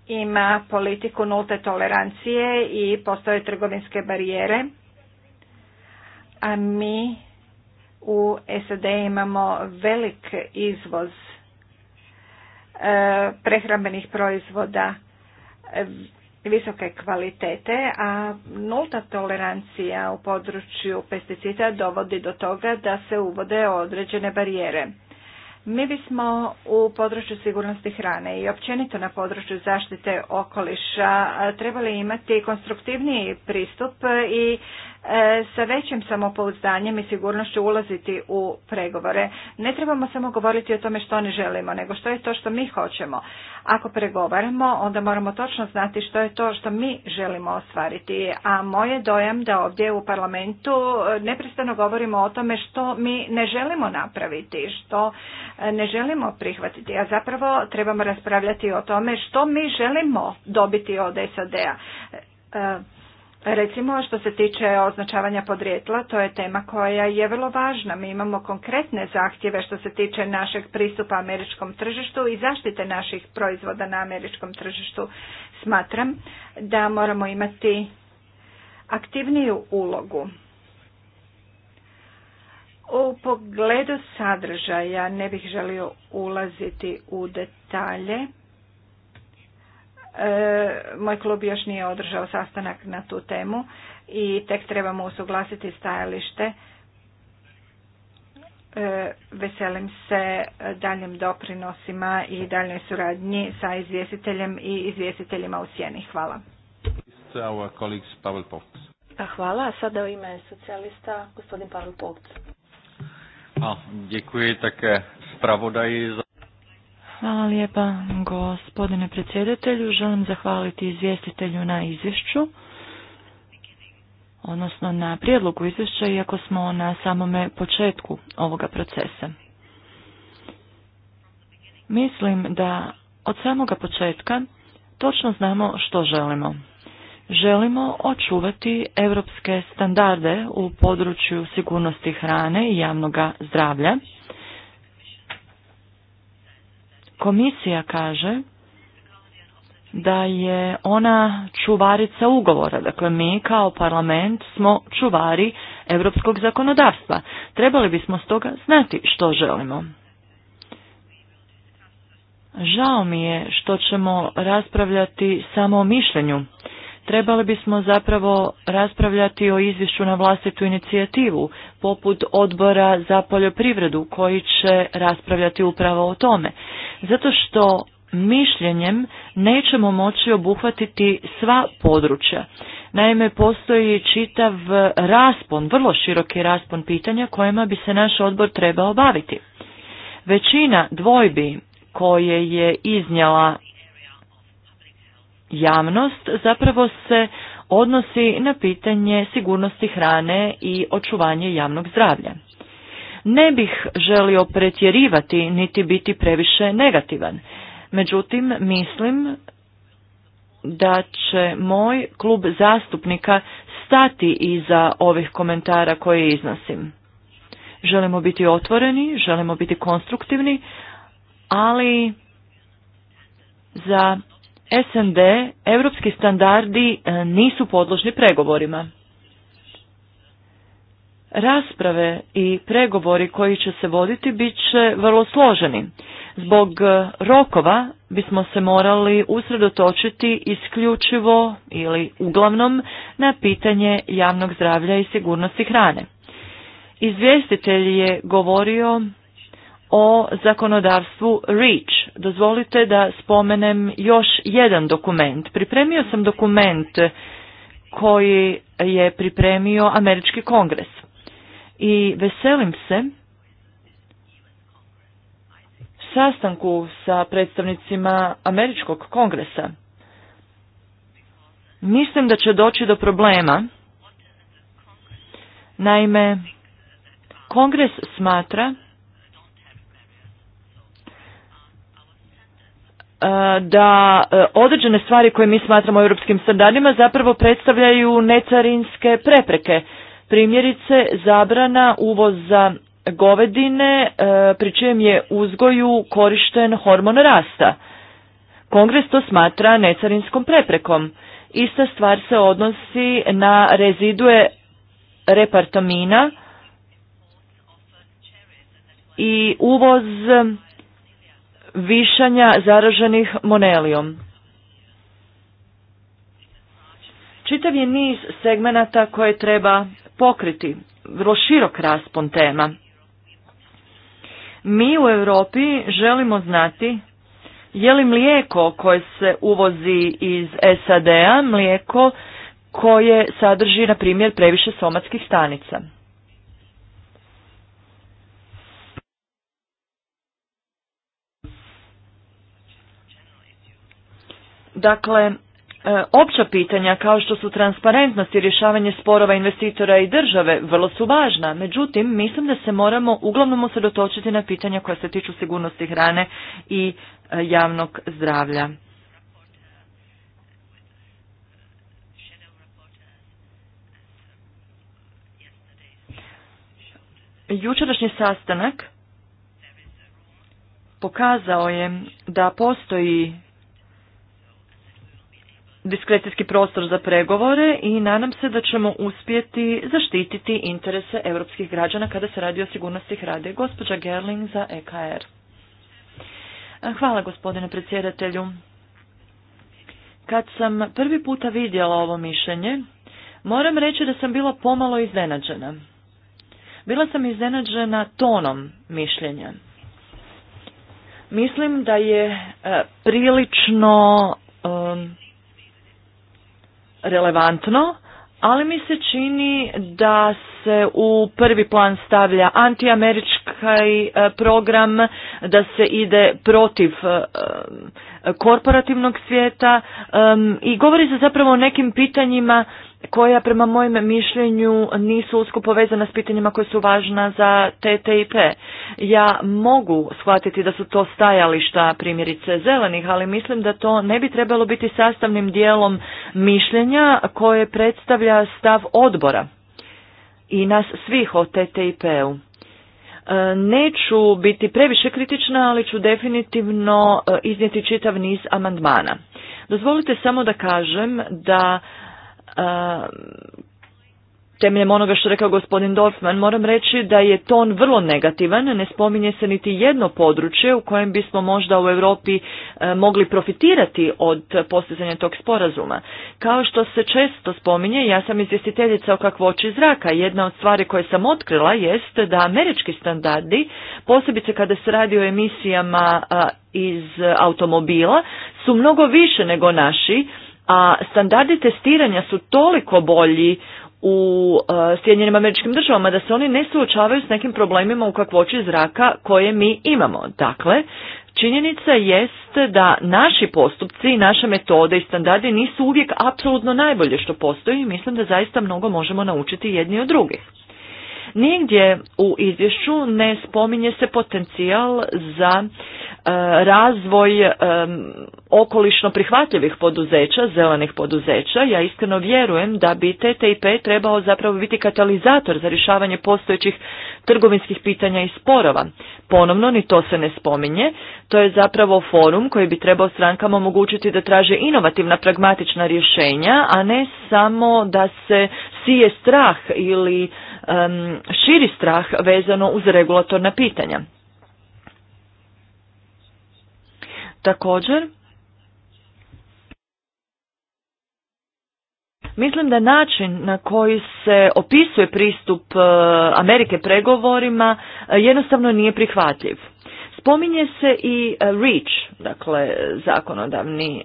ima politiku nulte tolerancije i postoje trgovinske barijere, a mi u SAD imamo velik izvoz e, prehrambenih proizvoda e, visoke kvalitete, a nulta tolerancija u području pesticida dovodi do toga da se uvode određene barijere. Mi bismo u području sigurnosti hrane i općenito na području zaštite okoliša trebali imati konstruktivniji pristup i E, sa većim samopouzdanjem i sigurnošću ulaziti u pregovore. Ne trebamo samo govoriti o tome što ne želimo, nego što je to što mi hoćemo. Ako pregovaramo, onda moramo točno znati što je to što mi želimo ostvariti. A moj je dojam da ovdje u parlamentu e, neprestano govorimo o tome što mi ne želimo napraviti, što e, ne želimo prihvatiti. A zapravo trebamo raspravljati o tome što mi želimo dobiti od SAD-a Recimo što se tiče označavanja podrijetla, to je tema koja je vrlo važna. Mi imamo konkretne zahtjeve što se tiče našeg pristupa američkom tržištu i zaštite naših proizvoda na američkom tržištu. Smatram da moramo imati aktivniju ulogu. U pogledu sadržaja ne bih želio ulaziti u detalje. E, moj klub još nije održao sastanak na tu temu i tek trebamo usuglasiti stajalište. E, veselim se daljem doprinosima i daljnoj suradnji sa izvjestiteljem i izvjestiteljima u sjeni. Hvala. Hvala. sada u ime socijalista gospodin Pavel děkuji také Hvala lijepa gospodine predsjedatelju. Želim zahvaliti izvjestitelju na izvješću, odnosno na prijedlogu izvješća, iako smo na samome početku ovoga procesa. Mislim da od samoga početka točno znamo što želimo. Želimo očuvati europske standarde u području sigurnosti hrane i javnog zdravlja Komisija kaže da je ona čuvarica ugovora. Dakle, mi kao parlament smo čuvari europskog zakonodavstva. Trebali bismo stoga znati što želimo. Žao mi je što ćemo raspravljati samo o mišljenju Trebali bismo zapravo raspravljati o izvješću na vlastitu inicijativu, poput odbora za poljoprivredu koji će raspravljati upravo o tome. Zato što mišljenjem nećemo moći obuhvatiti sva područja. Naime, postoji čitav raspon, vrlo široki raspon pitanja kojima bi se naš odbor trebao baviti. Većina dvojbi koje je iznjela javnost zapravo se odnosi na pitanje sigurnosti hrane i očuvanje javnog zdravlja. Ne bih želio pretjerivati niti biti previše negativan. Međutim, mislim da će moj klub zastupnika stati iza ovih komentara koje iznosim. Želimo biti otvoreni, želimo biti konstruktivni, ali za SND, europski standardi e, nisu podložni pregovorima. Rasprave i pregovori koji će se voditi bit će vrlo složeni. Zbog e, rokova bismo se morali usredotočiti isključivo ili uglavnom na pitanje javnog zdravlja i sigurnosti hrane. Izvjestitelj je govorio o zakonodavstvu REACH, dozvolite da spomenem još jedan dokument. Pripremio sam dokument koji je pripremio Američki kongres i veselim se sastanku sa predstavnicima Američkog kongresa. Mislim da će doći do problema. Naime, kongres smatra E, da e, određene stvari koje mi smatramo europskim standardima zapravo predstavljaju necarinske prepreke. Primjerice zabrana uvoza govedine e, pri čijem je uzgoju korišten hormon rasta. Kongres to smatra necarinskom preprekom. Ista stvar se odnosi na rezidue repartamina i uvoz višanja zaraženih monelijom. Čitav je niz segmenata koje treba pokriti, vrlo širok raspon tema. Mi u Europi želimo znati je li mlijeko koje se uvozi iz SAD-a mlijeko koje sadrži, na primjer, previše somatskih stanica. Dakle, e, opća pitanja kao što su transparentnost i rješavanje sporova investitora i države vrlo su važna. Međutim, mislim da se moramo uglavnom osredotočiti na pitanja koja se tiču sigurnosti hrane i e, javnog zdravlja. Jučerašnji sastanak pokazao je da postoji diskrecijski prostor za pregovore i nadam se da ćemo uspjeti zaštititi interese europskih građana kada se radi o sigurnosti hrade. Gospođa Gerling za EKR. E, hvala gospodine predsjedatelju. Kad sam prvi puta vidjela ovo mišljenje, moram reći da sam bila pomalo iznenađena. Bila sam iznenađena tonom mišljenja. Mislim da je e, prilično relevantno, ali mi se čini da se u prvi plan stavlja antiamerički taj e, program, da se ide protiv e, e, korporativnog svijeta i govori se zapravo o nekim pitanjima koja prema mojem mišljenju nisu usko povezana s pitanjima koja su važna za TTIP. Ja mogu shvatiti da su to stajališta primjerice zelenih, ali mislim da to ne bi trebalo biti sastavnim dijelom mišljenja koje predstavlja stav odbora i nas svih o TTIP-u. E, neću biti previše kritična, ali ću definitivno e, iznijeti čitav niz amandmana. Dozvolite samo da kažem da e, temeljem onoga što rekao gospodin Dorfman, moram reći da je ton vrlo negativan, ne spominje se niti jedno područje u kojem bismo možda u Europi e, mogli profitirati od postizanja tog sporazuma. Kao što se često spominje, ja sam izvjestiteljica o kakvoći zraka. Jedna od stvari koje sam otkrila jest da američki standardi, posebice kada se radi o emisijama iz automobila, su mnogo više nego naši, a standardi testiranja su toliko bolji u e, Sjedinjenim američkim državama, da se oni ne suočavaju s nekim problemima u kakvoći zraka koje mi imamo. Dakle, činjenica jest da naši postupci naše metode i standardi nisu uvijek apsolutno najbolje što postoji i mislim da zaista mnogo možemo naučiti jedni od drugih. Nigdje u izvješću ne spominje se potencijal za e, razvoj e, okolišno prihvatljivih poduzeća, zelenih poduzeća. Ja iskreno vjerujem da bi TTIP trebao zapravo biti katalizator za rješavanje postojećih trgovinskih pitanja i sporova. Ponovno, ni to se ne spominje. To je zapravo forum koji bi trebao strankama omogućiti da traže inovativna, pragmatična rješenja, a ne samo da se sije strah ili širi strah vezano uz regulatorna pitanja. Također, Mislim da način na koji se opisuje pristup e, Amerike pregovorima e, jednostavno nije prihvatljiv. Spominje se i e, REACH, dakle zakonodavni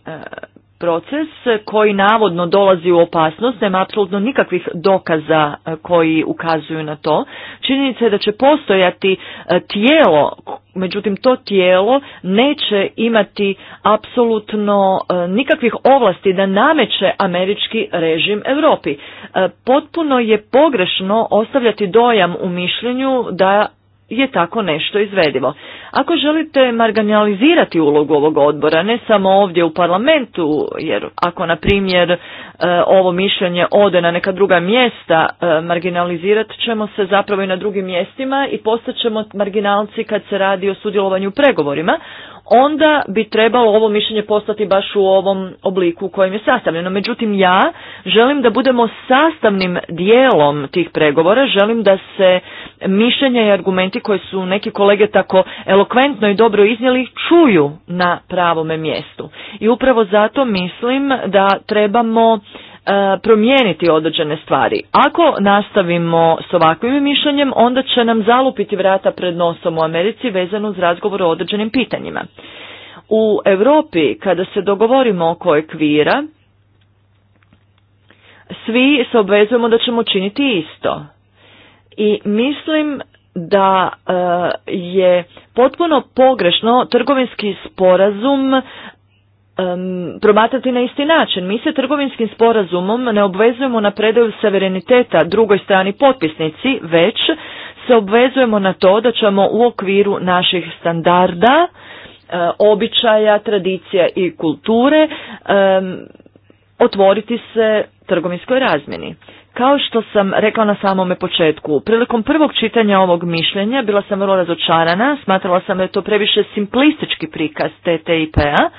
proces koji navodno dolazi u opasnost, nema apsolutno nikakvih dokaza e, koji ukazuju na to. Činjenica je da će postojati e, tijelo, međutim to tijelo neće imati apsolutno e, nikakvih ovlasti da nameće američki režim Europi. Potpuno je pogrešno ostavljati dojam u mišljenju da je tako nešto izvedivo. Ako želite marginalizirati ulogu ovog odbora, ne samo ovdje u parlamentu, jer ako na primjer e, ovo mišljenje ode na neka druga mjesta, e, marginalizirat ćemo se zapravo i na drugim mjestima i postat ćemo marginalci kad se radi o sudjelovanju u pregovorima, onda bi trebalo ovo mišljenje postati baš u ovom obliku u kojem je sastavljeno. Međutim, ja želim da budemo sastavnim dijelom tih pregovora, želim da se mišljenja i argumenti koje su neki kolege tako elokventno i dobro iznijeli čuju na pravome mjestu. I upravo zato mislim da trebamo E, promijeniti određene stvari. Ako nastavimo s ovakvim mišljenjem, onda će nam zalupiti vrata pred nosom u Americi vezano uz razgovor o određenim pitanjima. U Europi, kada se dogovorimo oko ekvira, svi se obvezujemo da ćemo činiti isto. I mislim da e, je potpuno pogrešno trgovinski sporazum um, promatrati na isti način. Mi se trgovinskim sporazumom ne obvezujemo na predaju suvereniteta drugoj strani potpisnici, već se obvezujemo na to da ćemo u okviru naših standarda, e, običaja, tradicija i kulture otvoriti se trgovinskoj razmjeni. Kao što sam rekla na samome početku, prilikom prvog čitanja ovog mišljenja bila sam vrlo razočarana, smatrala sam da je to previše simplistički prikaz TTIP-a,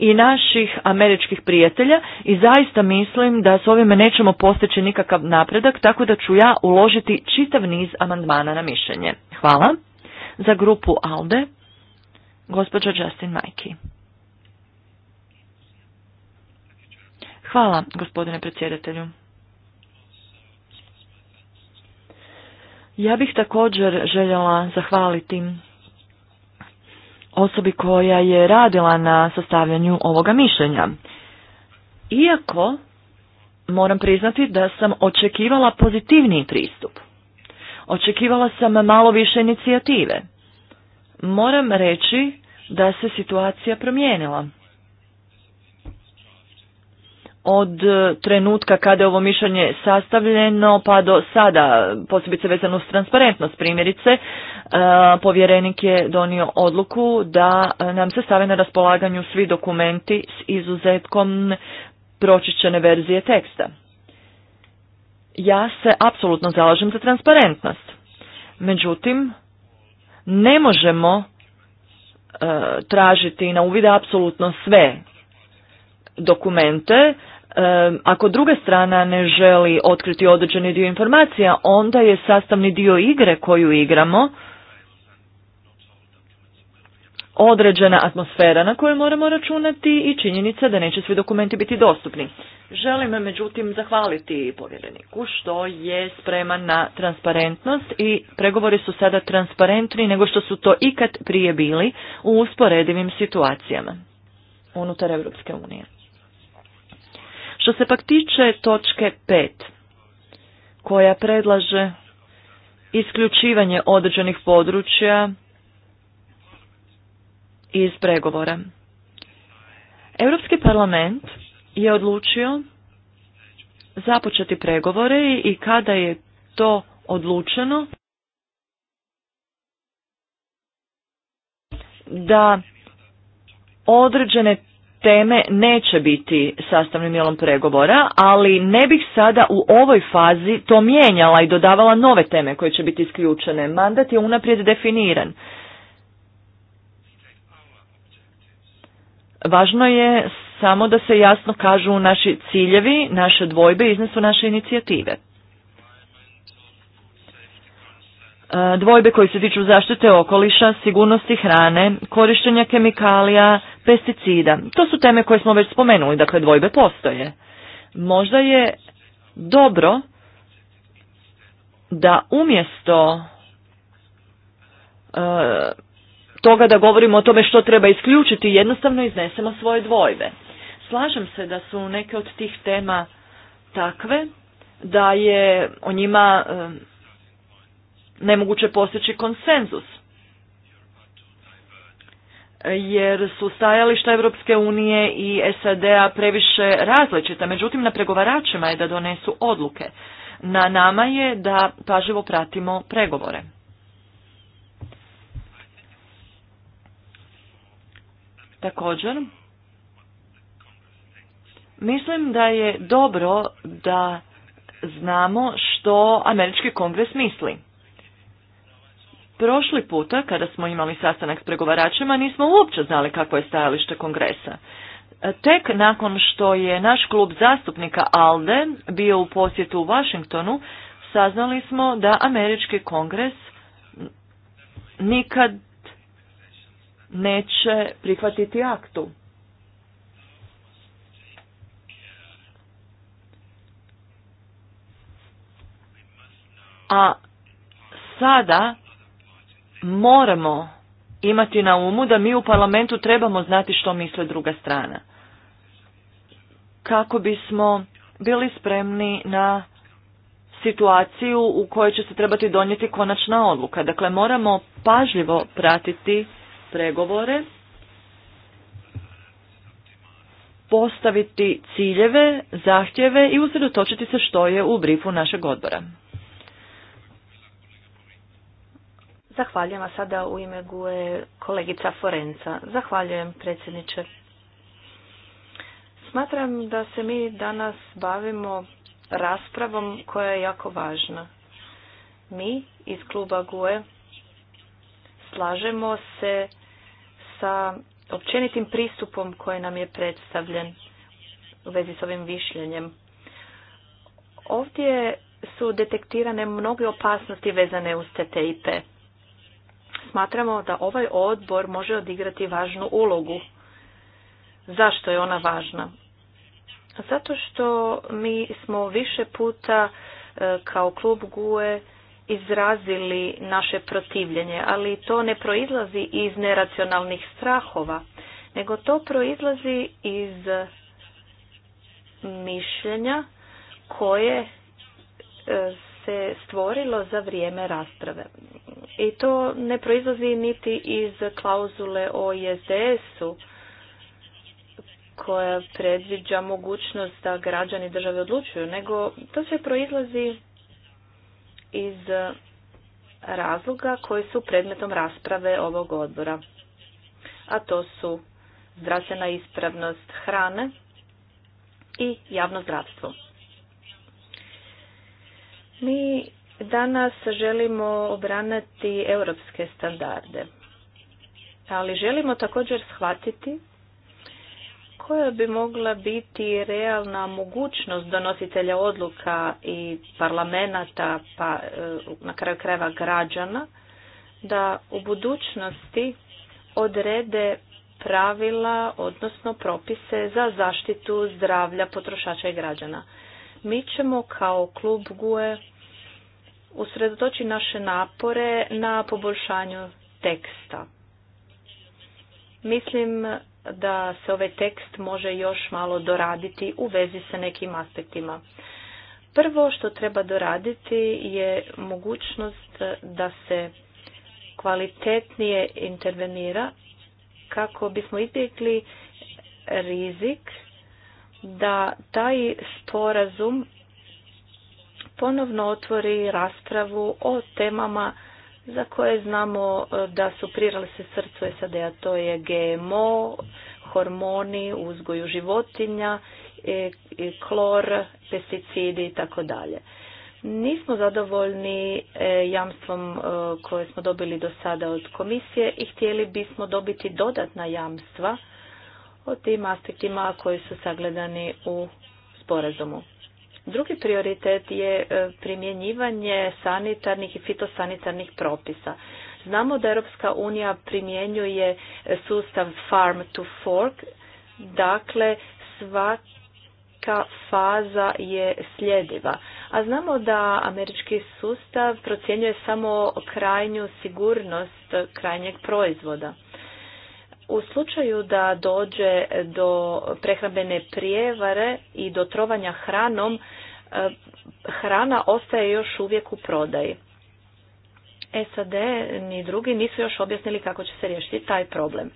i naših američkih prijatelja i zaista mislim da s ovime nećemo postići nikakav napredak, tako da ću ja uložiti čitav niz amandmana na mišljenje. Hvala. Za grupu ALDE, gospođa Justin Majki. Hvala, gospodine predsjedatelju. Ja bih također željela zahvaliti osobi koja je radila na sastavljanju ovoga mišljenja. Iako moram priznati da sam očekivala pozitivniji pristup. Očekivala sam malo više inicijative. Moram reći da se situacija promijenila od e, trenutka kada je ovo mišljenje sastavljeno pa do sada, posebice vezano s transparentnost primjerice, e, povjerenik je donio odluku da e, nam se stave na raspolaganju svi dokumenti s izuzetkom pročišćene verzije teksta. Ja se apsolutno zalažem za transparentnost. Međutim, ne možemo tražiti na uvide apsolutno sve dokumente, e, ako druga strana ne želi otkriti određeni dio informacija, onda je sastavni dio igre koju igramo određena atmosfera na koju moramo računati i činjenica da neće svi dokumenti biti dostupni. Želim međutim zahvaliti povjereniku što je spreman na transparentnost i pregovori su sada transparentni nego što su to ikad prije bili u usporedivim situacijama unutar Europske unije. Što se pak tiče točke 5, koja predlaže isključivanje određenih područja iz pregovora. Europski parlament je odlučio započeti pregovore i kada je to odlučeno da određene teme neće biti sastavnim dijelom pregovora, ali ne bih sada u ovoj fazi to mijenjala i dodavala nove teme koje će biti isključene. Mandat je unaprijed definiran. Važno je samo da se jasno kažu naši ciljevi, naše dvojbe, iznesu naše inicijative. E, dvojbe koji se tiču zaštite okoliša, sigurnosti hrane, korištenja kemikalija, pesticida. To su teme koje smo već spomenuli, dakle dvojbe postoje. Možda je dobro da umjesto e, toga da govorimo o tome što treba isključiti, jednostavno iznesemo svoje dvojbe. Slažem se da su neke od tih tema takve da je o njima e, nemoguće postići konsenzus. Jer su stajališta Europske unije i SAD-a previše različita, međutim na pregovaračima je da donesu odluke. Na nama je da paživo pratimo pregovore. Također, mislim da je dobro da znamo što američki kongres misli. Prošli puta, kada smo imali sastanak s pregovaračima, nismo uopće znali kako je stajalište kongresa. Tek nakon što je naš klub zastupnika ALDE bio u posjetu u Washingtonu, saznali smo da američki kongres nikad neće prihvatiti aktu. A sada moramo imati na umu da mi u parlamentu trebamo znati što misle druga strana. Kako bismo bili spremni na situaciju u kojoj će se trebati donijeti konačna odluka. Dakle, moramo pažljivo pratiti pregovore, postaviti ciljeve, zahtjeve i usredotočiti se što je u brifu našeg odbora. Zahvaljujem, a sada u ime GUE kolegica Forenca. Zahvaljujem, predsjedniče. Smatram da se mi danas bavimo raspravom koja je jako važna. Mi iz kluba GUE slažemo se sa općenitim pristupom koji nam je predstavljen u vezi s ovim višljenjem. Ovdje su detektirane mnoge opasnosti vezane uz TTIP. Smatramo da ovaj odbor može odigrati važnu ulogu. Zašto je ona važna? Zato što mi smo više puta e, kao klub GUE izrazili naše protivljenje, ali to ne proizlazi iz neracionalnih strahova, nego to proizlazi iz mišljenja koje e, se stvorilo za vrijeme rasprave. I to ne proizlazi niti iz klauzule o ISDS-u e e koja predviđa mogućnost da građani države odlučuju, nego to sve proizlazi iz razloga koji su predmetom rasprave ovog odbora. A to su zdravstvena ispravnost hrane i javno zdravstvo. Mi danas želimo obranati europske standarde, ali želimo također shvatiti koja bi mogla biti realna mogućnost donositelja odluka i parlamenta, pa e, na kraju krajeva građana, da u budućnosti odrede pravila, odnosno propise za zaštitu zdravlja potrošača i građana. Mi ćemo kao klub GUE usredotoči naše napore na poboljšanju teksta. Mislim da se ovaj tekst može još malo doraditi u vezi sa nekim aspektima. Prvo što treba doraditi je mogućnost da se kvalitetnije intervenira kako bismo izbjegli rizik da taj sporazum ponovno otvori raspravu o temama za koje znamo e, da su prirali se srcu SAD-a, to je GMO, hormoni, uzgoju životinja, e, klor, pesticidi i tako dalje. Nismo zadovoljni e, jamstvom koje smo dobili do sada od komisije i htjeli bismo dobiti dodatna jamstva o tim aspektima koji su sagledani u sporazumu. Drugi prioritet je e, primjenjivanje sanitarnih i fitosanitarnih propisa. Znamo da Europska unija primjenjuje e, sustav farm to fork, dakle svaka faza je sljediva. A znamo da američki sustav procjenjuje samo krajnju sigurnost krajnjeg proizvoda. U slučaju da dođe do prehrambene prijevare i do trovanja hranom, e, hrana ostaje još uvijek u prodaji. SAD ni drugi nisu još objasnili kako će se riješiti taj problem.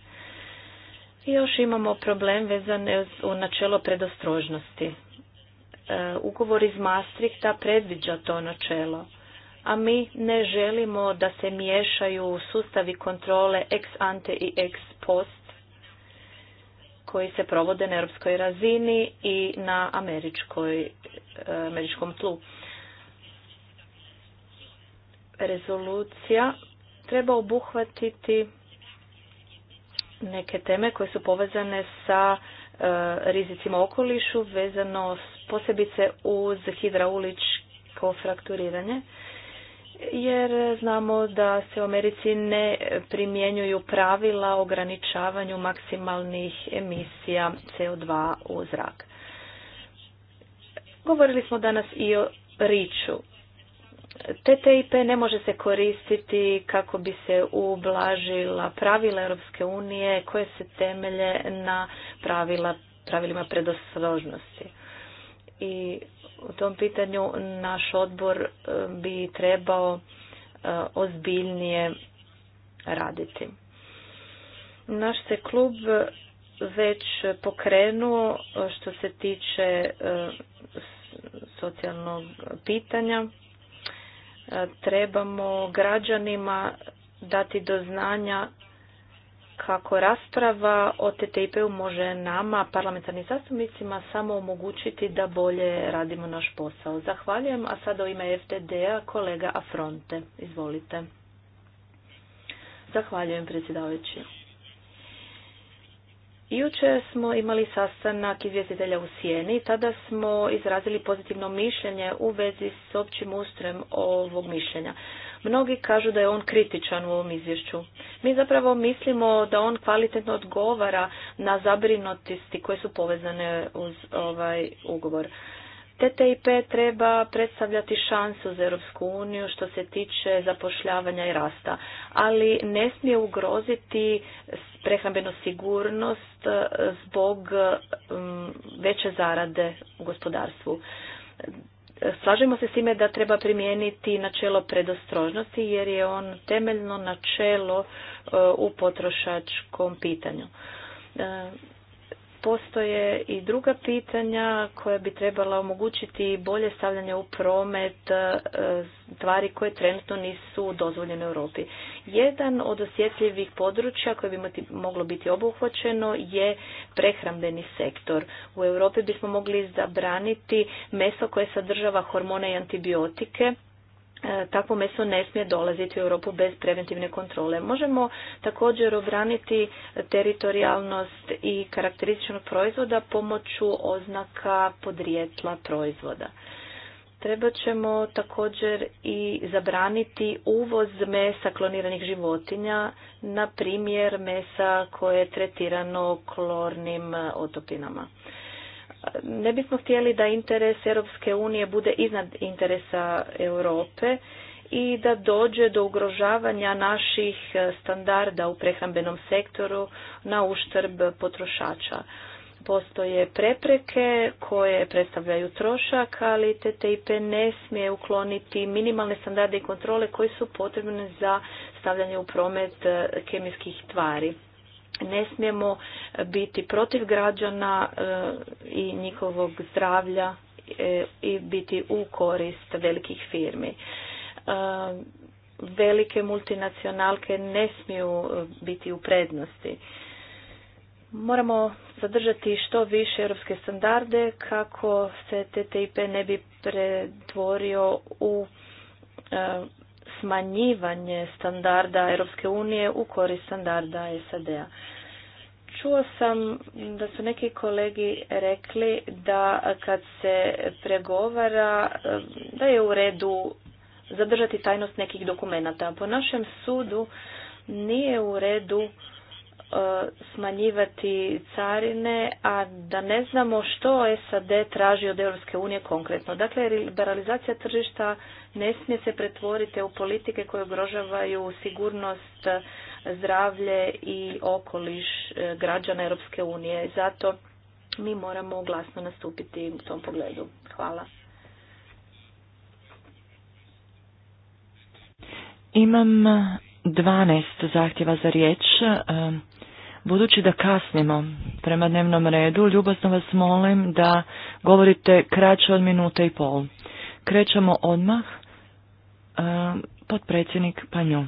I još imamo problem vezan u načelo predostrožnosti. E, ugovor iz Maastrichta predviđa to načelo, a mi ne želimo da se miješaju sustavi kontrole ex ante i ex post koji se provode na europskoj razini i na američkoj, eh, američkom tlu. Rezolucija treba obuhvatiti neke teme koje su povezane sa eh, rizicima okolišu vezano posebice uz hidrauličko frakturiranje jer znamo da se u Americi ne primjenjuju pravila o ograničavanju maksimalnih emisija CO2 u zrak. Govorili smo danas i o riču. TTIP ne može se koristiti kako bi se ublažila pravila Europske unije koje se temelje na pravila, pravilima predosložnosti. I u tom pitanju naš odbor e, bi trebao e, ozbiljnije raditi. Naš se klub već pokrenuo e, što se tiče socijalnog pitanja. Trebamo građanima dati do znanja kako rasprava o TTIP-u može nama, parlamentarnim zastupnicima, samo omogućiti da bolje radimo naš posao. Zahvaljujem, a sada u ime FTD-a kolega Afronte. Izvolite. Zahvaljujem, predsjedavajući. Juče smo imali sastanak izvjestitelja u Sijeni. Tada smo izrazili pozitivno mišljenje u vezi s općim ustrojem ovog mišljenja. Mnogi kažu da je on kritičan u ovom izvješću. Mi zapravo mislimo da on kvalitetno odgovara na zabrinutosti koje su povezane uz ovaj ugovor. TTIP treba predstavljati šansu za Europsku uniju što se tiče zapošljavanja i rasta, ali ne smije ugroziti prehrambenu sigurnost zbog mm, veće zarade u gospodarstvu. Slažemo se s time da treba primijeniti načelo predostrožnosti jer je on temeljno načelo e, u potrošačkom pitanju. E, postoje i druga pitanja koja bi trebala omogućiti bolje stavljanje u promet e, tvari koje trenutno nisu dozvoljene u Europi. Jedan od osjetljivih područja koje bi moglo biti obuhvaćeno je prehrambeni sektor. U Europi bismo mogli zabraniti meso koje sadržava hormone i antibiotike E, takvo meso ne smije dolaziti u Europu bez preventivne kontrole. Možemo također obraniti teritorijalnost i karakterističnog proizvoda pomoću oznaka podrijetla proizvoda. Treba ćemo također i zabraniti uvoz mesa kloniranih životinja, na primjer mesa koje je tretirano klornim otopinama. Ne bismo htjeli da interes Europske unije bude iznad interesa Europe i da dođe do ugrožavanja naših standarda u prehrambenom sektoru na uštrb potrošača. Postoje prepreke koje predstavljaju trošak, ali TTIP ne smije ukloniti minimalne standarde i kontrole koji su potrebne za stavljanje u promet kemijskih tvari. Ne smijemo biti protiv građana e, i njihovog zdravlja e, i biti u korist velikih firmi. E, velike multinacionalke ne smiju biti u prednosti. Moramo zadržati što više europske standarde kako se TTIP ne bi pretvorio u smanjivanje standarda Europske unije u korist standarda SAD-a. Čuo sam da su neki kolegi rekli da kad se pregovara da je u redu zadržati tajnost nekih dokumenata. Po našem sudu nije u redu e, smanjivati carine, a da ne znamo što SAD traži od Europske unije konkretno. Dakle, liberalizacija tržišta ne smije se pretvoriti u politike koje ugrožavaju sigurnost, zdravlje i okoliš e, građana Europske unije. Zato mi moramo glasno nastupiti u tom pogledu. Hvala. Imam 12 zahtjeva za riječ. E, budući da kasnimo prema dnevnom redu, ljubazno vas molim da govorite kraće od minute i pol. Krećemo odmah Ehm, potpredsjednik Panju.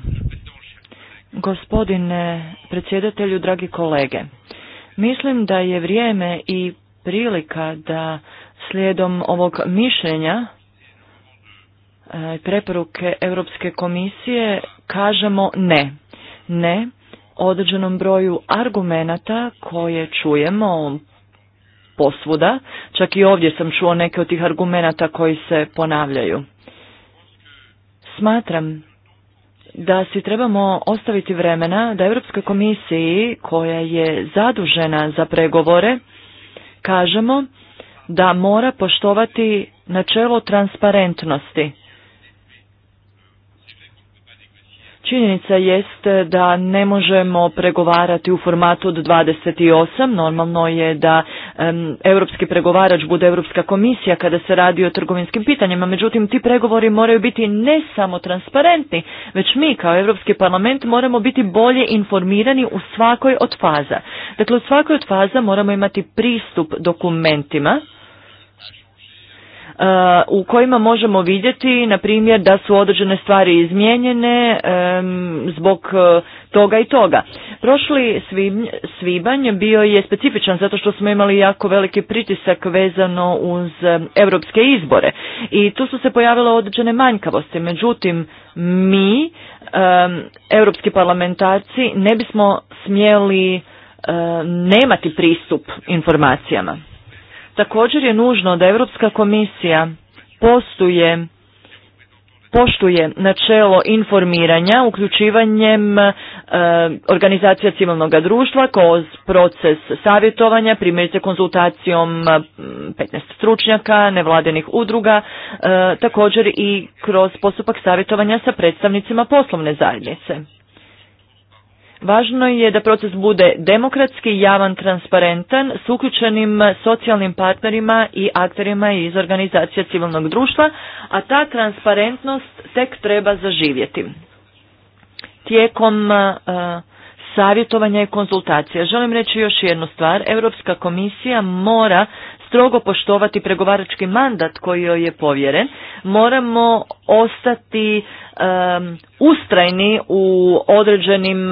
Gospodine predsjedatelju, dragi kolege, mislim da je vrijeme i prilika da slijedom ovog mišljenja eh, preporuke Europske komisije kažemo ne. Ne određenom broju argumenata koje čujemo posvuda, čak i ovdje sam čuo neke od tih argumenata koji se ponavljaju. Smatram da si trebamo ostaviti vremena da Europskoj komisiji koja je zadužena za pregovore kažemo da mora poštovati načelo transparentnosti. Činjenica jest da ne možemo pregovarati u formatu od 28, normalno je da europski pregovarač bude Europska komisija kada se radi o trgovinskim pitanjima. Međutim, ti pregovori moraju biti ne samo transparentni, već mi kao Europski parlament moramo biti bolje informirani u svakoj od faza. Dakle, u svakoj od faza moramo imati pristup dokumentima Eh, u kojima možemo vidjeti, na primjer, da su određene stvari izmijenjene zbog eh, toga i toga. Prošli svibanj bio je specifičan zato što smo imali jako veliki pritisak vezano uz europske izbore i tu su se pojavile određene manjkavosti. Međutim, mi, europski parlamentarci, ne bismo smjeli nemati pristup informacijama. Također je nužno da Europska komisija postuje poštuje načelo informiranja uključivanjem e, organizacija civilnog društva kroz proces savjetovanja, primjerice konzultacijom 15 e, stručnjaka, nevladenih udruga, e, također i kroz postupak savjetovanja sa predstavnicima poslovne zajednice. Važno je da proces bude demokratski, javan, transparentan, s uključenim socijalnim partnerima i akterima iz organizacija civilnog društva, a ta transparentnost tek treba zaživjeti. Tijekom e, savjetovanja i konzultacija. Želim reći još jednu stvar. Europska komisija mora strogo poštovati pregovarački mandat koji joj je povjeren, moramo ostati ustrajni u određenim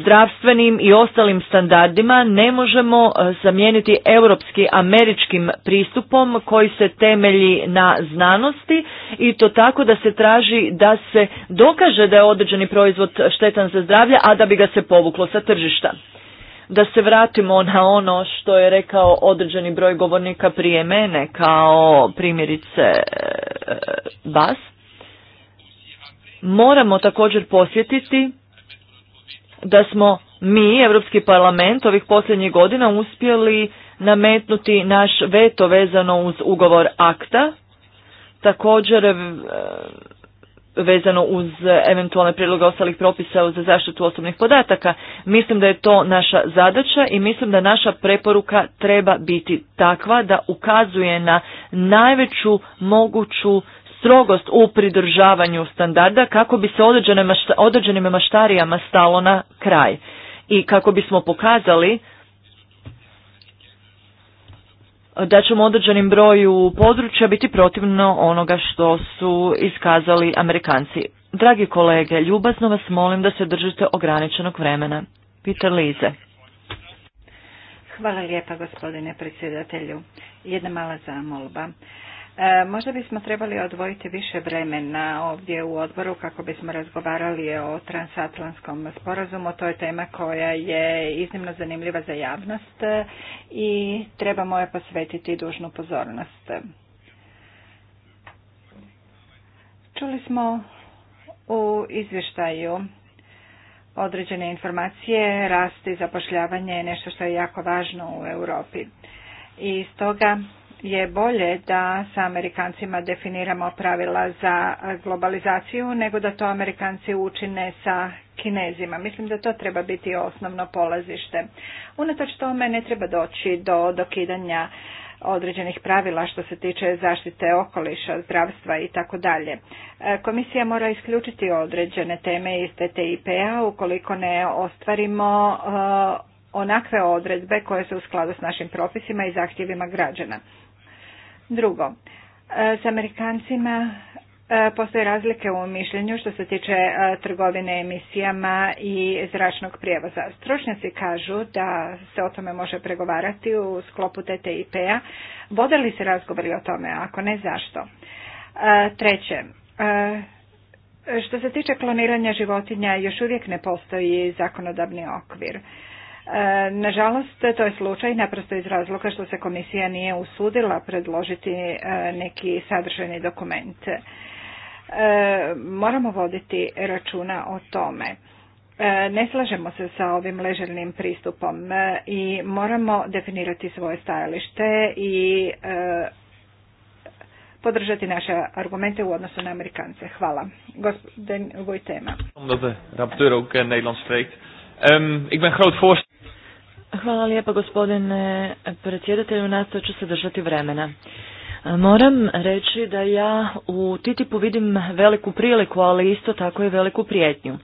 zdravstvenim i ostalim standardima, ne možemo e, zamijeniti europski američkim pristupom koji se temelji na znanosti i to tako da se traži da se dokaže da je određeni proizvod štetan za zdravlje, a da bi ga se povuklo sa tržišta da se vratimo na ono što je rekao određeni broj govornika prije mene, kao primjerice e, vas. moramo također posjetiti da smo mi, Europski parlament, ovih posljednjih godina uspjeli nametnuti naš veto vezano uz ugovor akta, također e, vezano uz eventualne prijedloge ostalih propisa za zaštitu osobnih podataka. Mislim da je to naša zadaća i mislim da naša preporuka treba biti takva da ukazuje na najveću moguću strogost u pridržavanju standarda kako bi se određenim maštarijama stalo na kraj i kako bismo pokazali da ćemo određenim broju područja biti protivno onoga što su iskazali Amerikanci. Dragi kolege, ljubazno vas molim da se držite ograničenog vremena. Peter Lize. Hvala lijepa gospodine predsjedatelju. Jedna mala zamolba. E, možda bismo trebali odvojiti više vremena ovdje u odboru kako bismo razgovarali o transatlantskom sporazumu. To je tema koja je iznimno zanimljiva za javnost i trebamo je posvetiti dužnu pozornost. Čuli smo u izvještaju određene informacije, rast i zapošljavanje je nešto što je jako važno u Europi. I stoga je bolje da sa Amerikancima definiramo pravila za globalizaciju nego da to Amerikanci učine sa Kinezima. Mislim da to treba biti osnovno polazište. Unatoč tome ne treba doći do dokidanja određenih pravila što se tiče zaštite okoliša, zdravstva i tako dalje. Komisija mora isključiti određene teme iz TTIP-a ukoliko ne ostvarimo e, onakve odredbe koje su u skladu s našim propisima i zahtjevima građana. Drugo, e, s Amerikancima e, postoje razlike u mišljenju što se tiče e, trgovine emisijama i zračnog prijevoza. Stručnjaci kažu da se o tome može pregovarati u sklopu TTIP-a. Vode li se razgovori o tome? Ako ne, zašto? Treće, što se tiče kloniranja životinja, još uvijek ne postoji zakonodavni okvir. E, nažalost, to je slučaj naprosto iz razloga što se komisija nije usudila predložiti e, neki sadržajni dokument. E, moramo voditi računa o tome. Ne slažemo se sa ovim ležernim pristupom i moramo definirati svoje stajalište i podržati naše argumente u odnosu na Amerikance. Hvala. Gospodin eh, ehm, ik ben Hvala lijepa gospodine predsjedatelju, nastojat ću se držati vremena. Moram reći da ja u TTIP-u vidim veliku priliku, ali isto tako i veliku prijetnju.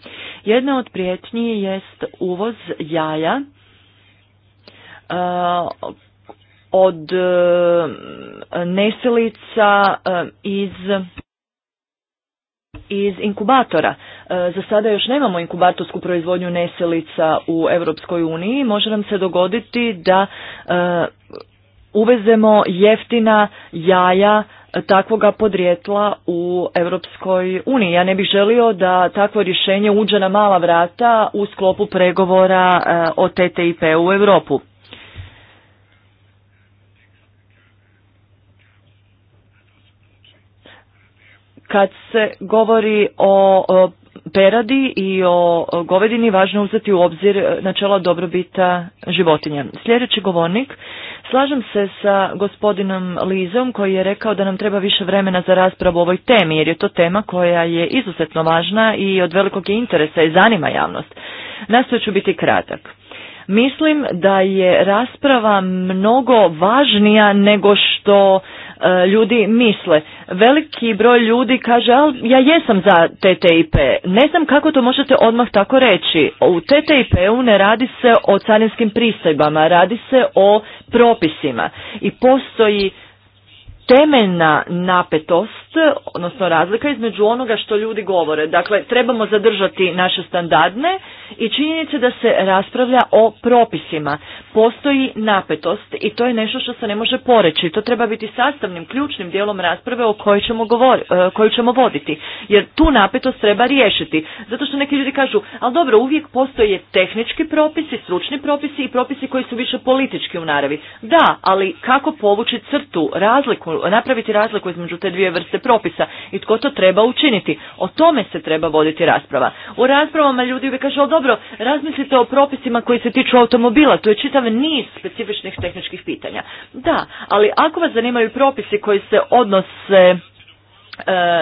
Jedna od prijetnji jest uvoz jaja od e, neselica e, iz iz inkubatora. E, za sada još nemamo inkubatorsku proizvodnju neselica u Europskoj uniji. Može nam se dogoditi da e, uvezemo jeftina jaja takvoga podrijetla u Europskoj uniji. Ja ne bih želio da takvo rješenje uđe na mala vrata u sklopu pregovora e, o TTIP u Europu. Kad se govori o peradi i o govedini važno uzeti u obzir e, načela dobrobita životinja. Sljedeći govornik, slažem se sa gospodinom Lizom koji je rekao da nam treba više vremena za raspravu o ovoj temi jer je to tema koja je izuzetno važna i od velikog interesa i zanima javnost. Nastojat ću biti kratak. Mislim da je rasprava mnogo važnija nego što E, ljudi misle. Veliki broj ljudi kaže, ali ja jesam za TTIP. Ne znam kako to možete odmah tako reći. U TTIP-u ne radi se o carinskim pristojbama, radi se o propisima. I postoji temeljna napetost, odnosno razlika između onoga što ljudi govore. Dakle, trebamo zadržati naše standardne i činjenica da se raspravlja o propisima. Postoji napetost i to je nešto što se ne može poreći. To treba biti sastavnim, ključnim dijelom rasprave o kojoj ćemo, e, koju ćemo voditi. Jer tu napetost treba riješiti. Zato što neki ljudi kažu, ali dobro, uvijek postoje tehnički propisi, stručni propisi i propisi koji su više politički u naravi. Da, ali kako povući crtu, razliku, napraviti razliku između te dvije vrste propisa i tko to treba učiniti. O tome se treba voditi rasprava. U raspravama ljudi uvijek kažu, dobro, razmislite o propisima koji se tiču automobila, To je čitav niz specifičnih tehničkih pitanja. Da, ali ako vas zanimaju propisi koji se odnose e,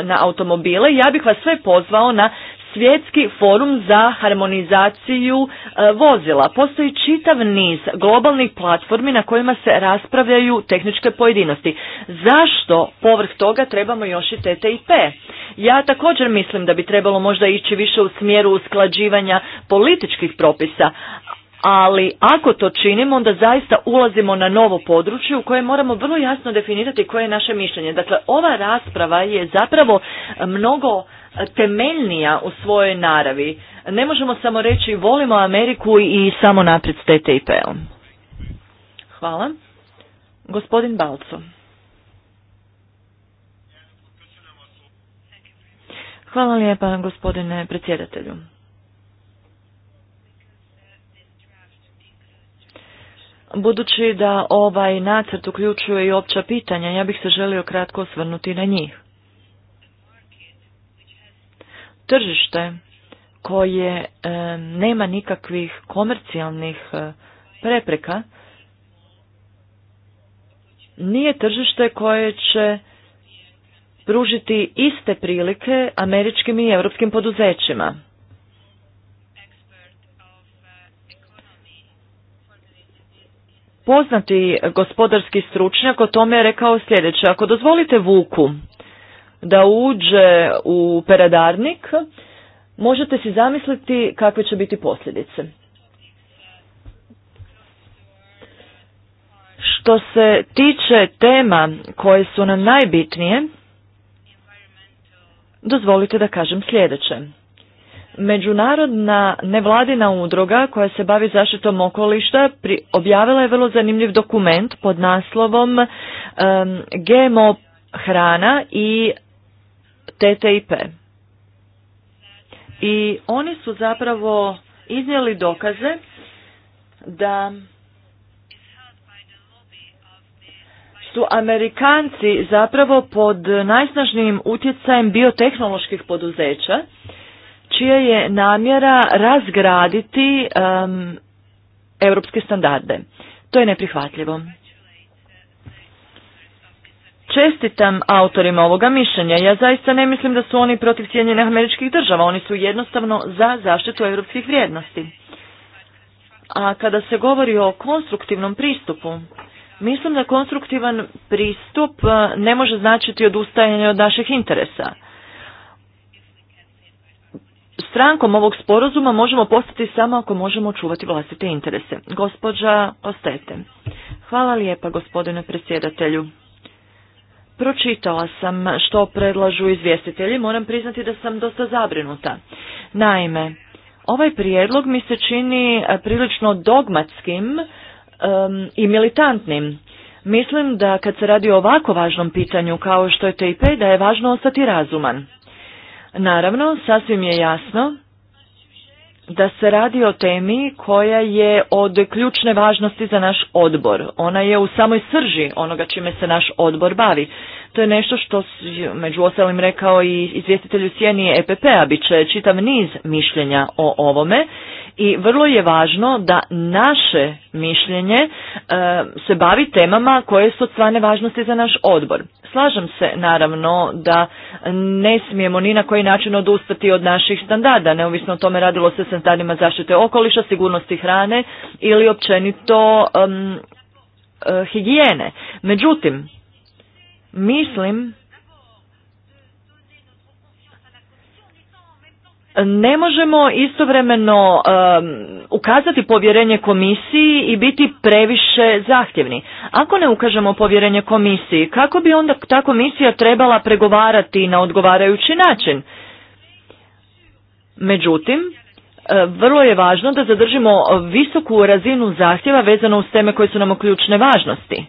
na automobile, ja bih vas sve pozvao na svjetski forum za harmonizaciju e, vozila. Postoji čitav niz globalnih platformi na kojima se raspravljaju tehničke pojedinosti. Zašto povrh toga trebamo još i TTIP? Ja također mislim da bi trebalo možda ići više u smjeru usklađivanja političkih propisa, ali ako to činimo, onda zaista ulazimo na novo područje u koje moramo vrlo jasno definirati koje je naše mišljenje. Dakle, ova rasprava je zapravo mnogo temeljnija u svojoj naravi. Ne možemo samo reći volimo Ameriku i samo naprijed s TTIP-om. Hvala. Gospodin Balco. Hvala lijepa gospodine predsjedatelju. Budući da ovaj nacrt uključuje i opća pitanja, ja bih se želio kratko osvrnuti na njih. tržište koje e, nema nikakvih komercijalnih e, prepreka nije tržište koje će pružiti iste prilike američkim i europskim poduzećima. Poznati gospodarski stručnjak o tome je rekao sljedeće. Ako dozvolite Vuku da uđe u peradarnik, možete si zamisliti kakve će biti posljedice. Što se tiče tema koje su nam najbitnije, dozvolite da kažem sljedeće. Međunarodna nevladina udruga koja se bavi zaštitom okolišta objavila je vrlo zanimljiv dokument pod naslovom GMO hrana i TTIP. I oni su zapravo iznijeli dokaze da su Amerikanci zapravo pod najsnažnijim utjecajem biotehnoloških poduzeća, čija je namjera razgraditi um, europske standarde. To je neprihvatljivo. Čestitam autorima ovoga mišljenja. Ja zaista ne mislim da su oni protiv cijenjenih američkih država. Oni su jednostavno za zaštitu europskih vrijednosti. A kada se govori o konstruktivnom pristupu, mislim da konstruktivan pristup e, ne može značiti odustajanje od naših interesa. Strankom ovog sporazuma možemo postati samo ako možemo čuvati vlastite interese. Gospođa Ostete. Hvala lijepa gospodine predsjedatelju. Pročitala sam što predlažu izvjestitelji, moram priznati da sam dosta zabrinuta. Naime, ovaj prijedlog mi se čini eh, prilično dogmatskim i militantnim. Mislim da kad se radi o ovako važnom pitanju kao što je TIP, da je važno ostati razuman. Naravno, sasvim je jasno da se radi o temi koja je od ključne važnosti za naš odbor. Ona je u samoj srži onoga čime se naš odbor bavi. To je nešto što, među ostalim rekao i izvjestitelju sjeni EPP-a, bit će čitav niz mišljenja o ovome i vrlo je važno da naše mišljenje e, se bavi temama koje su od stvarne važnosti za naš odbor. Slažem se naravno da ne smijemo ni na koji način odustati od naših standarda, neovisno o tome radilo se standardima zaštite okoliša, sigurnosti hrane ili općenito e, higijene. Međutim, mislim ne možemo istovremeno ukazati povjerenje komisiji i biti previše zahtjevni ako ne ukažemo povjerenje komisiji kako bi onda ta komisija trebala pregovarati na odgovarajući način međutim e, vrlo je važno da zadržimo visoku razinu zahtjeva vezano uz teme koje su nam ključne važnosti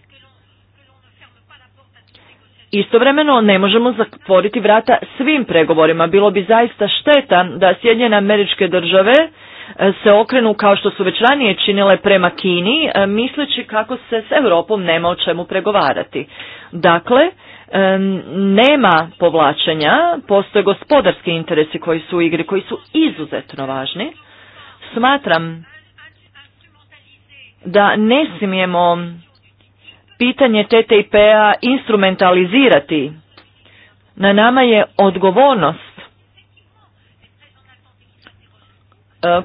Istovremeno ne možemo zatvoriti vrata svim pregovorima. Bilo bi zaista šteta da Sjedinjene američke države e, se okrenu kao što su već ranije činile prema Kini, e, misleći kako se s Europom nema o čemu pregovarati. Dakle, e, nema povlačenja, postoje gospodarski interesi koji su u igri, koji su izuzetno važni. Smatram da ne smijemo pitanje TTIP-a instrumentalizirati. Na nama je odgovornost e,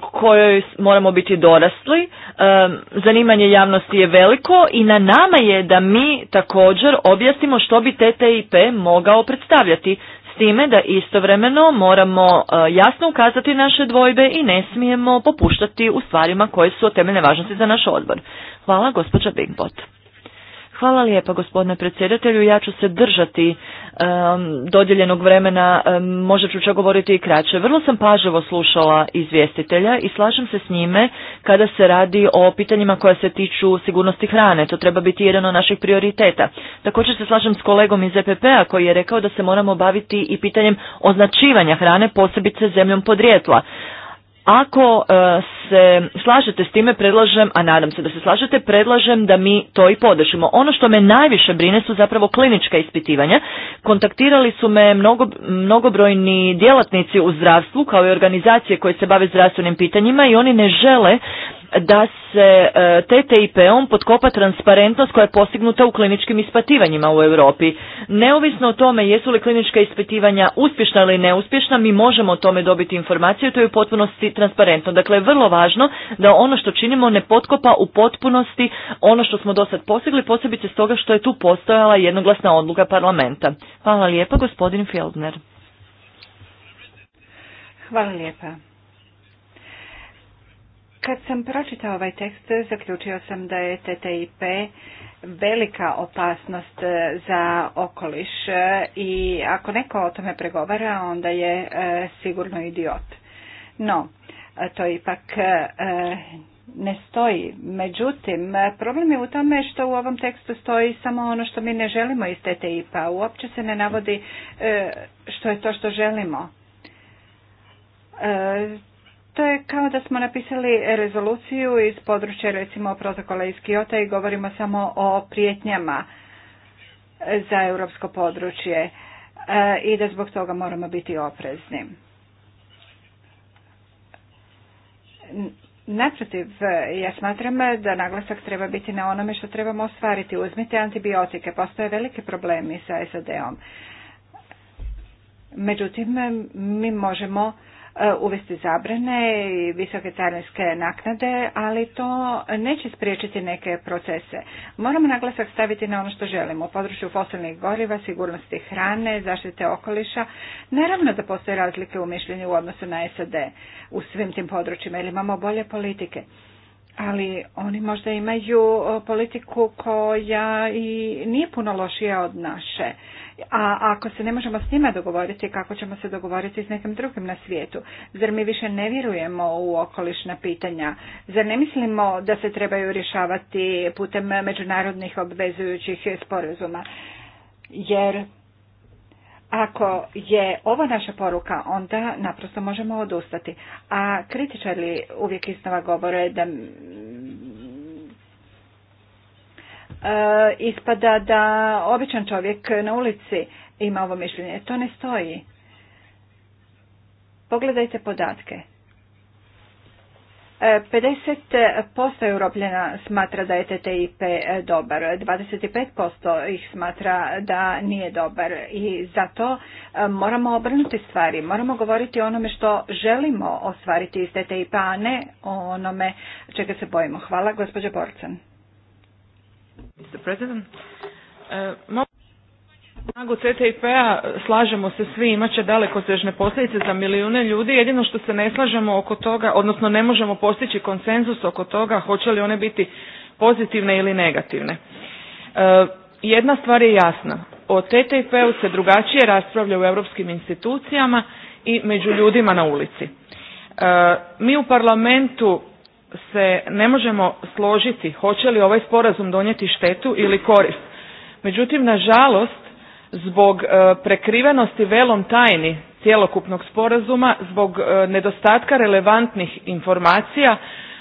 kojoj moramo biti dorasli. E, zanimanje javnosti je veliko i na nama je da mi također objasnimo što bi TTIP mogao predstavljati. S time da istovremeno moramo e, jasno ukazati naše dvojbe i ne smijemo popuštati u stvarima koje su od temeljne važnosti za naš odbor. Hvala gospođa Bigbot. Hvala lijepa gospodine predsjedatelju. Ja ću se držati um, dodjeljenog vremena, um, možda ću čak govoriti i kraće. Vrlo sam pažljivo slušala izvjestitelja i slažem se s njime kada se radi o pitanjima koja se tiču sigurnosti hrane. To treba biti jedan od naših prioriteta. Također se slažem s kolegom iz EPP-a koji je rekao da se moramo baviti i pitanjem označivanja hrane, posebice zemljom podrijetla. Ako e, se slažete s time, predlažem, a nadam se da se slažete, predlažem da mi to i podržimo. Ono što me najviše brine su zapravo klinička ispitivanja. Kontaktirali su me mnogo, mnogobrojni djelatnici u zdravstvu kao i organizacije koje se bave zdravstvenim pitanjima i oni ne žele da se e, TTIP-om potkopa transparentnost koja je postignuta u kliničkim ispitivanjima u Europi. Neovisno o tome jesu li klinička ispitivanja uspješna ili neuspješna, mi možemo o tome dobiti informaciju to je u potpunosti transparentno. Dakle, je vrlo važno da ono što činimo ne potkopa u potpunosti ono što smo do sad postigli, posebice stoga što je tu postojala jednoglasna odluka parlamenta. Hvala lijepa, gospodin Fjeldner. Hvala lijepa. Kad sam pročitao ovaj tekst, zaključio sam da je TTIP velika opasnost e, za okoliš e, i ako neko o tome pregovara, onda je e, sigurno idiot. No, to ipak ne stoji. Međutim, problem je u tome što u ovom tekstu stoji samo ono što mi ne želimo iz TTIP-a. Uopće se ne navodi što je to što želimo to je kao da smo napisali rezoluciju iz područja recimo protokola iz Kiota i govorimo samo o prijetnjama za europsko područje e, i da zbog toga moramo biti oprezni. Naprotiv, ja smatram da naglasak treba biti na onome što trebamo ostvariti. Uzmite antibiotike, postoje velike problemi sa SAD-om. Međutim, mi možemo E, uvesti zabrane i visoke carinske naknade, ali to neće spriječiti neke procese. Moramo naglasak staviti na ono što želimo u području fosilnih goriva, sigurnosti hrane, zaštite okoliša. Naravno da postoje razlike u mišljenju u odnosu na SAD u svim tim područjima jer imamo bolje politike ali oni možda imaju politiku koja i nije puno lošija od naše. A ako se ne možemo s njima dogovoriti, kako ćemo se dogovoriti s nekim drugim na svijetu? Zar mi više ne vjerujemo u okolišna pitanja? Zar ne mislimo da se trebaju rješavati putem međunarodnih obvezujućih sporazuma? Jer ako je ovo naša poruka, onda naprosto možemo odustati. A kritičari uvijek iznova govore da e, ispada da običan čovjek na ulici ima ovo mišljenje. To ne stoji. Pogledajte podatke. 50% europljena smatra da je TTIP dobar, 25% ih smatra da nije dobar i zato e, moramo obrnuti stvari, moramo govoriti o onome što želimo ostvariti iz TTIP, a ne o onome čega se bojimo. Hvala, gospođa Borcan snagu TTIP-a slažemo se svi, imat će daleko sežne posljedice za milijune ljudi, jedino što se ne slažemo oko toga, odnosno ne možemo postići konsenzus oko toga hoće li one biti pozitivne ili negativne. E, jedna stvar je jasna, o TTIP-u se drugačije raspravlja u europskim institucijama i među ljudima na ulici. E, mi u parlamentu se ne možemo složiti hoće li ovaj sporazum donijeti štetu ili korist. Međutim, nažalost, zbog e, prekrivenosti velom tajni cjelokupnog sporazuma, zbog e, nedostatka relevantnih informacija,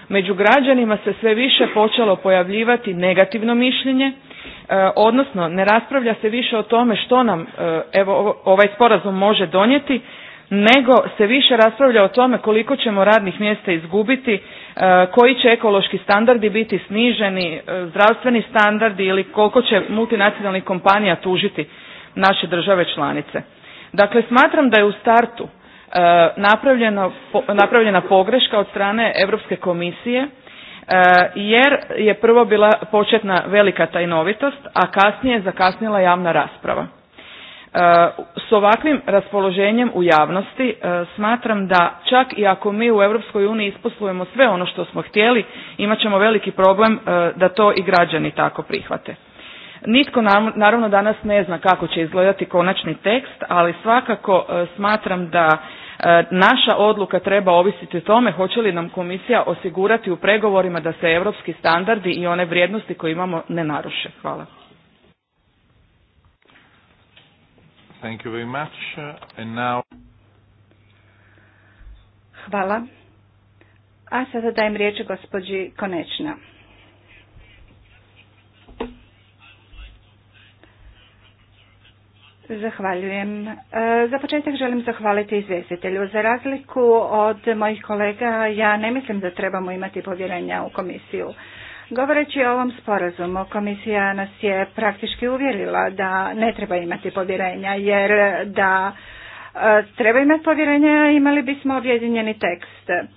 među građanima se sve više počelo pojavljivati negativno mišljenje, e, odnosno ne raspravlja se više o tome što nam evo, ovaj sporazum može donijeti, nego se više raspravlja o tome koliko ćemo radnih mjesta izgubiti, koji će ekološki standardi biti sniženi, zdravstveni standardi ili koliko će multinacionalnih kompanija tužiti naše države članice. Dakle, smatram da je u startu e, napravljena, pogreška od strane Europske komisije e, jer je prvo bila početna velika tajnovitost, a kasnije je zakasnila javna rasprava. E, s ovakvim raspoloženjem u javnosti smatram da čak i ako mi u Europskoj uniji isposlujemo sve ono što smo htjeli, imat ćemo veliki problem da to i građani tako prihvate. Nitko naravno danas ne zna kako će izgledati konačni tekst, ali svakako e, smatram da e, naša odluka treba ovisiti o tome hoće li nam komisija osigurati u pregovorima da se europski standardi i one vrijednosti koje imamo ne naruše. Hvala. Thank you very much. And now... Hvala. A sada dajem riječ gospođi Konečna. Zahvaljujem. E, za početak želim zahvaliti izvjestitelju. Za razliku od mojih kolega, ja ne mislim da trebamo imati povjerenja u komisiju. Govoreći o ovom sporazumu, komisija nas je praktički uvjerila da ne treba imati povjerenja, jer da e, treba imati povjerenja imali bismo objedinjeni tekst.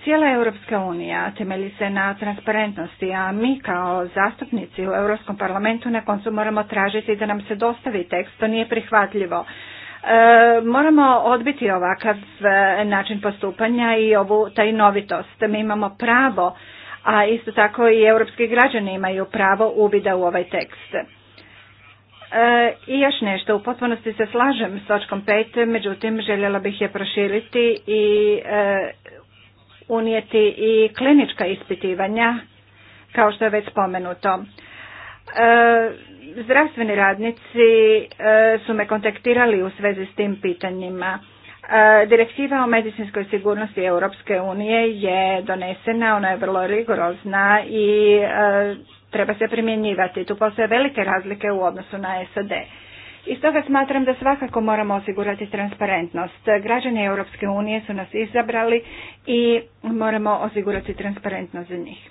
Cijela Europska unija temelji se na transparentnosti, a mi kao zastupnici u Europskom parlamentu na koncu moramo tražiti da nam se dostavi tekst, to nije prihvatljivo. E, moramo odbiti ovakav e, način postupanja i ovu tajnovitost. Mi imamo pravo, a isto tako i europski građani imaju pravo uvida u ovaj tekst. E, I još nešto, u potpunosti se slažem s točkom 5, međutim željela bih je proširiti i unijeti i klinička ispitivanja, kao što je već spomenuto. E, zdravstveni radnici e, su me kontaktirali u svezi s tim pitanjima. E, direktiva o medicinskoj sigurnosti Europske unije je donesena, ona je vrlo rigorozna i treba se primjenjivati. Tu postoje velike razlike u odnosu na SAD. I stoga smatram da svakako moramo osigurati transparentnost. Građani Europske unije su nas izabrali i moramo osigurati transparentnost za njih.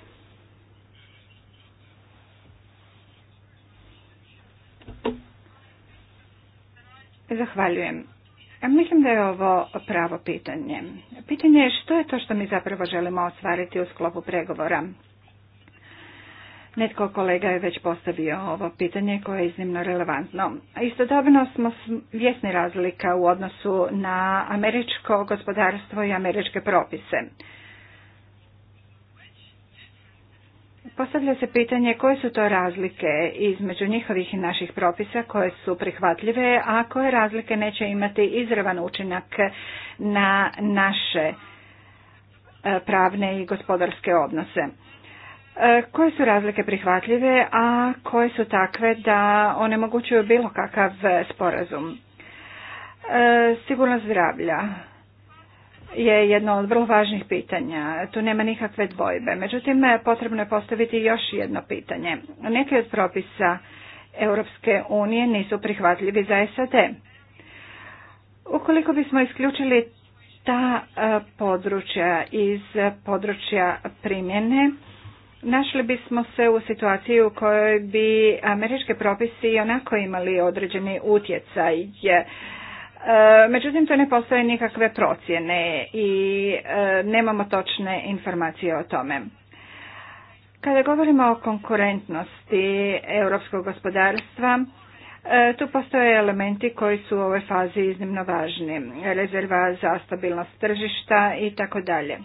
Zahvaljujem. Mislim da je ovo pravo pitanje. Pitanje je što je to što mi zapravo želimo ostvariti u sklopu pregovora. Netko kolega je već postavio ovo pitanje koje je iznimno relevantno. Istodobno smo svjesni razlika u odnosu na američko gospodarstvo i američke propise. Postavlja se pitanje koje su to razlike između njihovih i naših propisa koje su prihvatljive, a koje razlike neće imati izravan učinak na naše e, pravne i gospodarske odnose. E, koje su razlike prihvatljive, a koje su takve da onemogućuju bilo kakav sporazum. E, sigurnost zdravlja je jedno od vrlo važnih pitanja. Tu nema nikakve dvojbe. Međutim, potrebno je postaviti još jedno pitanje. Neki od propisa Europske unije nisu prihvatljivi za SAD. Ukoliko bismo isključili ta e, područja iz područja primjene, našli bismo se u situaciji u kojoj bi američke propisi onako imali određeni utjecaj. E, međutim, to ne postoje nikakve procjene i e, nemamo točne informacije o tome. Kada govorimo o konkurentnosti europskog gospodarstva, e, tu postoje elementi koji su u ovoj fazi iznimno važni. Rezerva za stabilnost tržišta i tako dalje.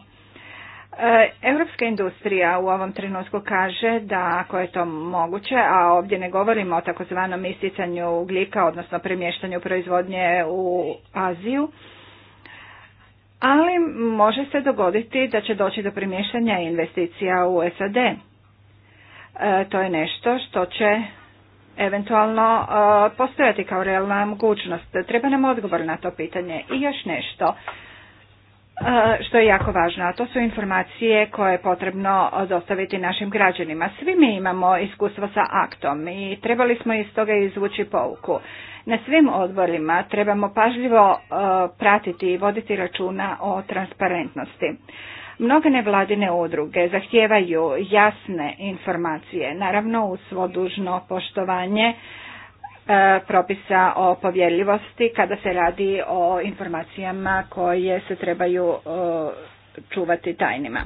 Europska industrija u ovom trenutku kaže da ako je to moguće, a ovdje ne govorimo o takozvanom isticanju ugljika, odnosno premještanju proizvodnje u Aziju, ali može se dogoditi da će doći do premještanja investicija u SAD. E, to je nešto što će eventualno e, postojati kao realna mogućnost. Treba nam odgovor na to pitanje. I još nešto što je jako važno, a to su informacije koje je potrebno dostaviti našim građanima. Svi mi imamo iskustva sa aktom i trebali smo iz toga izvući pouku. Na svim odborima trebamo pažljivo e, pratiti i voditi računa o transparentnosti. Mnoge nevladine udruge zahtijevaju jasne informacije, naravno u svo dužno poštovanje E, propisa o povjerljivosti kada se radi o informacijama koje se trebaju e, čuvati tajnima.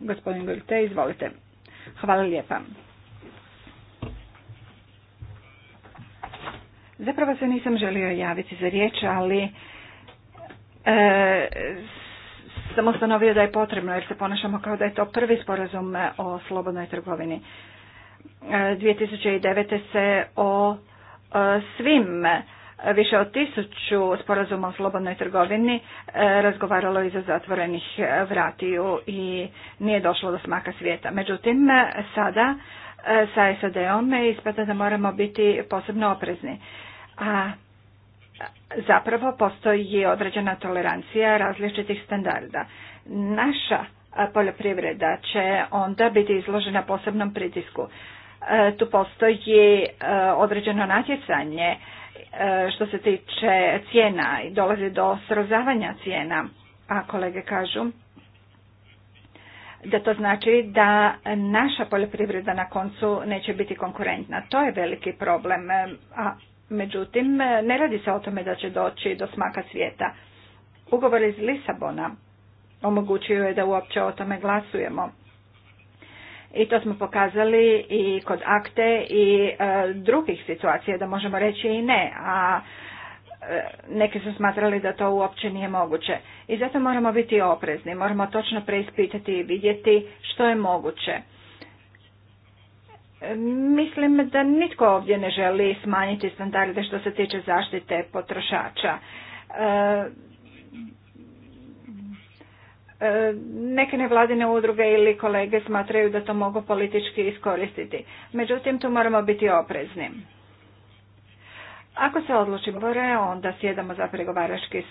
Gospodin Gurte, izvolite. Hvala lijepa. Zapravo se nisam želio javiti za riječ, ali e, sam ustanovio da je potrebno jer se ponašamo kao da je to prvi sporazum o slobodnoj trgovini. 2009. se o E, svim e, više od tisuću sporazuma o slobodnoj trgovini e, razgovaralo iza zatvorenih vratiju i nije došlo do smaka svijeta. Međutim, sada sa SAD-om ispada da moramo biti posebno oprezni. A zapravo postoji određena tolerancija različitih standarda. Naša poljoprivreda će onda biti izložena posebnom pritisku. E, tu postoji e, određeno natjecanje e, što se tiče cijena i dolazi do srozavanja cijena, a kolege kažu da to znači da naša poljoprivreda na koncu neće biti konkurentna. To je veliki problem, a međutim ne radi se o tome da će doći do smaka svijeta. Ugovor iz Lisabona omogućio je da uopće o tome glasujemo. I to smo pokazali i kod akte i e, drugih situacija da možemo reći i ne, a e, neki su smatrali da to uopće nije moguće. I zato moramo biti oprezni, moramo točno preispitati i vidjeti što je moguće. E, mislim da nitko ovdje ne želi smanjiti standarde što se tiče zaštite potrošača. E, neke nevladine udruge ili kolege smatraju da to mogu politički iskoristiti. Međutim, tu moramo biti oprezni. Ako se odlučimo bore, onda sjedamo za pregovarački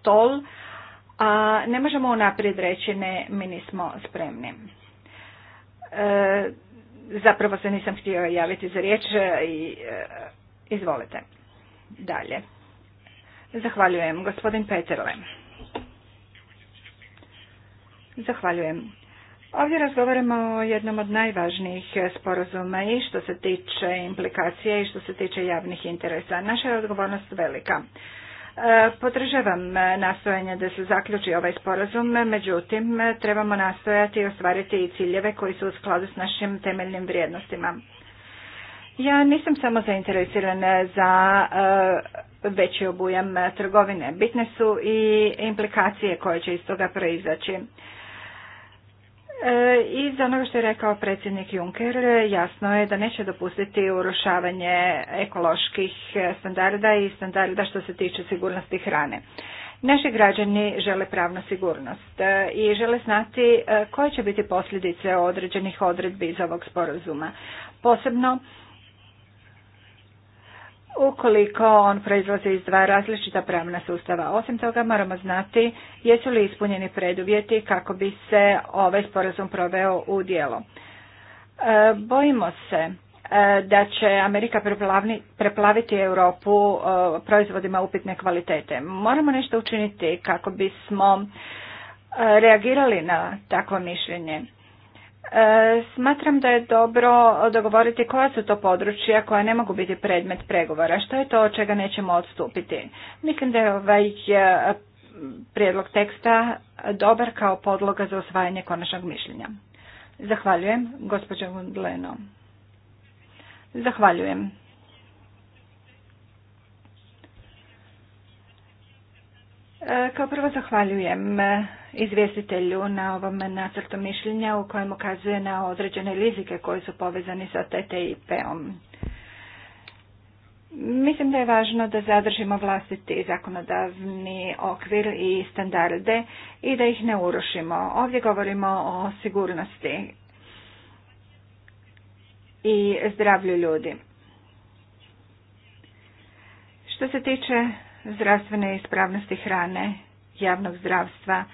stol, a ne možemo unaprijed reći ne, mi nismo spremni. E, zapravo se nisam htio javiti za riječ i e, izvolite. Dalje. Zahvaljujem, gospodin Peterle. Zahvaljujem. Ovdje razgovaramo o jednom od najvažnijih sporazuma i što se tiče implikacije i što se tiče javnih interesa. Naša je odgovornost velika. E, podržavam nastojanje da se zaključi ovaj sporazum, međutim trebamo nastojati i ostvariti i ciljeve koji su u skladu s našim temeljnim vrijednostima. Ja nisam samo zainteresirana za e, veći obujam trgovine. Bitne su i implikacije koje će iz toga proizaći. E, iz onoga što je rekao predsjednik Juncker, jasno je da neće dopustiti urušavanje ekoloških standarda i standarda što se tiče sigurnosti hrane. Naši građani žele pravnu sigurnost e, i žele znati e, koje će biti posljedice određenih odredbi iz ovog sporazuma. Posebno ukoliko on proizlazi iz dva različita pravna sustava. Osim toga moramo znati jesu li ispunjeni preduvjeti kako bi se ovaj sporazum proveo u dijelo. E, bojimo se e, da će Amerika preplaviti Europu e, proizvodima upitne kvalitete. Moramo nešto učiniti kako bismo reagirali na takvo mišljenje. E, smatram da je dobro dogovoriti koja su to područja koja ne mogu biti predmet pregovora. Što je to od čega nećemo odstupiti? Mislim da je ovaj e, prijedlog teksta dobar kao podloga za osvajanje konačnog mišljenja. Zahvaljujem, gospođo Gundleno. Zahvaljujem. E, kao prvo zahvaljujem izvjestitelju na ovom nacrtu mišljenja u kojem ukazuje na određene rizike koji su povezani sa TTIP-om. Mislim da je važno da zadržimo vlastiti zakonodavni okvir i standarde i da ih ne urušimo. Ovdje govorimo o sigurnosti i zdravlju ljudi. Što se tiče zdravstvene ispravnosti hrane, javnog zdravstva,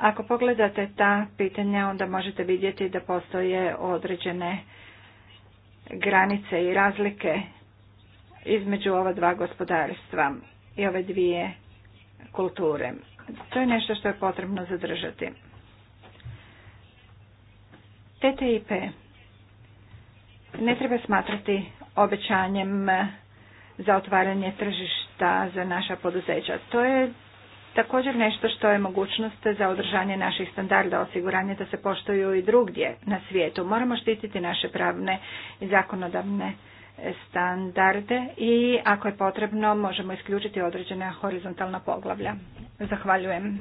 ako pogledate ta pitanja, onda možete vidjeti da postoje određene granice i razlike između ova dva gospodarstva i ove dvije kulture. To je nešto što je potrebno zadržati. TTIP ne treba smatrati obećanjem za otvaranje tržišta za naša poduzeća. To je također nešto što je mogućnost za održanje naših standarda osiguranja da se poštuju i drugdje na svijetu. Moramo štititi naše pravne i zakonodavne standarde i ako je potrebno možemo isključiti određena horizontalna poglavlja. Zahvaljujem.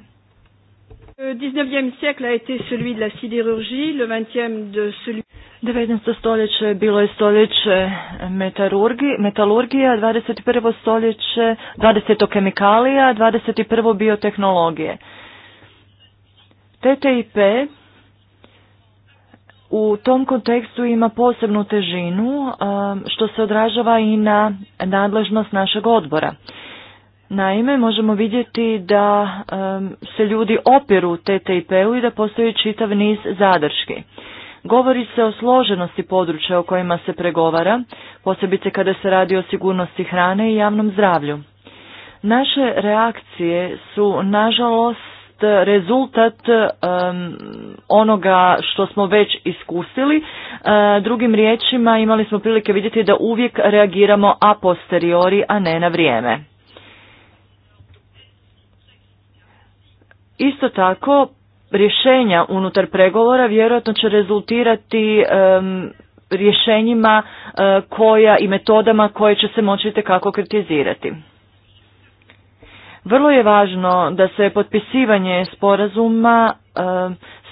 19 siècle a celui de la de 19. stoljeće bilo je stoljeće metalurgije, metalurgija, 21. stoljeće, 20. kemikalija, 21. biotehnologije. TTIP u tom kontekstu ima posebnu težinu što se odražava i na nadležnost našeg odbora. Naime, možemo vidjeti da se ljudi opiru TTIP-u i da postoji čitav niz zadrški. Govori se o složenosti područja o kojima se pregovara, posebice kada se radi o sigurnosti hrane i javnom zdravlju. Naše reakcije su, nažalost, rezultat onoga što smo već iskusili. E, drugim riječima imali smo prilike vidjeti da uvijek reagiramo a posteriori, a ne na vrijeme. Isto tako, rješenja unutar pregovora vjerojatno će rezultirati rješenjima e, koja i metodama koje će se moći kako kritizirati. Vrlo je važno da se potpisivanje sporazuma e,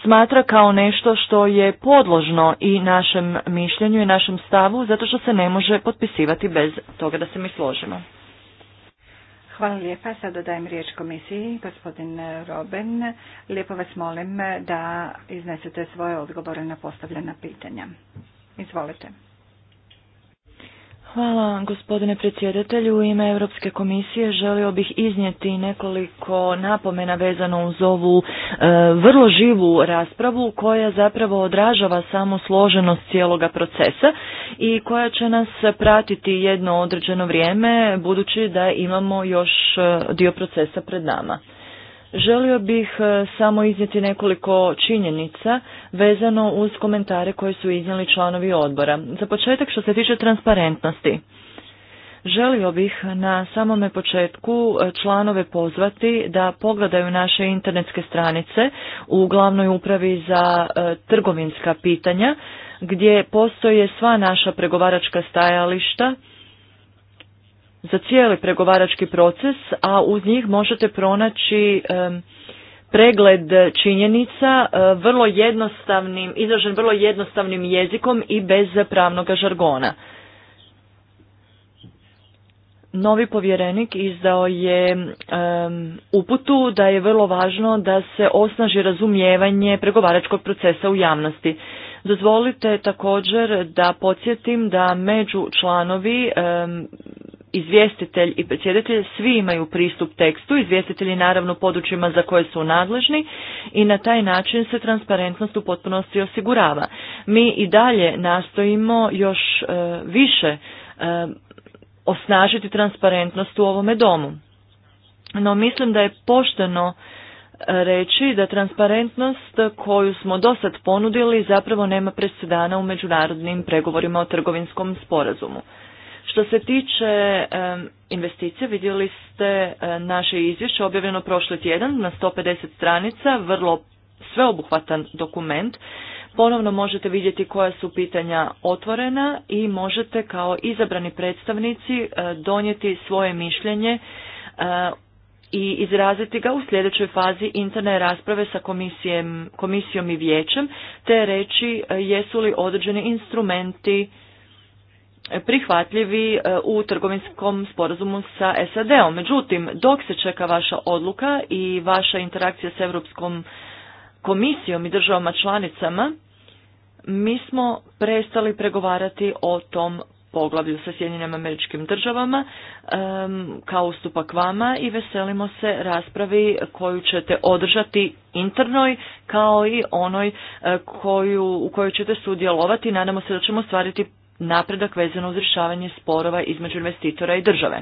smatra kao nešto što je podložno i našem mišljenju i našem stavu zato što se ne može potpisivati bez toga da se mi složimo. Hvala lijepa. Sada dajem riječ komisiji, gospodin Robin. Lijepo vas molim da iznesete svoje odgovore na postavljena pitanja. Izvolite. Hvala gospodine predsjedatelju. U ime Europske komisije želio bih iznijeti nekoliko napomena vezano uz ovu e, vrlo živu raspravu koja zapravo odražava samo složenost cijeloga procesa i koja će nas pratiti jedno određeno vrijeme budući da imamo još e, dio procesa pred nama. Želio bih e, samo iznijeti nekoliko činjenica vezano uz komentare koje su iznijeli članovi odbora. Za početak što se tiče transparentnosti. Želio bih na samome početku e, članove pozvati da pogledaju naše internetske stranice u glavnoj upravi za e, trgovinska pitanja gdje postoje sva naša pregovaračka stajališta za cijeli pregovarački proces, a uz njih možete pronaći pregled činjenica e, vrlo jednostavnim, izražen vrlo jednostavnim jezikom i bez pravnog žargona. Novi povjerenik izdao je uputu da je vrlo važno da se osnaži razumijevanje pregovaračkog procesa u javnosti. Dozvolite također da podsjetim da među članovi izvjestitelj i predsjedatelj svi imaju pristup tekstu, izvjestitelji naravno područjima za koje su nadležni i na taj način se transparentnost u potpunosti osigurava. Mi i dalje nastojimo još e, više e, osnažiti transparentnost u ovome domu. No mislim da je pošteno e, reći da transparentnost koju smo do sad ponudili zapravo nema presedana u međunarodnim pregovorima o trgovinskom sporazumu. Što se tiče investicija, vidjeli ste e, naše izvješće objavljeno prošle tjedan na 150 stranica, vrlo sveobuhvatan dokument. Ponovno možete vidjeti koja su pitanja otvorena i možete kao izabrani predstavnici e, donijeti svoje mišljenje e, i izraziti ga u sljedećoj fazi interne rasprave sa komisijom i vijećem, te reći jesu li određeni instrumenti prihvatljivi e, u trgovinskom sporazumu sa SAD-om. Međutim, dok se čeka vaša odluka i vaša interakcija s Europskom komisijom i državama članicama, mi smo prestali pregovarati o tom poglavlju sa Sjedinjenim američkim državama kao ustupak vama i veselimo se raspravi koju ćete održati internoj kao i onoj e, koju, u kojoj ćete sudjelovati. Nadamo se da ćemo stvariti napredak vezano uz rješavanje sporova između investitora i države.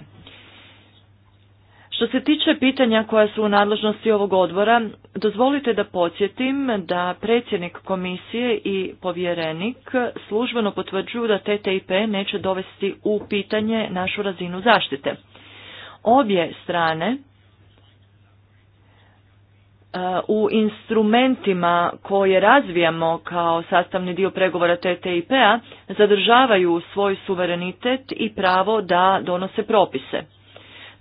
Što se tiče pitanja koja su u nadležnosti ovog odbora, dozvolite da podsjetim da predsjednik komisije i povjerenik službeno potvrđuju da TTIP neće dovesti u pitanje našu razinu zaštite. Obje strane E, u instrumentima koje razvijamo kao sastavni dio pregovora TTIP-a zadržavaju svoj suverenitet i pravo da donose propise.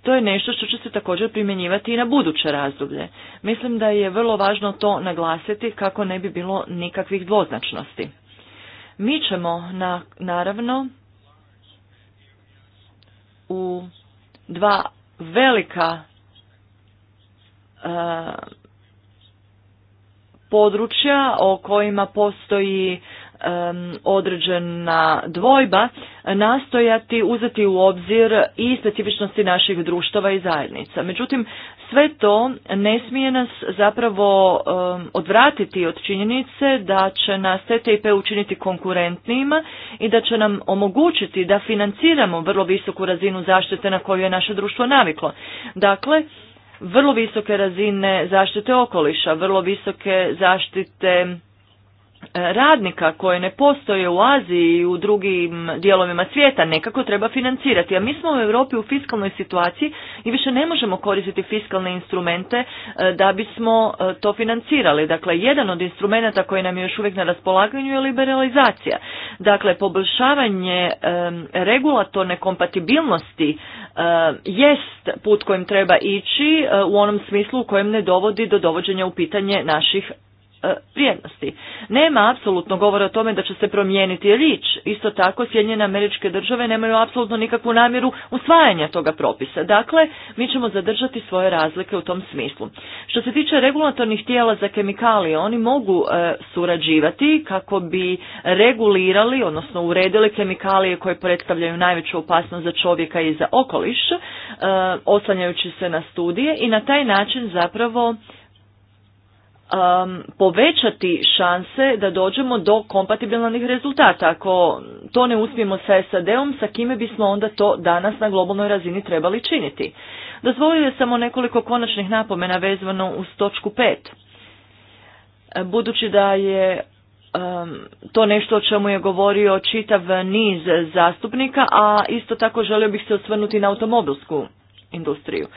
To je nešto što će se također primjenjivati i na buduće razdoblje. Mislim da je vrlo važno to naglasiti kako ne bi bilo nikakvih dvoznačnosti. Mi ćemo na, naravno u dva velika e, područja o kojima postoji određena dvojba nastojati uzeti u obzir i specifičnosti naših društava i zajednica. Međutim, sve to ne smije nas zapravo odvratiti od činjenice da će nas TTIP učiniti konkurentnijima i da će nam omogućiti da financiramo vrlo visoku razinu zaštite na koju je naše društvo naviklo. Dakle, vrlo visoke razine zaštite okoliša, vrlo visoke zaštite e, radnika koje ne postoje u Aziji i u drugim dijelovima svijeta nekako treba financirati. A mi smo u Europi u fiskalnoj situaciji i više ne možemo koristiti fiskalne instrumente e, da bismo e, to financirali. Dakle, jedan od instrumenta koji nam je još uvijek na raspolaganju je liberalizacija. Dakle, poboljšavanje regulatorne kompatibilnosti E, jest put kojim treba ići e, u onom smislu u kojem ne dovodi do dovođenja u pitanje naših E, vrijednosti. Nema apsolutno govora o tome da će se promijeniti rič. Isto tako Sjedinjene američke države nemaju apsolutno nikakvu namjeru usvajanja toga propisa. Dakle, mi ćemo zadržati svoje razlike u tom smislu. Što se tiče regulatornih tijela za kemikalije, oni mogu e, surađivati kako bi regulirali, odnosno uredili kemikalije koje predstavljaju najveću opasnost za čovjeka i za okoliš, e, oslanjajući se na studije i na taj način zapravo um, povećati šanse da dođemo do kompatibilnih rezultata. Ako to ne uspijemo sa SAD-om, sa kime bismo onda to danas na globalnoj razini trebali činiti? Dozvolio samo nekoliko konačnih napomena vezano uz točku 5. Budući da je um, to nešto o čemu je govorio čitav niz zastupnika, a isto tako želio bih se osvrnuti na automobilsku industriju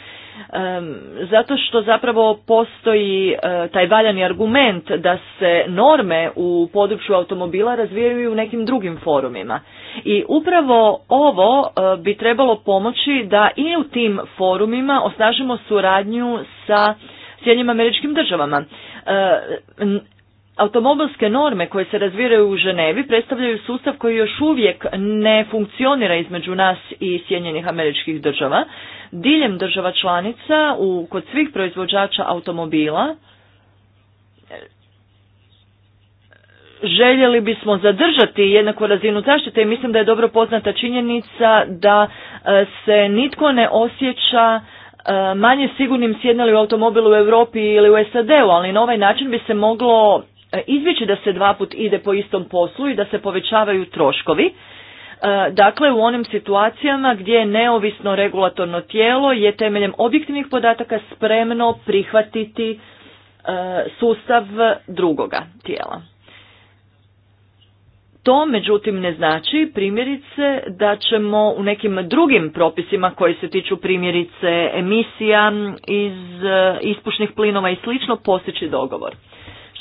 zato što zapravo postoji e, taj valjani argument da se norme u području automobila razvijaju u nekim drugim forumima. I upravo ovo e, bi trebalo pomoći da i u tim forumima osnažimo suradnju sa Sjednjim američkim državama. E, automobilske norme koje se razviraju u Ženevi predstavljaju sustav koji još uvijek ne funkcionira između nas i Sjedinjenih američkih država. Diljem država članica u, kod svih proizvođača automobila željeli bismo zadržati jednaku razinu zaštite i mislim da je dobro poznata činjenica da e, se nitko ne osjeća e, manje sigurnim sjednali u automobilu u Europi ili u SAD-u, ali na ovaj način bi se moglo E, izbjeći da se dva put ide po istom poslu i da se povećavaju troškovi. E, dakle, u onim situacijama gdje neovisno regulatorno tijelo je temeljem objektivnih podataka spremno prihvatiti e, sustav drugoga tijela. To međutim ne znači primjerice da ćemo u nekim drugim propisima koji se tiču primjerice emisija iz ispušnih plinova i slično postići dogovor.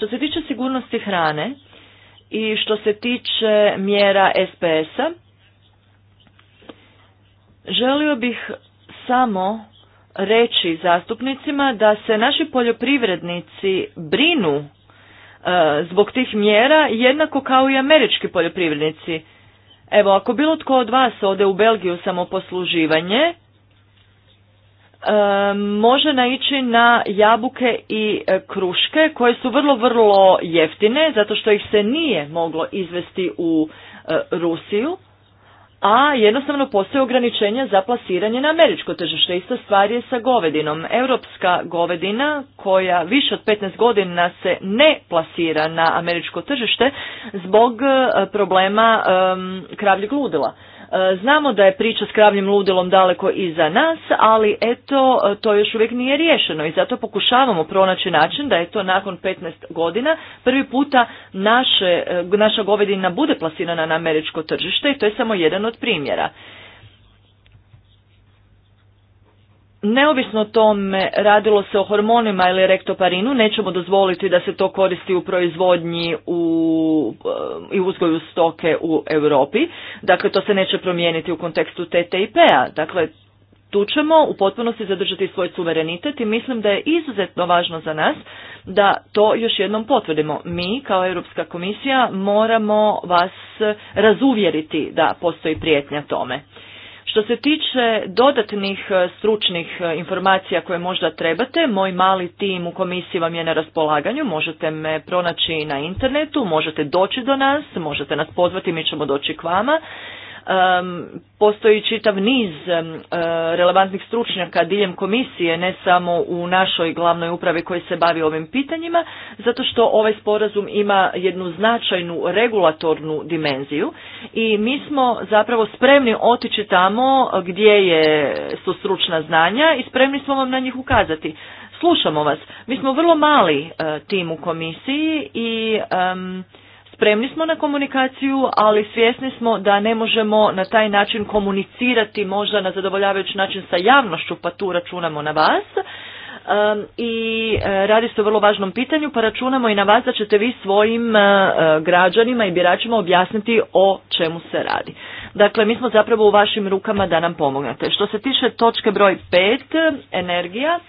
Što se tiče sigurnosti hrane i što se tiče mjera SPS-a, želio bih samo reći zastupnicima da se naši poljoprivrednici brinu e, zbog tih mjera jednako kao i američki poljoprivrednici. Evo, ako bilo tko od vas ode u Belgiju samoposluživanje, E, može naići na jabuke i e, kruške koje su vrlo, vrlo jeftine zato što ih se nije moglo izvesti u e, Rusiju, a jednostavno postoje ograničenja za plasiranje na američko tržište. Ista stvar je sa govedinom. Europska govedina koja više od 15 godina se ne plasira na američko tržište zbog problema um, kravljeg ludila. E, znamo da je priča s kravljim ludilom daleko iza nas, ali eto, e, to još uvijek nije riješeno i zato pokušavamo pronaći način da je to nakon 15 godina prvi puta naše, e, naša govedina bude plasirana na američko tržište i to je samo jedan od primjera. Neovisno o tome radilo se o hormonima ili rektoparinu, nećemo dozvoliti da se to koristi u proizvodnji u, eh, i uzgoju stoke u Europi. Dakle, to se neće promijeniti u kontekstu TTIP-a. Dakle, tu ćemo u potpunosti zadržati svoj suverenitet i mislim da je izuzetno važno za nas da to još jednom potvrdimo. Mi kao Europska komisija moramo vas razuvjeriti da postoji prijetnja tome. Što se tiče dodatnih e, stručnih e, informacija koje možda trebate, moj mali tim u komisiji vam je na raspolaganju, možete me pronaći na internetu, možete doći do nas, možete nas pozvati, mi ćemo doći k vama Postoji čitav niz e, relevantnih stručnjaka diljem komisije, ne samo u našoj glavnoj upravi koji se bavi ovim pitanjima, zato što ovaj sporazum ima jednu značajnu regulatornu dimenziju i mi smo zapravo spremni otići tamo gdje je, su stručna znanja i spremni smo vam na njih ukazati. Slušamo vas. Mi smo vrlo mali e, tim u komisiji i... Spremni smo na komunikaciju, ali svjesni smo da ne možemo na taj način komunicirati možda na zadovoljavajući način sa javnošću, pa tu računamo na vas. I e, radi se o vrlo važnom pitanju, pa računamo i na vas da ćete vi svojim e, građanima i biračima objasniti o čemu se radi. Dakle, mi smo zapravo u vašim rukama da nam pomognete. Što se tiče točke broj 5, energija,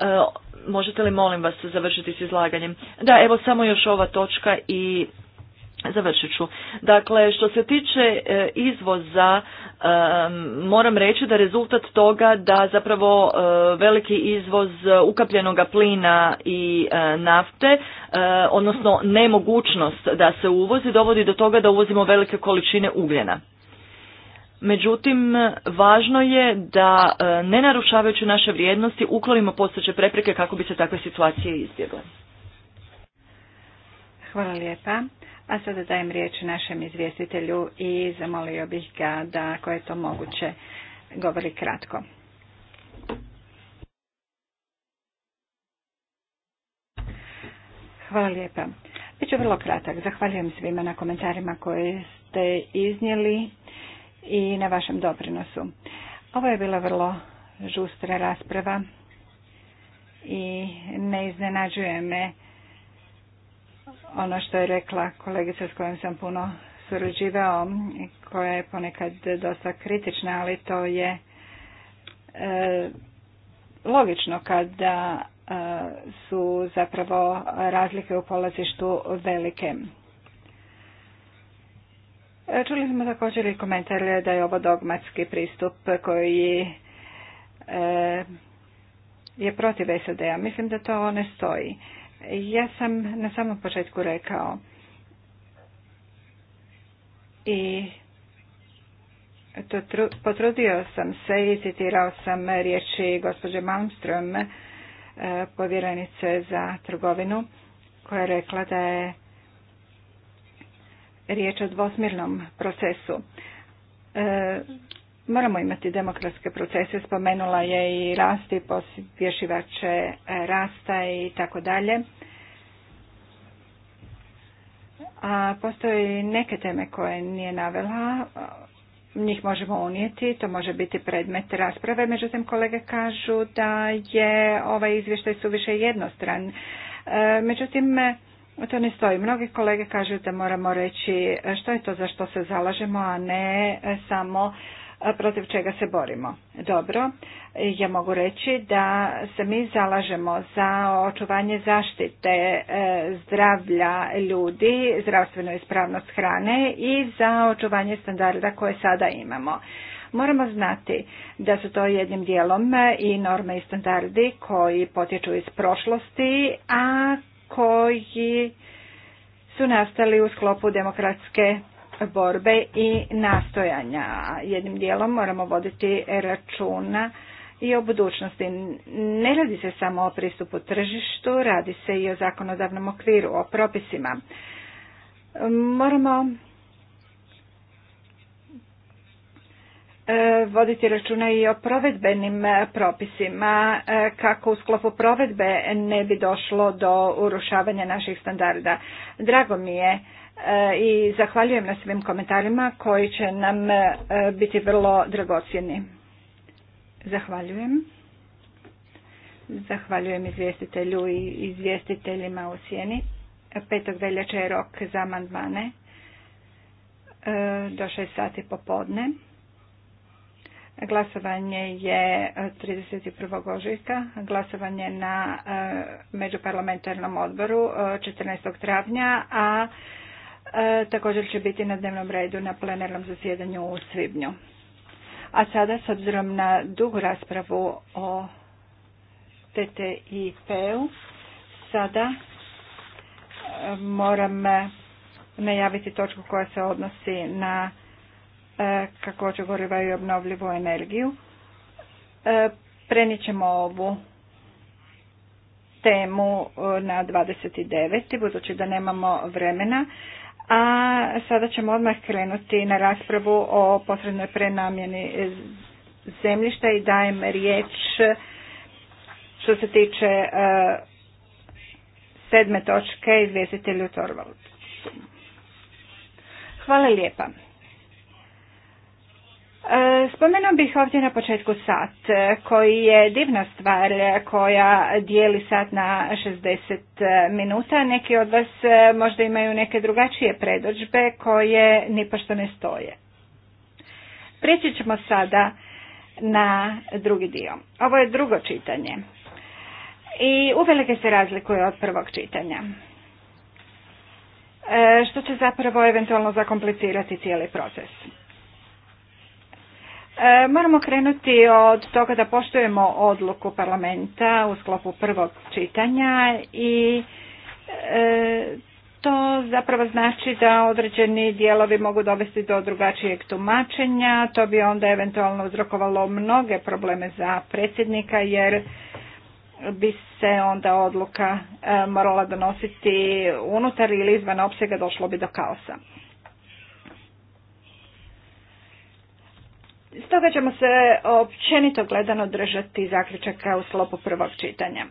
e, Možete li molim vas završiti s izlaganjem? Da, evo samo još ova točka i završit ću. Dakle, što se tiče e, izvoza, e, moram reći da rezultat toga da zapravo e, veliki izvoz ukapljenog plina i nafte, odnosno nemogućnost da se uvozi, dovodi do toga da uvozimo velike količine ugljena. Međutim, važno je da e, ne narušavajući naše vrijednosti uklonimo postojeće prepreke kako bi se takve situacije izbjegle. Hvala lijepa. A sada dajem riječ našem izvjestitelju i zamolio bih ga da, ako je to moguće, govori kratko. Hvala lijepa. Biću vrlo kratak. Zahvaljujem svima na komentarima koje ste iznijeli i na vašem doprinosu. Ovo je bila vrlo žustra rasprava i ne iznenađuje me ono što je rekla kolegica s kojom sam puno surađivao, koja je ponekad dosta kritična, ali to je e, logično kada e, su zapravo razlike u polazištu velike. E, čuli smo također i komentar da je ovo dogmatski pristup koji e, je protiv SAD-a. Mislim da to ne stoji. Ja sam na samom početku rekao i to potrudio sam se i citirao sam riječi gospođe Malmström, e, povjerenice za trgovinu, koja je rekla da je riječ o dvosmjernom procesu. E, moramo imati demokratske procese, spomenula je i rasti, pospješivače rasta i tako dalje. A postoje neke teme koje nije navela, njih možemo unijeti, to može biti predmet rasprave, međutim kolege kažu da je ovaj izvještaj suviše jednostran. E, međutim, to ne stoji. Mnogi kolege kažu da moramo reći što je to za što se zalažemo, a ne samo protiv čega se borimo. Dobro, ja mogu reći da se mi zalažemo za očuvanje zaštite e, zdravlja ljudi, zdravstvenu ispravnost hrane i za očuvanje standarda koje sada imamo. Moramo znati da su to jednim dijelom i norme i standardi koji potječu iz prošlosti, a koji su nastali u sklopu demokratske borbe i nastojanja. Jednim dijelom moramo voditi računa i o budućnosti. Ne radi se samo o pristupu tržištu, radi se i o zakonodavnom okviru, o propisima. Moramo E, voditi računa i o provedbenim e, propisima e, kako u sklopu provedbe ne bi došlo do urušavanja naših standarda. Drago mi je i zahvaljujem na svim komentarima koji će nam biti vrlo dragocjeni. Zahvaljujem. Zahvaljujem izvjestitelju i izvjestiteljima u sjeni. Petog veljače je rok za amandmane do šest sati popodne. Glasovanje je 31. E, ožujka, glasovanje na e, međuparlamentarnom odboru 14. E, travnja, a također će biti na dnevnom redu na plenarnom zasjedanju u svibnju. A sada, s obzirom na dugu raspravu o TTIP-u, sada moram najaviti točku koja se odnosi na E, kakvoću goriva i obnovljivu energiju. E, Prenijet ćemo ovu temu e, na 29. budući da nemamo vremena. A sada ćemo odmah krenuti na raspravu o posrednoj prenamjeni zemljišta i dajem riječ što se tiče sedme točke izvjestitelju Torvaldu. Hvala lijepa. E, spomenuo bih ovdje na početku sat, e, koji je divna stvar e, koja dijeli sat na 60 minuta. Neki od vas možda imaju neke drugačije predođbe koje nipošto ne stoje. Prijeći ćemo sada na drugi dio. Ovo je drugo čitanje i uvelike se razlikuje od prvog čitanja. Što će zapravo eventualno zakomplicirati cijeli proces. E, moramo krenuti od toga da poštujemo odluku parlamenta u sklopu prvog čitanja i e, to zapravo znači da određeni dijelovi mogu dovesti do drugačijeg tumačenja. To bi onda eventualno uzrokovalo mnoge probleme za predsjednika jer bi se onda odluka e, morala donositi unutar ili izvan opsega došlo bi do kaosa. Stoga ćemo se općenito gledano držati zaključaka u slopu prvog čitanja.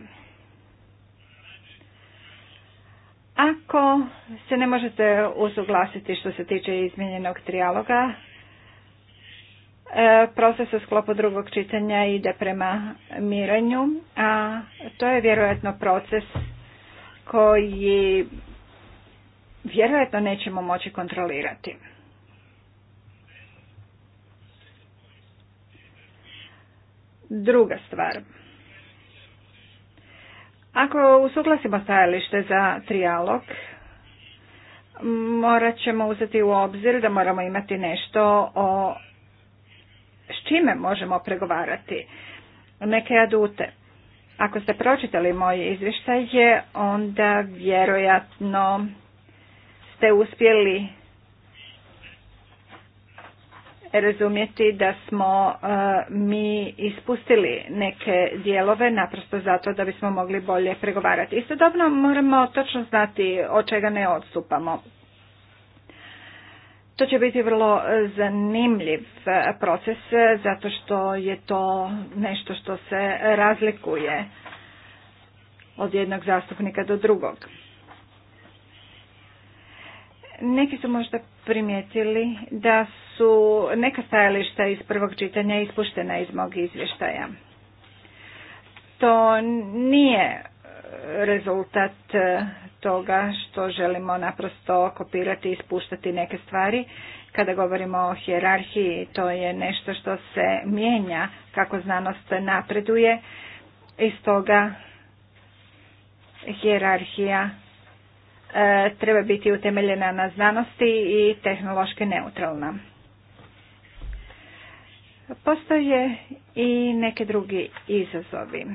Ako se ne možete usuglasiti što se tiče izmijenjenog trijaloga, e, proces u sklopu drugog čitanja ide prema miranju, a to je vjerojatno proces koji vjerojatno nećemo moći kontrolirati. Druga stvar. Ako usuglasimo stajalište za trijalog, morat ćemo uzeti u obzir da moramo imati nešto o s čime možemo pregovarati. Neke adute. Ako ste pročitali moje izvještaje, onda vjerojatno ste uspjeli razumjeti da smo e, mi ispustili neke dijelove naprosto zato da bismo mogli bolje pregovarati. Istodobno moramo točno znati od čega ne odstupamo. To će biti vrlo zanimljiv proces e, zato što je to nešto što se razlikuje od jednog zastupnika do drugog. Neki su možda primijetili da su neka stajališta iz prvog čitanja ispuštena iz mog izvještaja. To nije rezultat e, toga što želimo naprosto kopirati i ispuštati neke stvari. Kada govorimo o hjerarhiji, to je nešto što se mijenja kako znanost napreduje i toga hjerarhija e, treba biti utemeljena na znanosti i tehnološki neutralna. Postoje i neke drugi izazovi.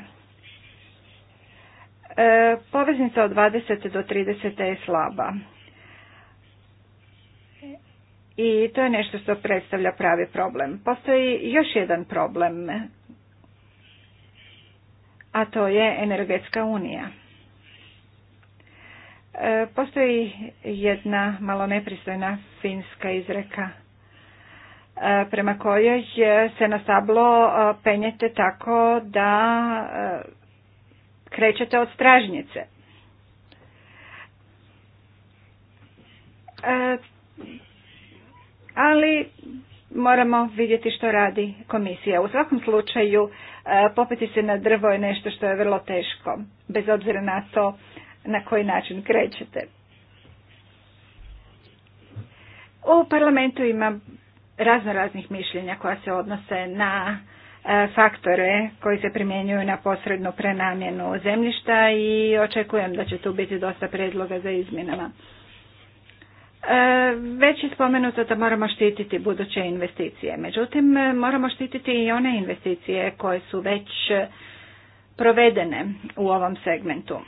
E, poveznica od 20 do 30 je slaba. I to je nešto što predstavlja pravi problem. Postoji još jedan problem, a to je energetska unija. E, postoji jedna malo nepristojna finska izreka – E, prema kojoj se na stablo e, penjete tako da e, krećete od stražnjice. Ali moramo vidjeti što radi komisija. U svakom slučaju popiti se na drvo je nešto što je vrlo teško, bez obzira na to na koji način krećete. U parlamentu ima raznoraznih mišljenja koja se odnose na e, faktore koji se primjenjuju na posrednu prenamjenu zemljišta i očekujem da će tu biti dosta predloga za izmjenama. E, već je spomenuto da moramo štititi buduće investicije. Međutim, moramo štititi i one investicije koje su već provedene u ovom segmentu.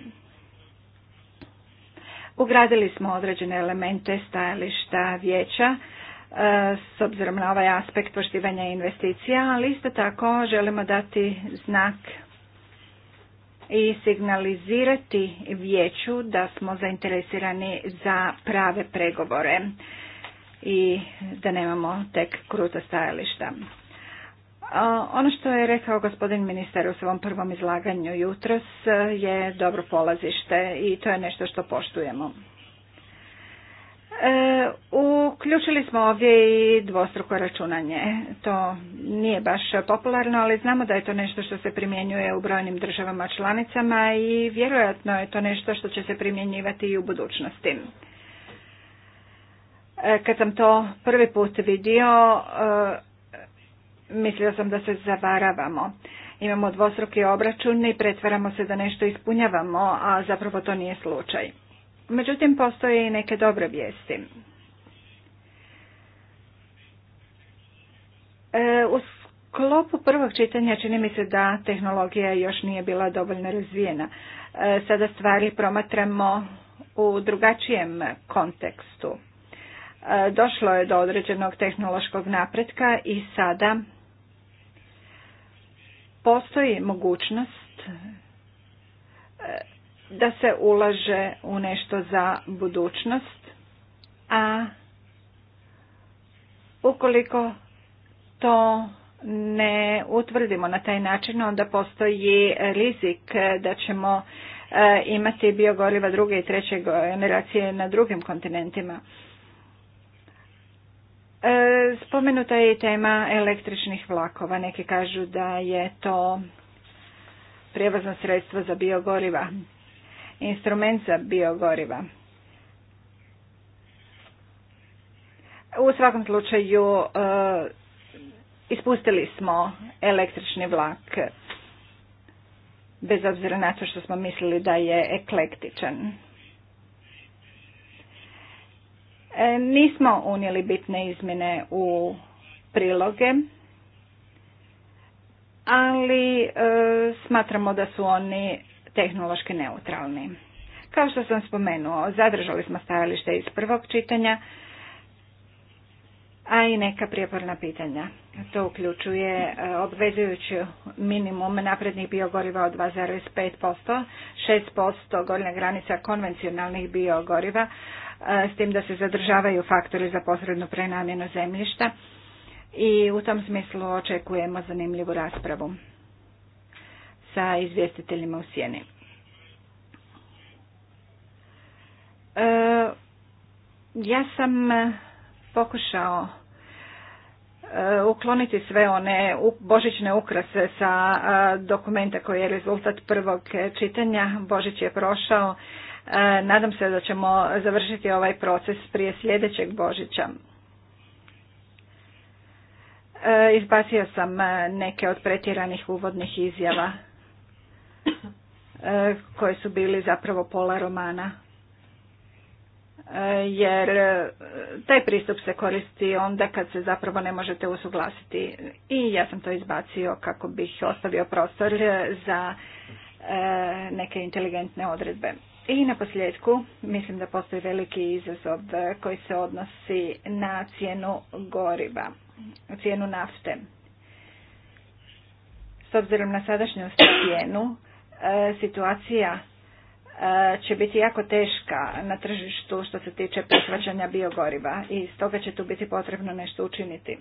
Ugradili smo određene elemente stajališta vijeća E, s obzirom na ovaj aspekt poštivanja investicija, ali isto tako želimo dati znak i signalizirati vijeću da smo zainteresirani za prave pregovore i da nemamo tek kruta stajališta. Ono što je rekao gospodin ministar u svom prvom izlaganju jutros je dobro polazište i to je nešto što poštujemo. E, uključili smo ovdje i dvostruko računanje. To nije baš popularno, ali znamo da je to nešto što se primjenjuje u brojnim državama članicama i vjerojatno je to nešto što će se primjenjivati i u budućnosti. E, kad sam to prvi put vidio, e, mislio sam da se zavaravamo. Imamo dvostruki obračun i pretvaramo se da nešto ispunjavamo, a zapravo to nije slučaj. Međutim, postoje i neke dobre vijesti. E, u sklopu prvog čitanja čini mi se da tehnologija još nije bila dovoljno razvijena. E, sada stvari promatramo u drugačijem kontekstu. E, došlo je do određenog tehnološkog napretka i sada postoji mogućnost da se ulaže u nešto za budućnost, a ukoliko to ne utvrdimo na taj način, onda postoji rizik da ćemo e, imati biogoriva druge i treće generacije na drugim kontinentima. E, spomenuta je i tema električnih vlakova. Neki kažu da je to prijevozno sredstvo za biogoriva instrument za biogoriva. U svakom slučaju e, ispustili smo električni vlak bez obzira na to što smo mislili da je eklektičan. E, nismo unijeli bitne izmjene u priloge, ali e, smatramo da su oni tehnološki neutralni. Kao što sam spomenuo, zadržali smo stajalište iz prvog čitanja, a i neka prijeporna pitanja. To uključuje e, obvezujući minimum naprednih biogoriva od 2,5%, 6% gornja granica konvencionalnih biogoriva, e, s tim da se zadržavaju faktori za posrednu prenamjenu zemljišta i u tom smislu očekujemo zanimljivu raspravu sa izvjestiteljima u sjeni. E, ja sam e, pokušao e, ukloniti sve one božićne ukrase sa dokumenta koji je rezultat prvog čitanja. Božić je prošao. Nadam se da ćemo završiti ovaj proces prije sljedećeg Božića. Izbacio sam neke od pretjeranih uvodnih izjava E, koji su bili zapravo pola romana. E, jer e, taj pristup se koristi onda kad se zapravo ne možete usuglasiti. I ja sam to izbacio kako bih ostavio prostor za neke inteligentne odredbe. I na posljedku, mislim da postoji veliki izazov koji se odnosi na cijenu goriva, cijenu nafte. S obzirom na sadašnju cijenu, E, situacija e, će biti jako teška na tržištu što se tiče prihvaćanja biogoriva i stoga će tu biti potrebno nešto učiniti.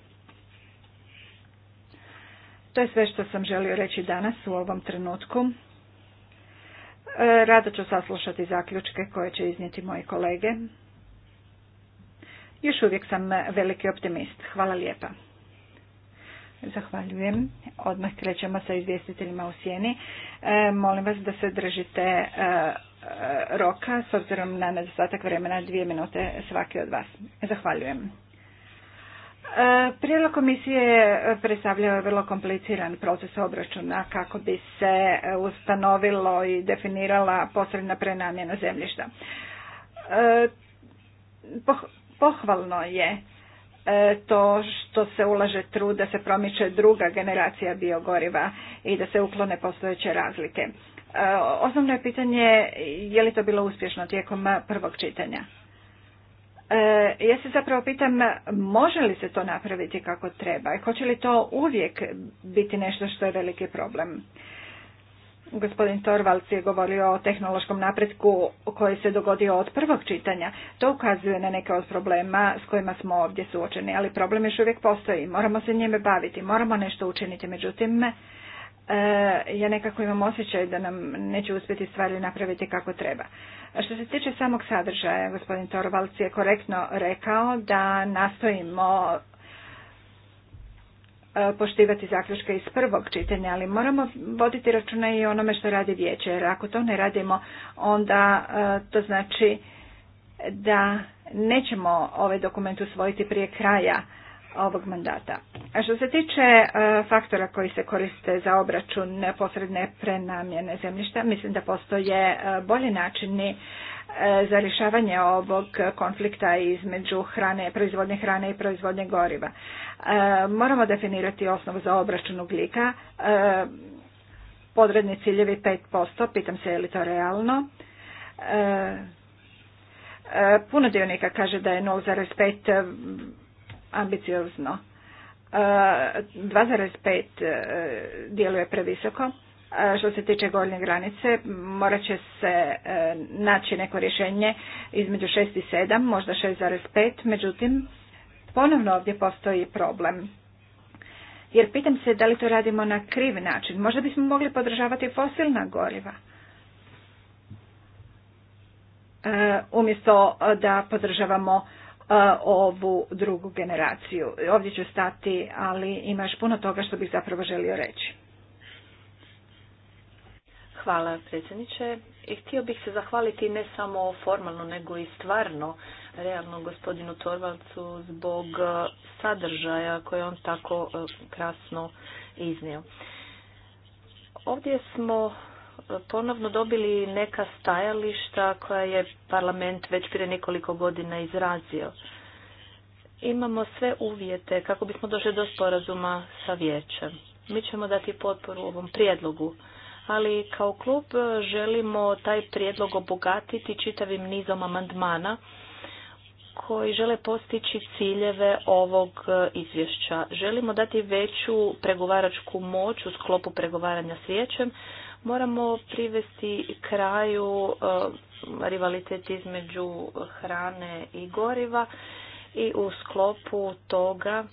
To je sve što sam želio reći danas u ovom trenutku. E, rado ću saslušati zaključke koje će iznijeti moji kolege. Još uvijek sam veliki optimist. Hvala lijepa. Zahvaljujem. Odmah krećemo sa izvjestiteljima u sjeni. E, molim vas da se držite e, e, roka s obzirom na nedostatak vremena dvije minute svaki od vas. Zahvaljujem. Prijedlog komisije predstavljao vrlo kompliciran proces obračuna kako bi se ustanovilo i definirala posredna prenamjena zemljišta. Pohvalno je E, to što se ulaže trud da se promiče druga generacija biogoriva i da se uklone postojeće razlike. E, osnovno je pitanje je li to bilo uspješno tijekom prvog čitanja. E, ja se zapravo pitam može li se to napraviti kako treba i hoće li to uvijek biti nešto što je veliki problem. Gospodin Torvalds je govorio o tehnološkom napretku koji se dogodio od prvog čitanja. To ukazuje na neke od problema s kojima smo ovdje suočeni, ali problem još uvijek postoji. Moramo se njime baviti, moramo nešto učiniti. Međutim, e, ja nekako imam osjećaj da nam neće uspjeti stvari napraviti kako treba. što se tiče samog sadržaja, gospodin Torvalds je korektno rekao da nastojimo E, poštivati zaključke iz prvog čitanja, ali moramo voditi računa i onome što radi vijeće, jer ako to ne radimo, onda e, to znači da nećemo ovaj dokument usvojiti prije kraja ovog mandata. A što se tiče e, faktora koji se koriste za obračun neposredne prenamjene zemljišta, mislim da postoje bolji načini za rješavanje ovog konflikta između hrane, proizvodnje hrane i proizvodnje goriva. E, moramo definirati osnovu za obračun ugljika, e, podredni ciljevi 5%, pitam se je li to realno. E, puno dionika kaže da je 0,5 ambiciozno. 2,5 djeluje previsoko. Što se tiče gornje granice, morat će se e, naći neko rješenje između 6 i 7, možda 6,5, međutim, ponovno ovdje postoji problem. Jer pitam se da li to radimo na kriv način. Možda bismo mogli podržavati fosilna goriva. E, umjesto da podržavamo e, ovu drugu generaciju. Ovdje ću stati, ali ima još puno toga što bih zapravo želio reći. Hvala predsjedniče. I htio bih se zahvaliti ne samo formalno, nego i stvarno, realno gospodinu Torvalcu zbog e, sadržaja koje on tako e, krasno iznio. Ovdje smo e, ponovno dobili neka stajališta koja je parlament već prije nekoliko godina izrazio. Imamo sve uvjete kako bismo došli do sporazuma sa vijećem. Mi ćemo dati potporu ovom prijedlogu ali kao klub želimo taj prijedlog obogatiti čitavim nizom amandmana koji žele postići ciljeve ovog izvješća. Želimo dati veću pregovaračku moć u sklopu pregovaranja s vijećem. Moramo privesti kraju eh, rivalitet između hrane i goriva i u sklopu toga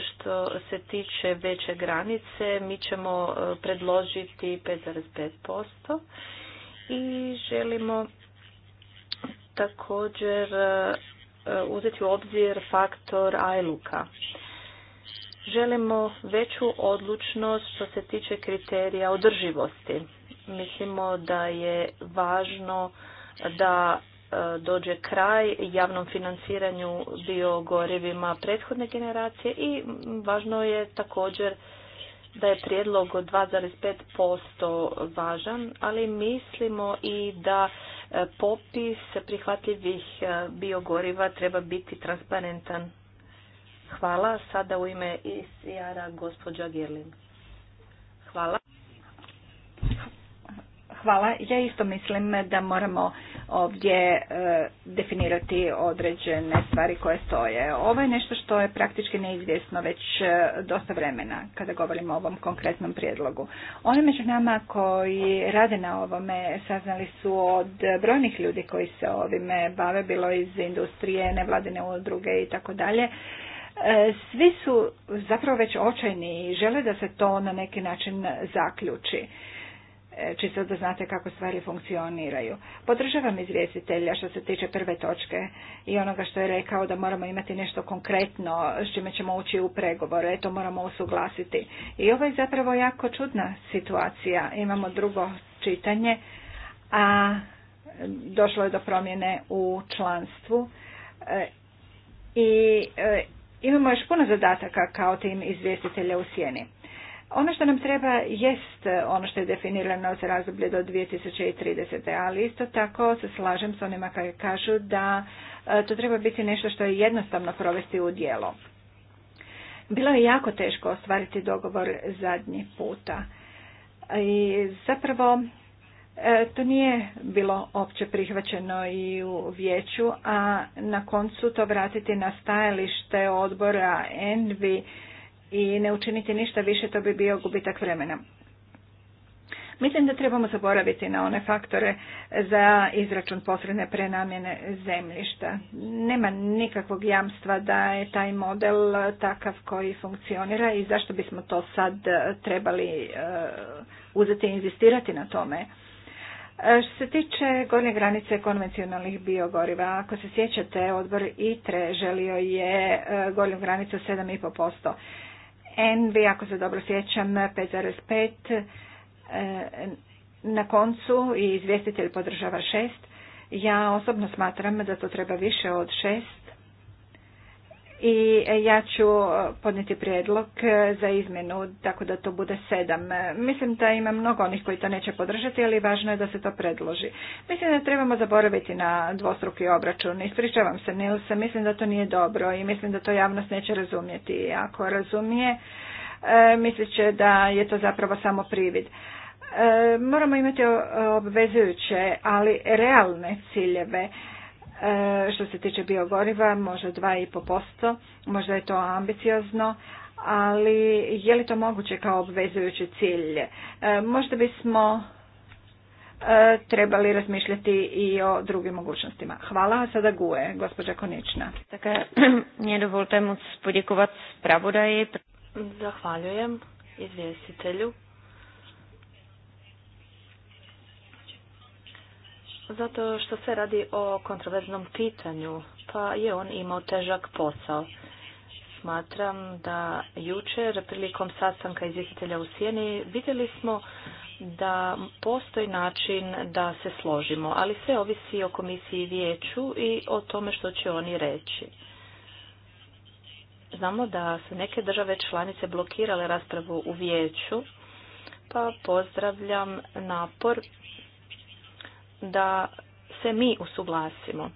što se tiče veće granice, mi ćemo e, predložiti 5,5% i želimo također e, uzeti u obzir faktor luka. Želimo veću odlučnost što se tiče kriterija održivosti. Mislimo da je važno da E, dođe kraj javnom financiranju biogorivima prethodne generacije i važno je također da je prijedlog od 2,5% važan, ali mislimo i da e, popis prihvatljivih e, biogoriva treba biti transparentan. Hvala. Sada u ime Isijara gospođa Gerlin. Hvala. Hvala. Ja isto mislim da moramo ovdje e, definirati određene stvari koje stoje. Ovo je nešto što je praktički neizvjesno već e, dosta vremena kada govorimo o ovom konkretnom prijedlogu. Oni među nama koji rade na ovome saznali su od brojnih ljudi koji se ovime bave, bilo iz industrije, nevladine udruge i tako dalje. E, svi su zapravo već očajni i žele da se to na neki način zaključi. E, čisto da znate kako stvari funkcioniraju. Podržavam izvjestitelja što se tiče prve točke i onoga što je rekao da moramo imati nešto konkretno s čime ćemo ući u pregovore, to moramo usuglasiti. I ovo je zapravo jako čudna situacija. Imamo drugo čitanje, a došlo je do promjene u članstvu e, i e, imamo još puno zadataka kao tim izvjestitelja u sjeni. Ono što nam treba jest ono što je definirano za razdoblje do 2030. Ali isto tako se slažem s onima koji kažu da e, to treba biti nešto što je jednostavno provesti u djelo. Bilo je jako teško ostvariti dogovor zadnji puta. I zapravo e, to nije bilo opće prihvaćeno i u vijeću, a na koncu to vratiti na stajalište odbora Envi i ne učiniti ništa više, to bi bio gubitak vremena. Mislim da trebamo zaboraviti na one faktore za izračun posredne prenamjene zemljišta. Nema nikakvog jamstva da je taj model takav koji funkcionira i zašto bismo to sad e, trebali e, uzeti i inzistirati na tome. E, što se tiče gornje granice konvencionalnih biogoriva, ako se sjećate, odbor ITRE želio je gornju granicu 7,5%. Envy, ako se dobro sjećam, 5,5 e, na koncu i izvjestitelj podržava 6. Ja osobno smatram da to treba više od šest i e, ja ću e, podnijeti prijedlog e, za izmjenu tako da to bude sedam. Mislim da ima mnogo onih koji to neće podržati, ali važno je da se to predloži. Mislim da trebamo zaboraviti na dvostruki obračun. Ispričavam se, Nilsa, mislim da to nije dobro i mislim da to javnost neće razumjeti. Ako razumije, mislit će da je to zapravo samo privid. Moramo imati obvezujuće, ali realne ciljeve E, što se tiče biogoriva, možda 2,5%, možda je to ambiciozno, ali je li to moguće kao obvezujući cilj? E, možda bismo e, trebali razmišljati i o drugim mogućnostima. Hvala, sada guje, gospođa Konična. Tako nije dovolte pravo spodjekovat spravodaji. Zahvaljujem izvjestitelju. Zato što se radi o kontroverznom pitanju, pa je on imao težak posao. Smatram da jučer prilikom sastanka izvjestitelja u Sjeni vidjeli smo da postoji način da se složimo, ali sve ovisi o komisiji vijeću i o tome što će oni reći. Znamo da su neke države članice blokirale raspravu u vijeću, pa pozdravljam napor da se mi usuglasimo.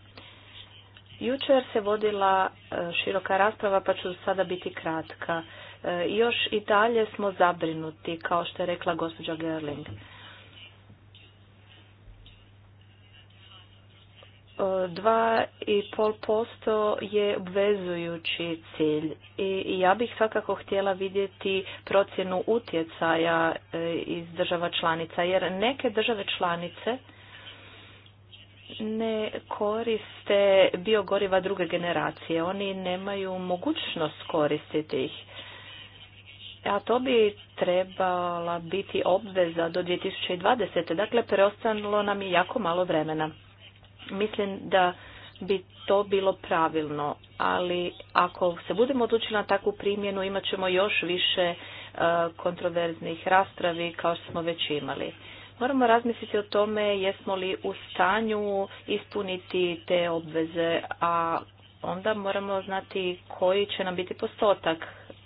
Jučer se vodila e, široka rasprava pa ću sada biti kratka. E, još i dalje smo zabrinuti, kao što je rekla gospođa Gerling. E, dva i pol posto je obvezujući cilj i ja bih svakako htjela vidjeti procjenu utjecaja iz država članica, jer neke države članice ne koriste biogoriva druge generacije. Oni nemaju mogućnost koristiti ih. A to bi trebala biti obveza do 2020. Dakle, preostalo nam je jako malo vremena. Mislim da bi to bilo pravilno, ali ako se budemo odlučili na takvu primjenu, imat ćemo još više e, kontroverznih raspravi kao što smo već imali. Moramo razmisliti o tome jesmo li u stanju ispuniti te obveze, a onda moramo znati koji će nam biti postotak,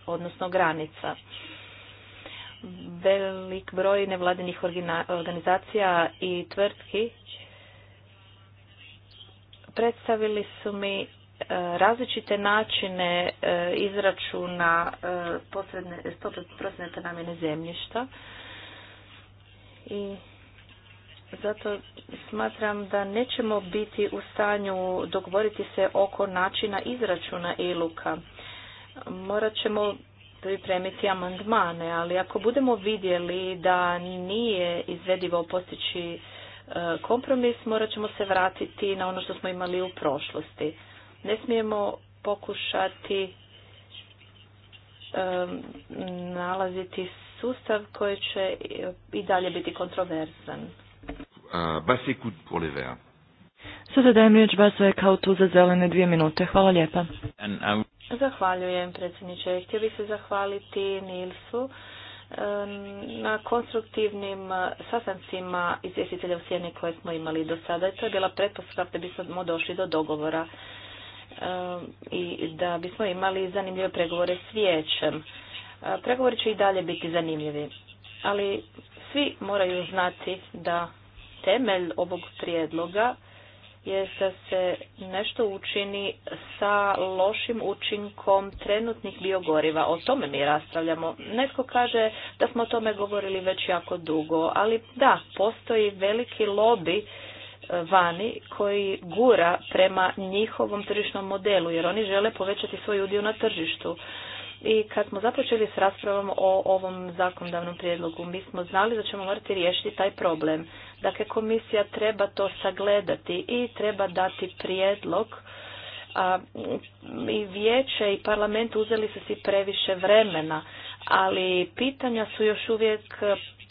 odnosno granica. Velik broj nevladinih organizacija i tvrtki predstavili su mi e, različite načine e, izračuna e, posredne, stope namjene zemljišta i zato smatram da nećemo biti u stanju dogovoriti se oko načina izračuna iluka. Morat ćemo pripremiti amandmane, ali ako budemo vidjeli da nije izvedivo postići e, kompromis, morat ćemo se vratiti na ono što smo imali u prošlosti. Ne smijemo pokušati e, nalaziti sustav koji će i dalje biti kontroverzan. Sada dajem riječ je kao tu za zelene dvije minute. Hvala lijepa. Zahvaljujem predsjedniče. Htio bih se zahvaliti Nilsu na konstruktivnim eh, sasancima izvjestitelja u Sjeni koje smo imali do sada to je bila pretpostavka da bismo došli do dogovora i da bismo imali zanimljive pregovore s vijećem. Pregovori će i dalje biti zanimljivi, ali svi moraju znati da temelj ovog prijedloga je da se nešto učini sa lošim učinkom trenutnih biogoriva. O tome mi raspravljamo. Netko kaže da smo o tome govorili već jako dugo, ali da, postoji veliki lobby e, vani koji gura prema njihovom tržišnom modelu, jer oni žele povećati svoj udio na tržištu i kad smo započeli s raspravom o ovom zakonodavnom prijedlogu, mi smo znali da ćemo morati riješiti taj problem. Dakle, komisija treba to sagledati i treba dati prijedlog i vijeće i parlament uzeli su si previše vremena, ali pitanja su još uvijek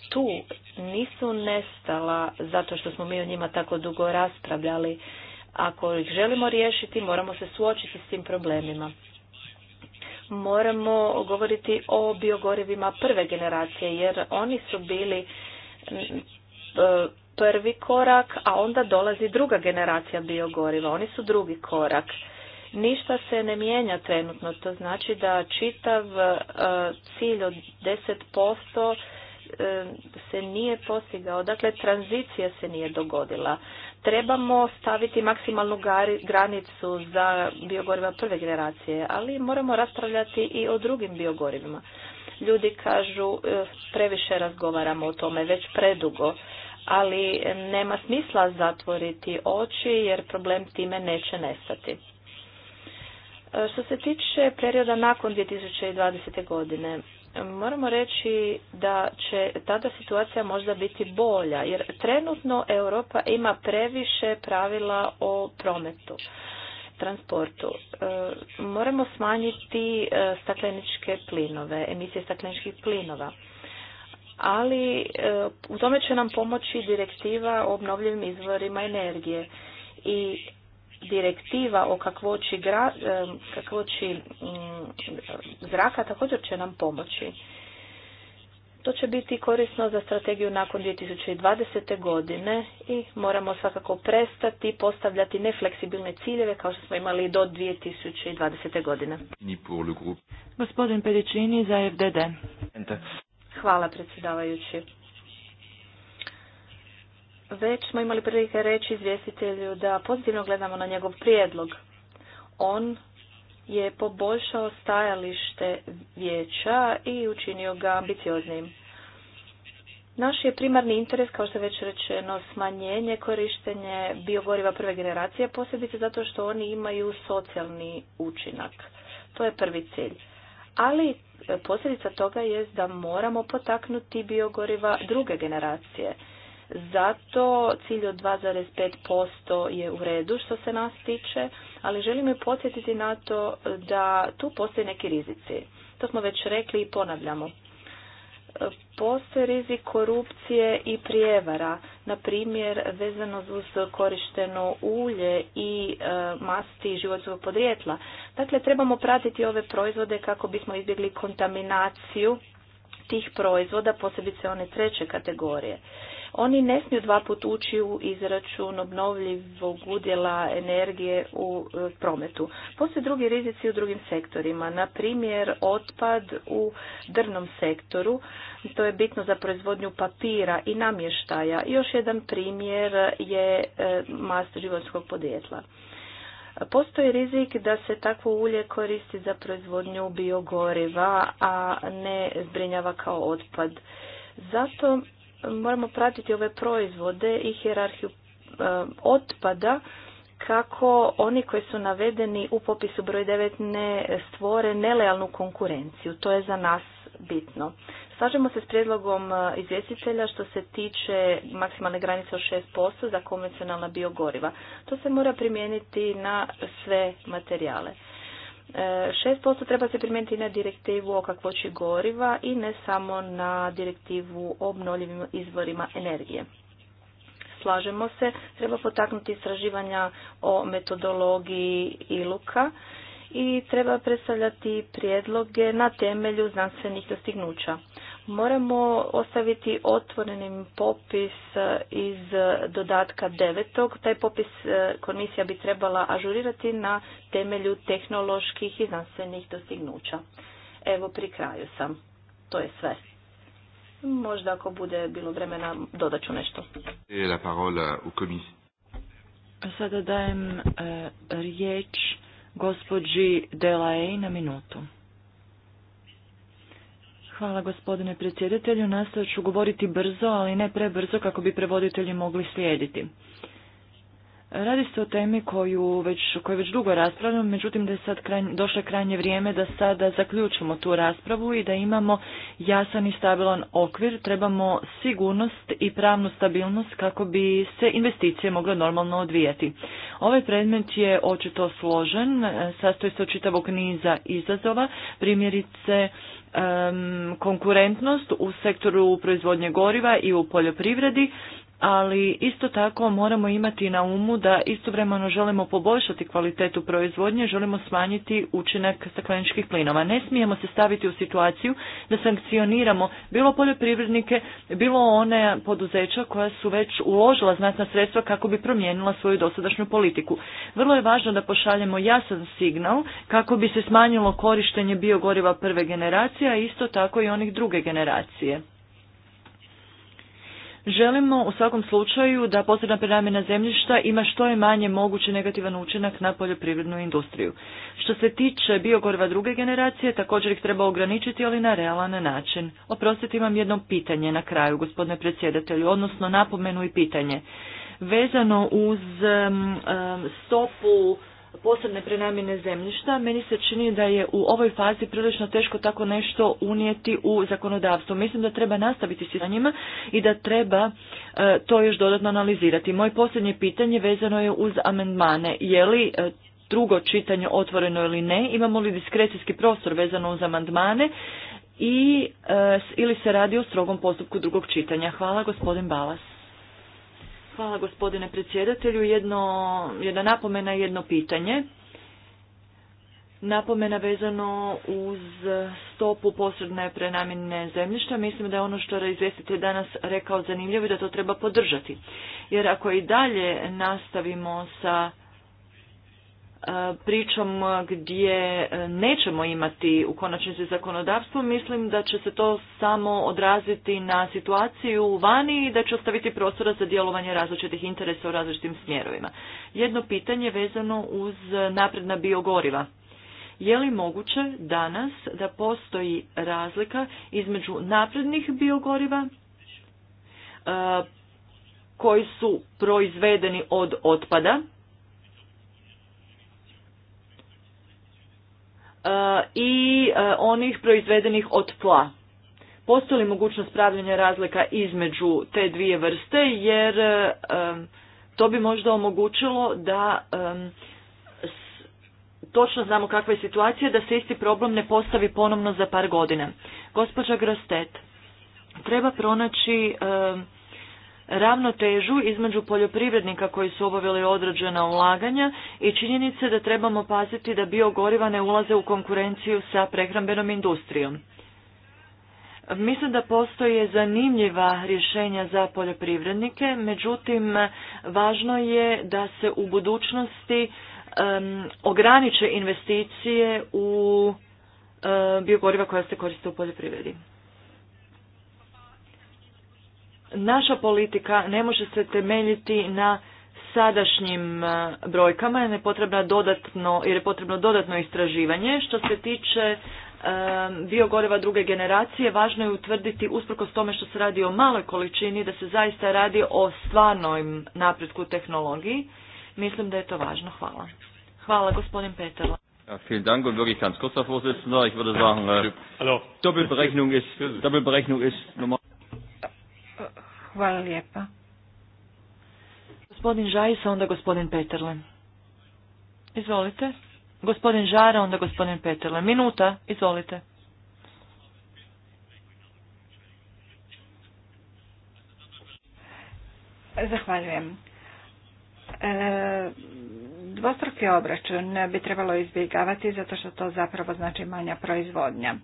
tu, nisu nestala zato što smo mi o njima tako dugo raspravljali. Ako ih želimo riješiti, moramo se suočiti s tim problemima moramo govoriti o biogorivima prve generacije jer oni su bili e, prvi korak, a onda dolazi druga generacija biogoriva. Oni su drugi korak. Ništa se ne mijenja trenutno, to znači da čitav e, cilj od 10% E, se nije postigao, dakle tranzicija se nije dogodila. Trebamo staviti maksimalnu granicu za biogoriva prve generacije, ali moramo raspravljati i o drugim biogorivima. Ljudi kažu e, previše razgovaramo o tome, već predugo ali nema smisla zatvoriti oči jer problem time neće nestati. E, što se tiče perioda nakon 2020. godine, moramo reći da će tada situacija možda biti bolja, jer trenutno Europa ima previše pravila o prometu transportu. E, moramo smanjiti e, stakleničke plinove, emisije stakleničkih plinova. Ali e, u tome će nam pomoći direktiva o obnovljivim izvorima energije. I direktiva o kakvoći, gra, kakvoći mm, zraka također će nam pomoći. To će biti korisno za strategiju nakon 2020. godine i moramo svakako prestati postavljati nefleksibilne ciljeve kao što smo imali do 2020. godine. Gospodin Pedicini za FDD. Hvala predsjedavajući. Već smo imali prilike reći izvjestitelju da pozitivno gledamo na njegov prijedlog. On je poboljšao stajalište vijeća i učinio ga ambicioznim. Naš je primarni interes, kao što je već rečeno, smanjenje korištenje biogoriva prve generacije, posebice zato što oni imaju socijalni učinak. To je prvi cilj. Ali e, posljedica toga je da moramo potaknuti biogoriva druge generacije. Zato cilj od 2,5% je u redu što se nas tiče, ali želim je podsjetiti na to da tu postoje neki rizici. To smo već rekli i ponavljamo. Postoje rizik korupcije i prijevara, na primjer vezano uz korišteno ulje i e, masti životskog podrijetla. Dakle, trebamo pratiti ove proizvode kako bismo izbjegli kontaminaciju tih proizvoda, posebice one treće kategorije. Oni ne smiju dva put ući u izračun obnovljivog udjela energije u e, prometu. Postoje drugi rizici u drugim sektorima, na primjer otpad u drnom sektoru, to je bitno za proizvodnju papira i namještaja. Još jedan primjer je e, mast životskog podjetla. Postoji rizik da se takvo ulje koristi za proizvodnju biogoriva, a ne zbrinjava kao otpad. Zato moramo pratiti ove proizvode i hjerarhiju e, otpada kako oni koji su navedeni u popisu broj 9 ne stvore nelealnu konkurenciju. To je za nas bitno. Slažemo se s prijedlogom e, izvjestitelja što se tiče maksimalne granice od 6% za konvencionalna biogoriva. To se mora primijeniti na sve materijale. 6% treba se primijeniti na direktivu o kakvoći goriva i ne samo na direktivu o obnovljivim izvorima energije. Slažemo se, treba potaknuti istraživanja o metodologiji iluka i treba predstavljati prijedloge na temelju znanstvenih dostignuća moramo ostaviti otvorenim popis e, iz dodatka devetog. Taj popis e, komisija bi trebala ažurirati na temelju tehnoloških i znanstvenih dostignuća. Evo pri kraju sam. To je sve. Možda ako bude bilo vremena dodat ću nešto. Sada dajem e, riječ gospođi Delaej na minutu. Hvala gospodine predsjedatelju. Nastavit ću govoriti brzo, ali ne prebrzo kako bi prevoditelji mogli slijediti. Radi se o temi koju već, koju već dugo raspravljamo, međutim da je sad kraj, došlo krajnje vrijeme da sada zaključimo tu raspravu i da imamo jasan i stabilan okvir. Trebamo sigurnost i pravnu stabilnost kako bi se investicije mogle normalno odvijati. Ovaj predmet je očito složen, sastoji se od čitavog niza izazova, primjerice konkurentnost u sektoru proizvodnje goriva i u poljoprivredi ali isto tako moramo imati na umu da istovremeno želimo poboljšati kvalitetu proizvodnje, želimo smanjiti učinak stakleničkih plinova. Ne smijemo se staviti u situaciju da sankcioniramo bilo poljoprivrednike, bilo one poduzeća koja su već uložila znatna sredstva kako bi promijenila svoju dosadašnju politiku. Vrlo je važno da pošaljemo jasan signal kako bi se smanjilo korištenje biogoriva prve generacije, a isto tako i onih druge generacije. Želimo u svakom slučaju da posebna prenamjena zemljišta ima što je manje mogući negativan učinak na poljoprivrednu industriju. Što se tiče biogorva druge generacije, također ih treba ograničiti, ali na realan način. Oprostite, vam jedno pitanje na kraju, gospodine predsjedatelju, odnosno napomenu i pitanje. Vezano uz stopu posebne prenamjene zemljišta, meni se čini da je u ovoj fazi prilično teško tako nešto unijeti u zakonodavstvo. Mislim da treba nastaviti s njima i da treba e, to još dodatno analizirati. Moje posljednje pitanje vezano je uz amendmane. Je li e, drugo čitanje otvoreno ili ne? Imamo li diskrecijski prostor vezano uz amandmane? I, e, ili se radi o strogom postupku drugog čitanja? Hvala gospodin Balas. Hvala gospodine predsjedatelju. Jedno, jedna napomena i jedno pitanje. Napomena vezano uz stopu posredne prenamjene zemljišta. Mislim da je ono što je izvjestitelj danas rekao zanimljivo i da to treba podržati. Jer ako i dalje nastavimo sa E, pričom e, gdje e, nećemo imati u konačnici zakonodavstvo, mislim da će se to samo odraziti na situaciju vani i da će ostaviti prostora za djelovanje različitih interesa u različitim smjerovima. Jedno pitanje vezano uz napredna biogoriva. Je li moguće danas da postoji razlika između naprednih biogoriva koji su proizvedeni od otpada, i e, onih proizvedenih od tla. Postoji li mogućnost pravljenja razlika između te dvije vrste jer e, to bi možda omogućilo da e, točno znamo kakva je situacija da se isti problem ne postavi ponovno za par godina. Gospođa Grostet, treba pronaći ravnotežu između poljoprivrednika koji su obavili određena ulaganja i činjenice da trebamo paziti da biogoriva ne ulaze u konkurenciju sa prehrambenom industrijom. Mislim da postoje zanimljiva rješenja za poljoprivrednike, međutim važno je da se u budućnosti ograniče investicije u biogoriva koja se koriste u poljoprivredi naša politika ne može se temeljiti na sadašnjim e, brojkama jer je potrebno dodatno, jer potrebno dodatno istraživanje. Što se tiče e, biogoreva druge generacije, važno je utvrditi, usprkos tome što se radi o maloj količini, da se zaista radi o stvarnom napretku tehnologiji. Mislim da je to važno. Hvala. Hvala, gospodin Petelo. vielen Dank wirklich ganz kurz, Ich würde sagen, äh, Doppelberechnung ist, Doppelberechnung ist Hvala lijepa. Gospodin Žajsa, onda gospodin Peterle. Izvolite. Gospodin Žara, onda gospodin Peterle. Minuta, izvolite. Zahvaljujem. E, Dvostruki obračun bi trebalo izbjegavati zato što to zapravo znači manja proizvodnja.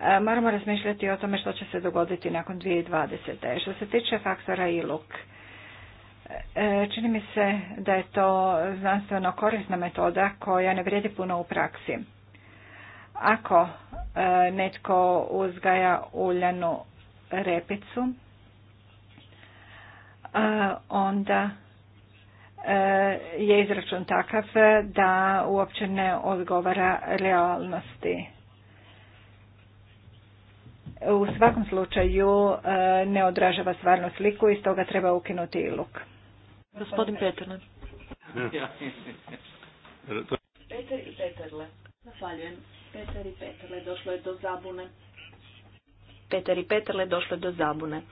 E, moramo razmišljati o tome što će se dogoditi nakon 2020. Što se tiče faktora ILUK, e, čini mi se da je to znanstveno korisna metoda koja ne vrijedi puno u praksi. Ako e, netko uzgaja uljanu repicu, onda E, je izračun takav e, da uopće ne odgovara realnosti. U svakom slučaju e, ne odražava stvarnu sliku i stoga treba ukinuti iluk. Gospodin Petrle. Petar i Petrle. Zahvaljujem. Petar i Petrle, došlo je do zabune. Petar i došlo je do zabune.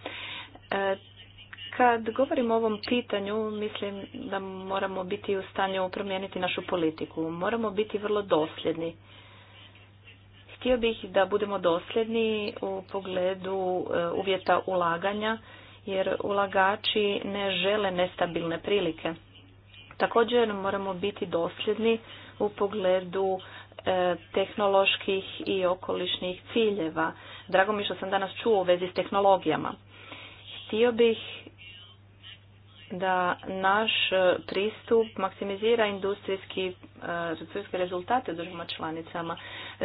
Kad govorim o ovom pitanju, mislim da moramo biti u stanju promijeniti našu politiku. Moramo biti vrlo dosljedni. Htio bih da budemo dosljedni u pogledu e, uvjeta ulaganja, jer ulagači ne žele nestabilne prilike. Također moramo biti dosljedni u pogledu e, tehnoloških i okolišnih ciljeva. Drago mi što sam danas čuo u vezi s tehnologijama. Htio bih da naš e, pristup maksimizira industrijski e, industrijske rezultate državama članicama.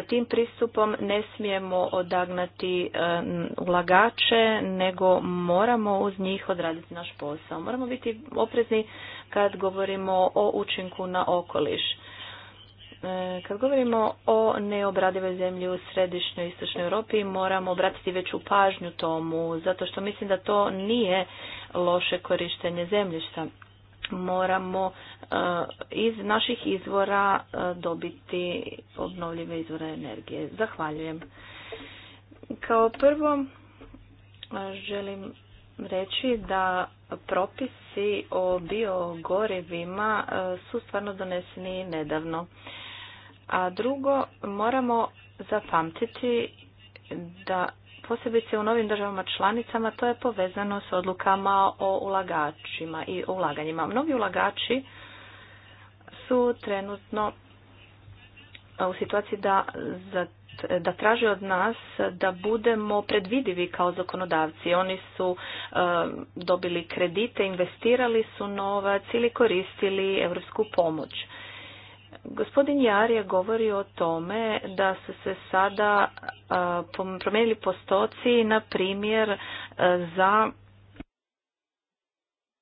Tim pristupom ne smijemo odagnati e, ulagače, nego moramo uz njih odraditi naš posao. Moramo biti oprezni kad govorimo o učinku na okoliš. E, kad govorimo o neobradivoj zemlji u središnjoj i istočnoj Europi, moramo obratiti veću pažnju tomu, zato što mislim da to nije loše korištenje zemljišta. Moramo e, iz naših izvora e, dobiti obnovljive izvore energije. Zahvaljujem. Kao prvo želim reći da propisi o biogorivima su stvarno doneseni nedavno. A drugo, moramo zapamtiti da posebice u novim državama članicama to je povezano s odlukama o ulagačima i ulaganjima. Mnogi ulagači su trenutno u situaciji da, da traže od nas da budemo predvidivi kao zakonodavci. Oni su eh, dobili kredite, investirali su novac ili koristili europsku pomoć. Gospodin Jar je govorio o tome da su se sada promijenili postoci, na primjer, za,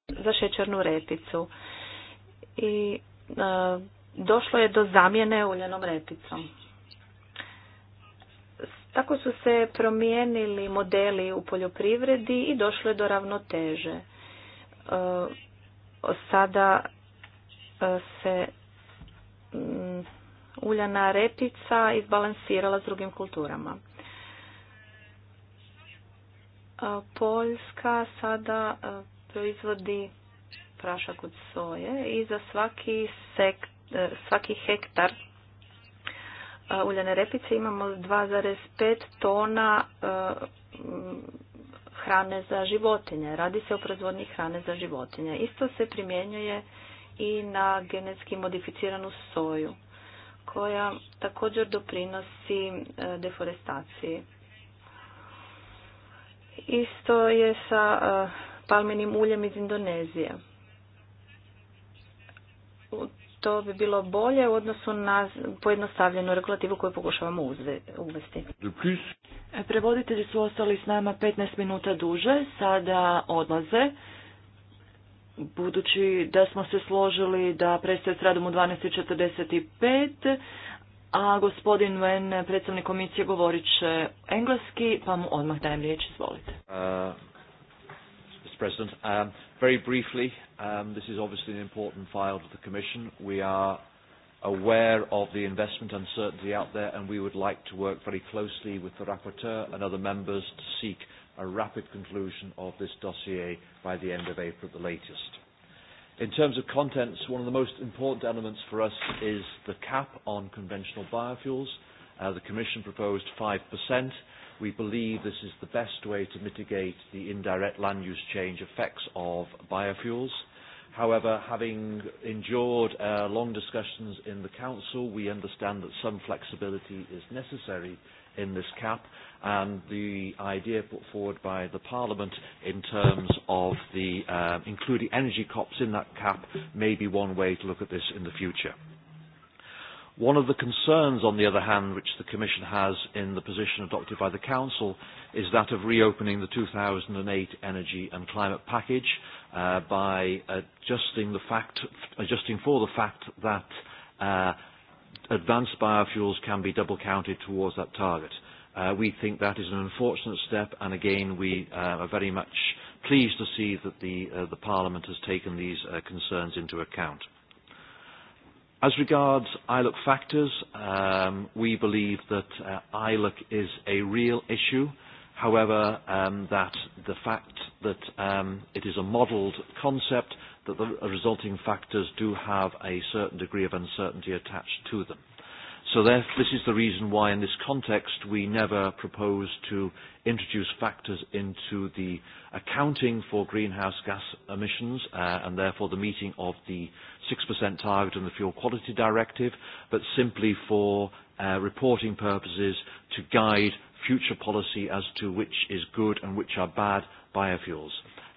za šećernu repicu. I došlo je do zamjene uljenom reticom. Tako su se promijenili modeli u poljoprivredi i došlo je do ravnoteže. Sada se uljana repica izbalansirala s drugim kulturama. Poljska sada proizvodi prašak od soje i za svaki, svaki hektar uljane repice imamo 2,5 tona hrane za životinje. Radi se o proizvodnji hrane za životinje. Isto se primjenjuje i na genetski modificiranu soju koja također doprinosi e, deforestaciji. Isto je sa e, palminim uljem iz Indonezije. To bi bilo bolje u odnosu na pojednostavljenu regulativu koju pokušavamo uvesti. E, prevoditelji su ostali s nama 15 minuta duže, sada odlaze budući da smo se složili da prestaje s radom u 12.45, a gospodin Wen, predstavnik komisije, govorit engleski, pa mu odmah dajem riječ, izvolite. Uh, President, um, very briefly, um, this is obviously an important file to the Commission. We are aware of the investment uncertainty out there and we would like to work very closely with the rapporteur and other members to seek a rapid conclusion of this dossier by the end of April at the latest. In terms of contents, one of the most important elements for us is the cap on conventional biofuels. Uh, the Commission proposed 5%. We believe this is the best way to mitigate the indirect land use change effects of biofuels. However, having endured uh, long discussions in the Council, we understand that some flexibility is necessary in this cap, and the idea put forward by the Parliament in terms of the uh, including energy COPs in that cap may be one way to look at this in the future. One of the concerns, on the other hand, which the Commission has in the position adopted by the Council is that of reopening the 2008 Energy and Climate Package uh, by adjusting, the fact, adjusting for the fact that uh, advanced biofuels can be double counted towards that target. Uh, we think that is an unfortunate step, and again, we uh, are very much pleased to see that the, uh, the Parliament has taken these uh, concerns into account. As regards ILUC factors, um, we believe that uh, ILUC is a real issue. However, um, that the fact that um, it is a modelled concept, that the resulting factors do have a certain degree of uncertainty attached to them. So this is the reason why in this context we never propose to introduce factors into the accounting for greenhouse gas emissions uh, and therefore the meeting of the 6% target in the Fuel Quality Directive, but simply for uh, reporting purposes to guide future policy as to which is good and which are bad biofuels.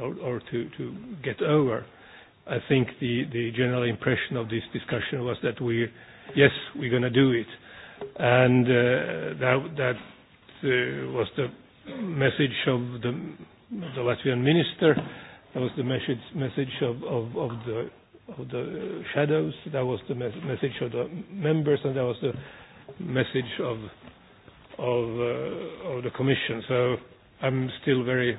or, to, to get over. I think the, the general impression of this discussion was that we, yes, we're going to do it. And uh, that, that uh, was the message of the, the Latvian minister. That was the message, message of, of, of, the, of the shadows. That was the mes message of the members, and that was the message of of, uh, of the Commission. So I'm still very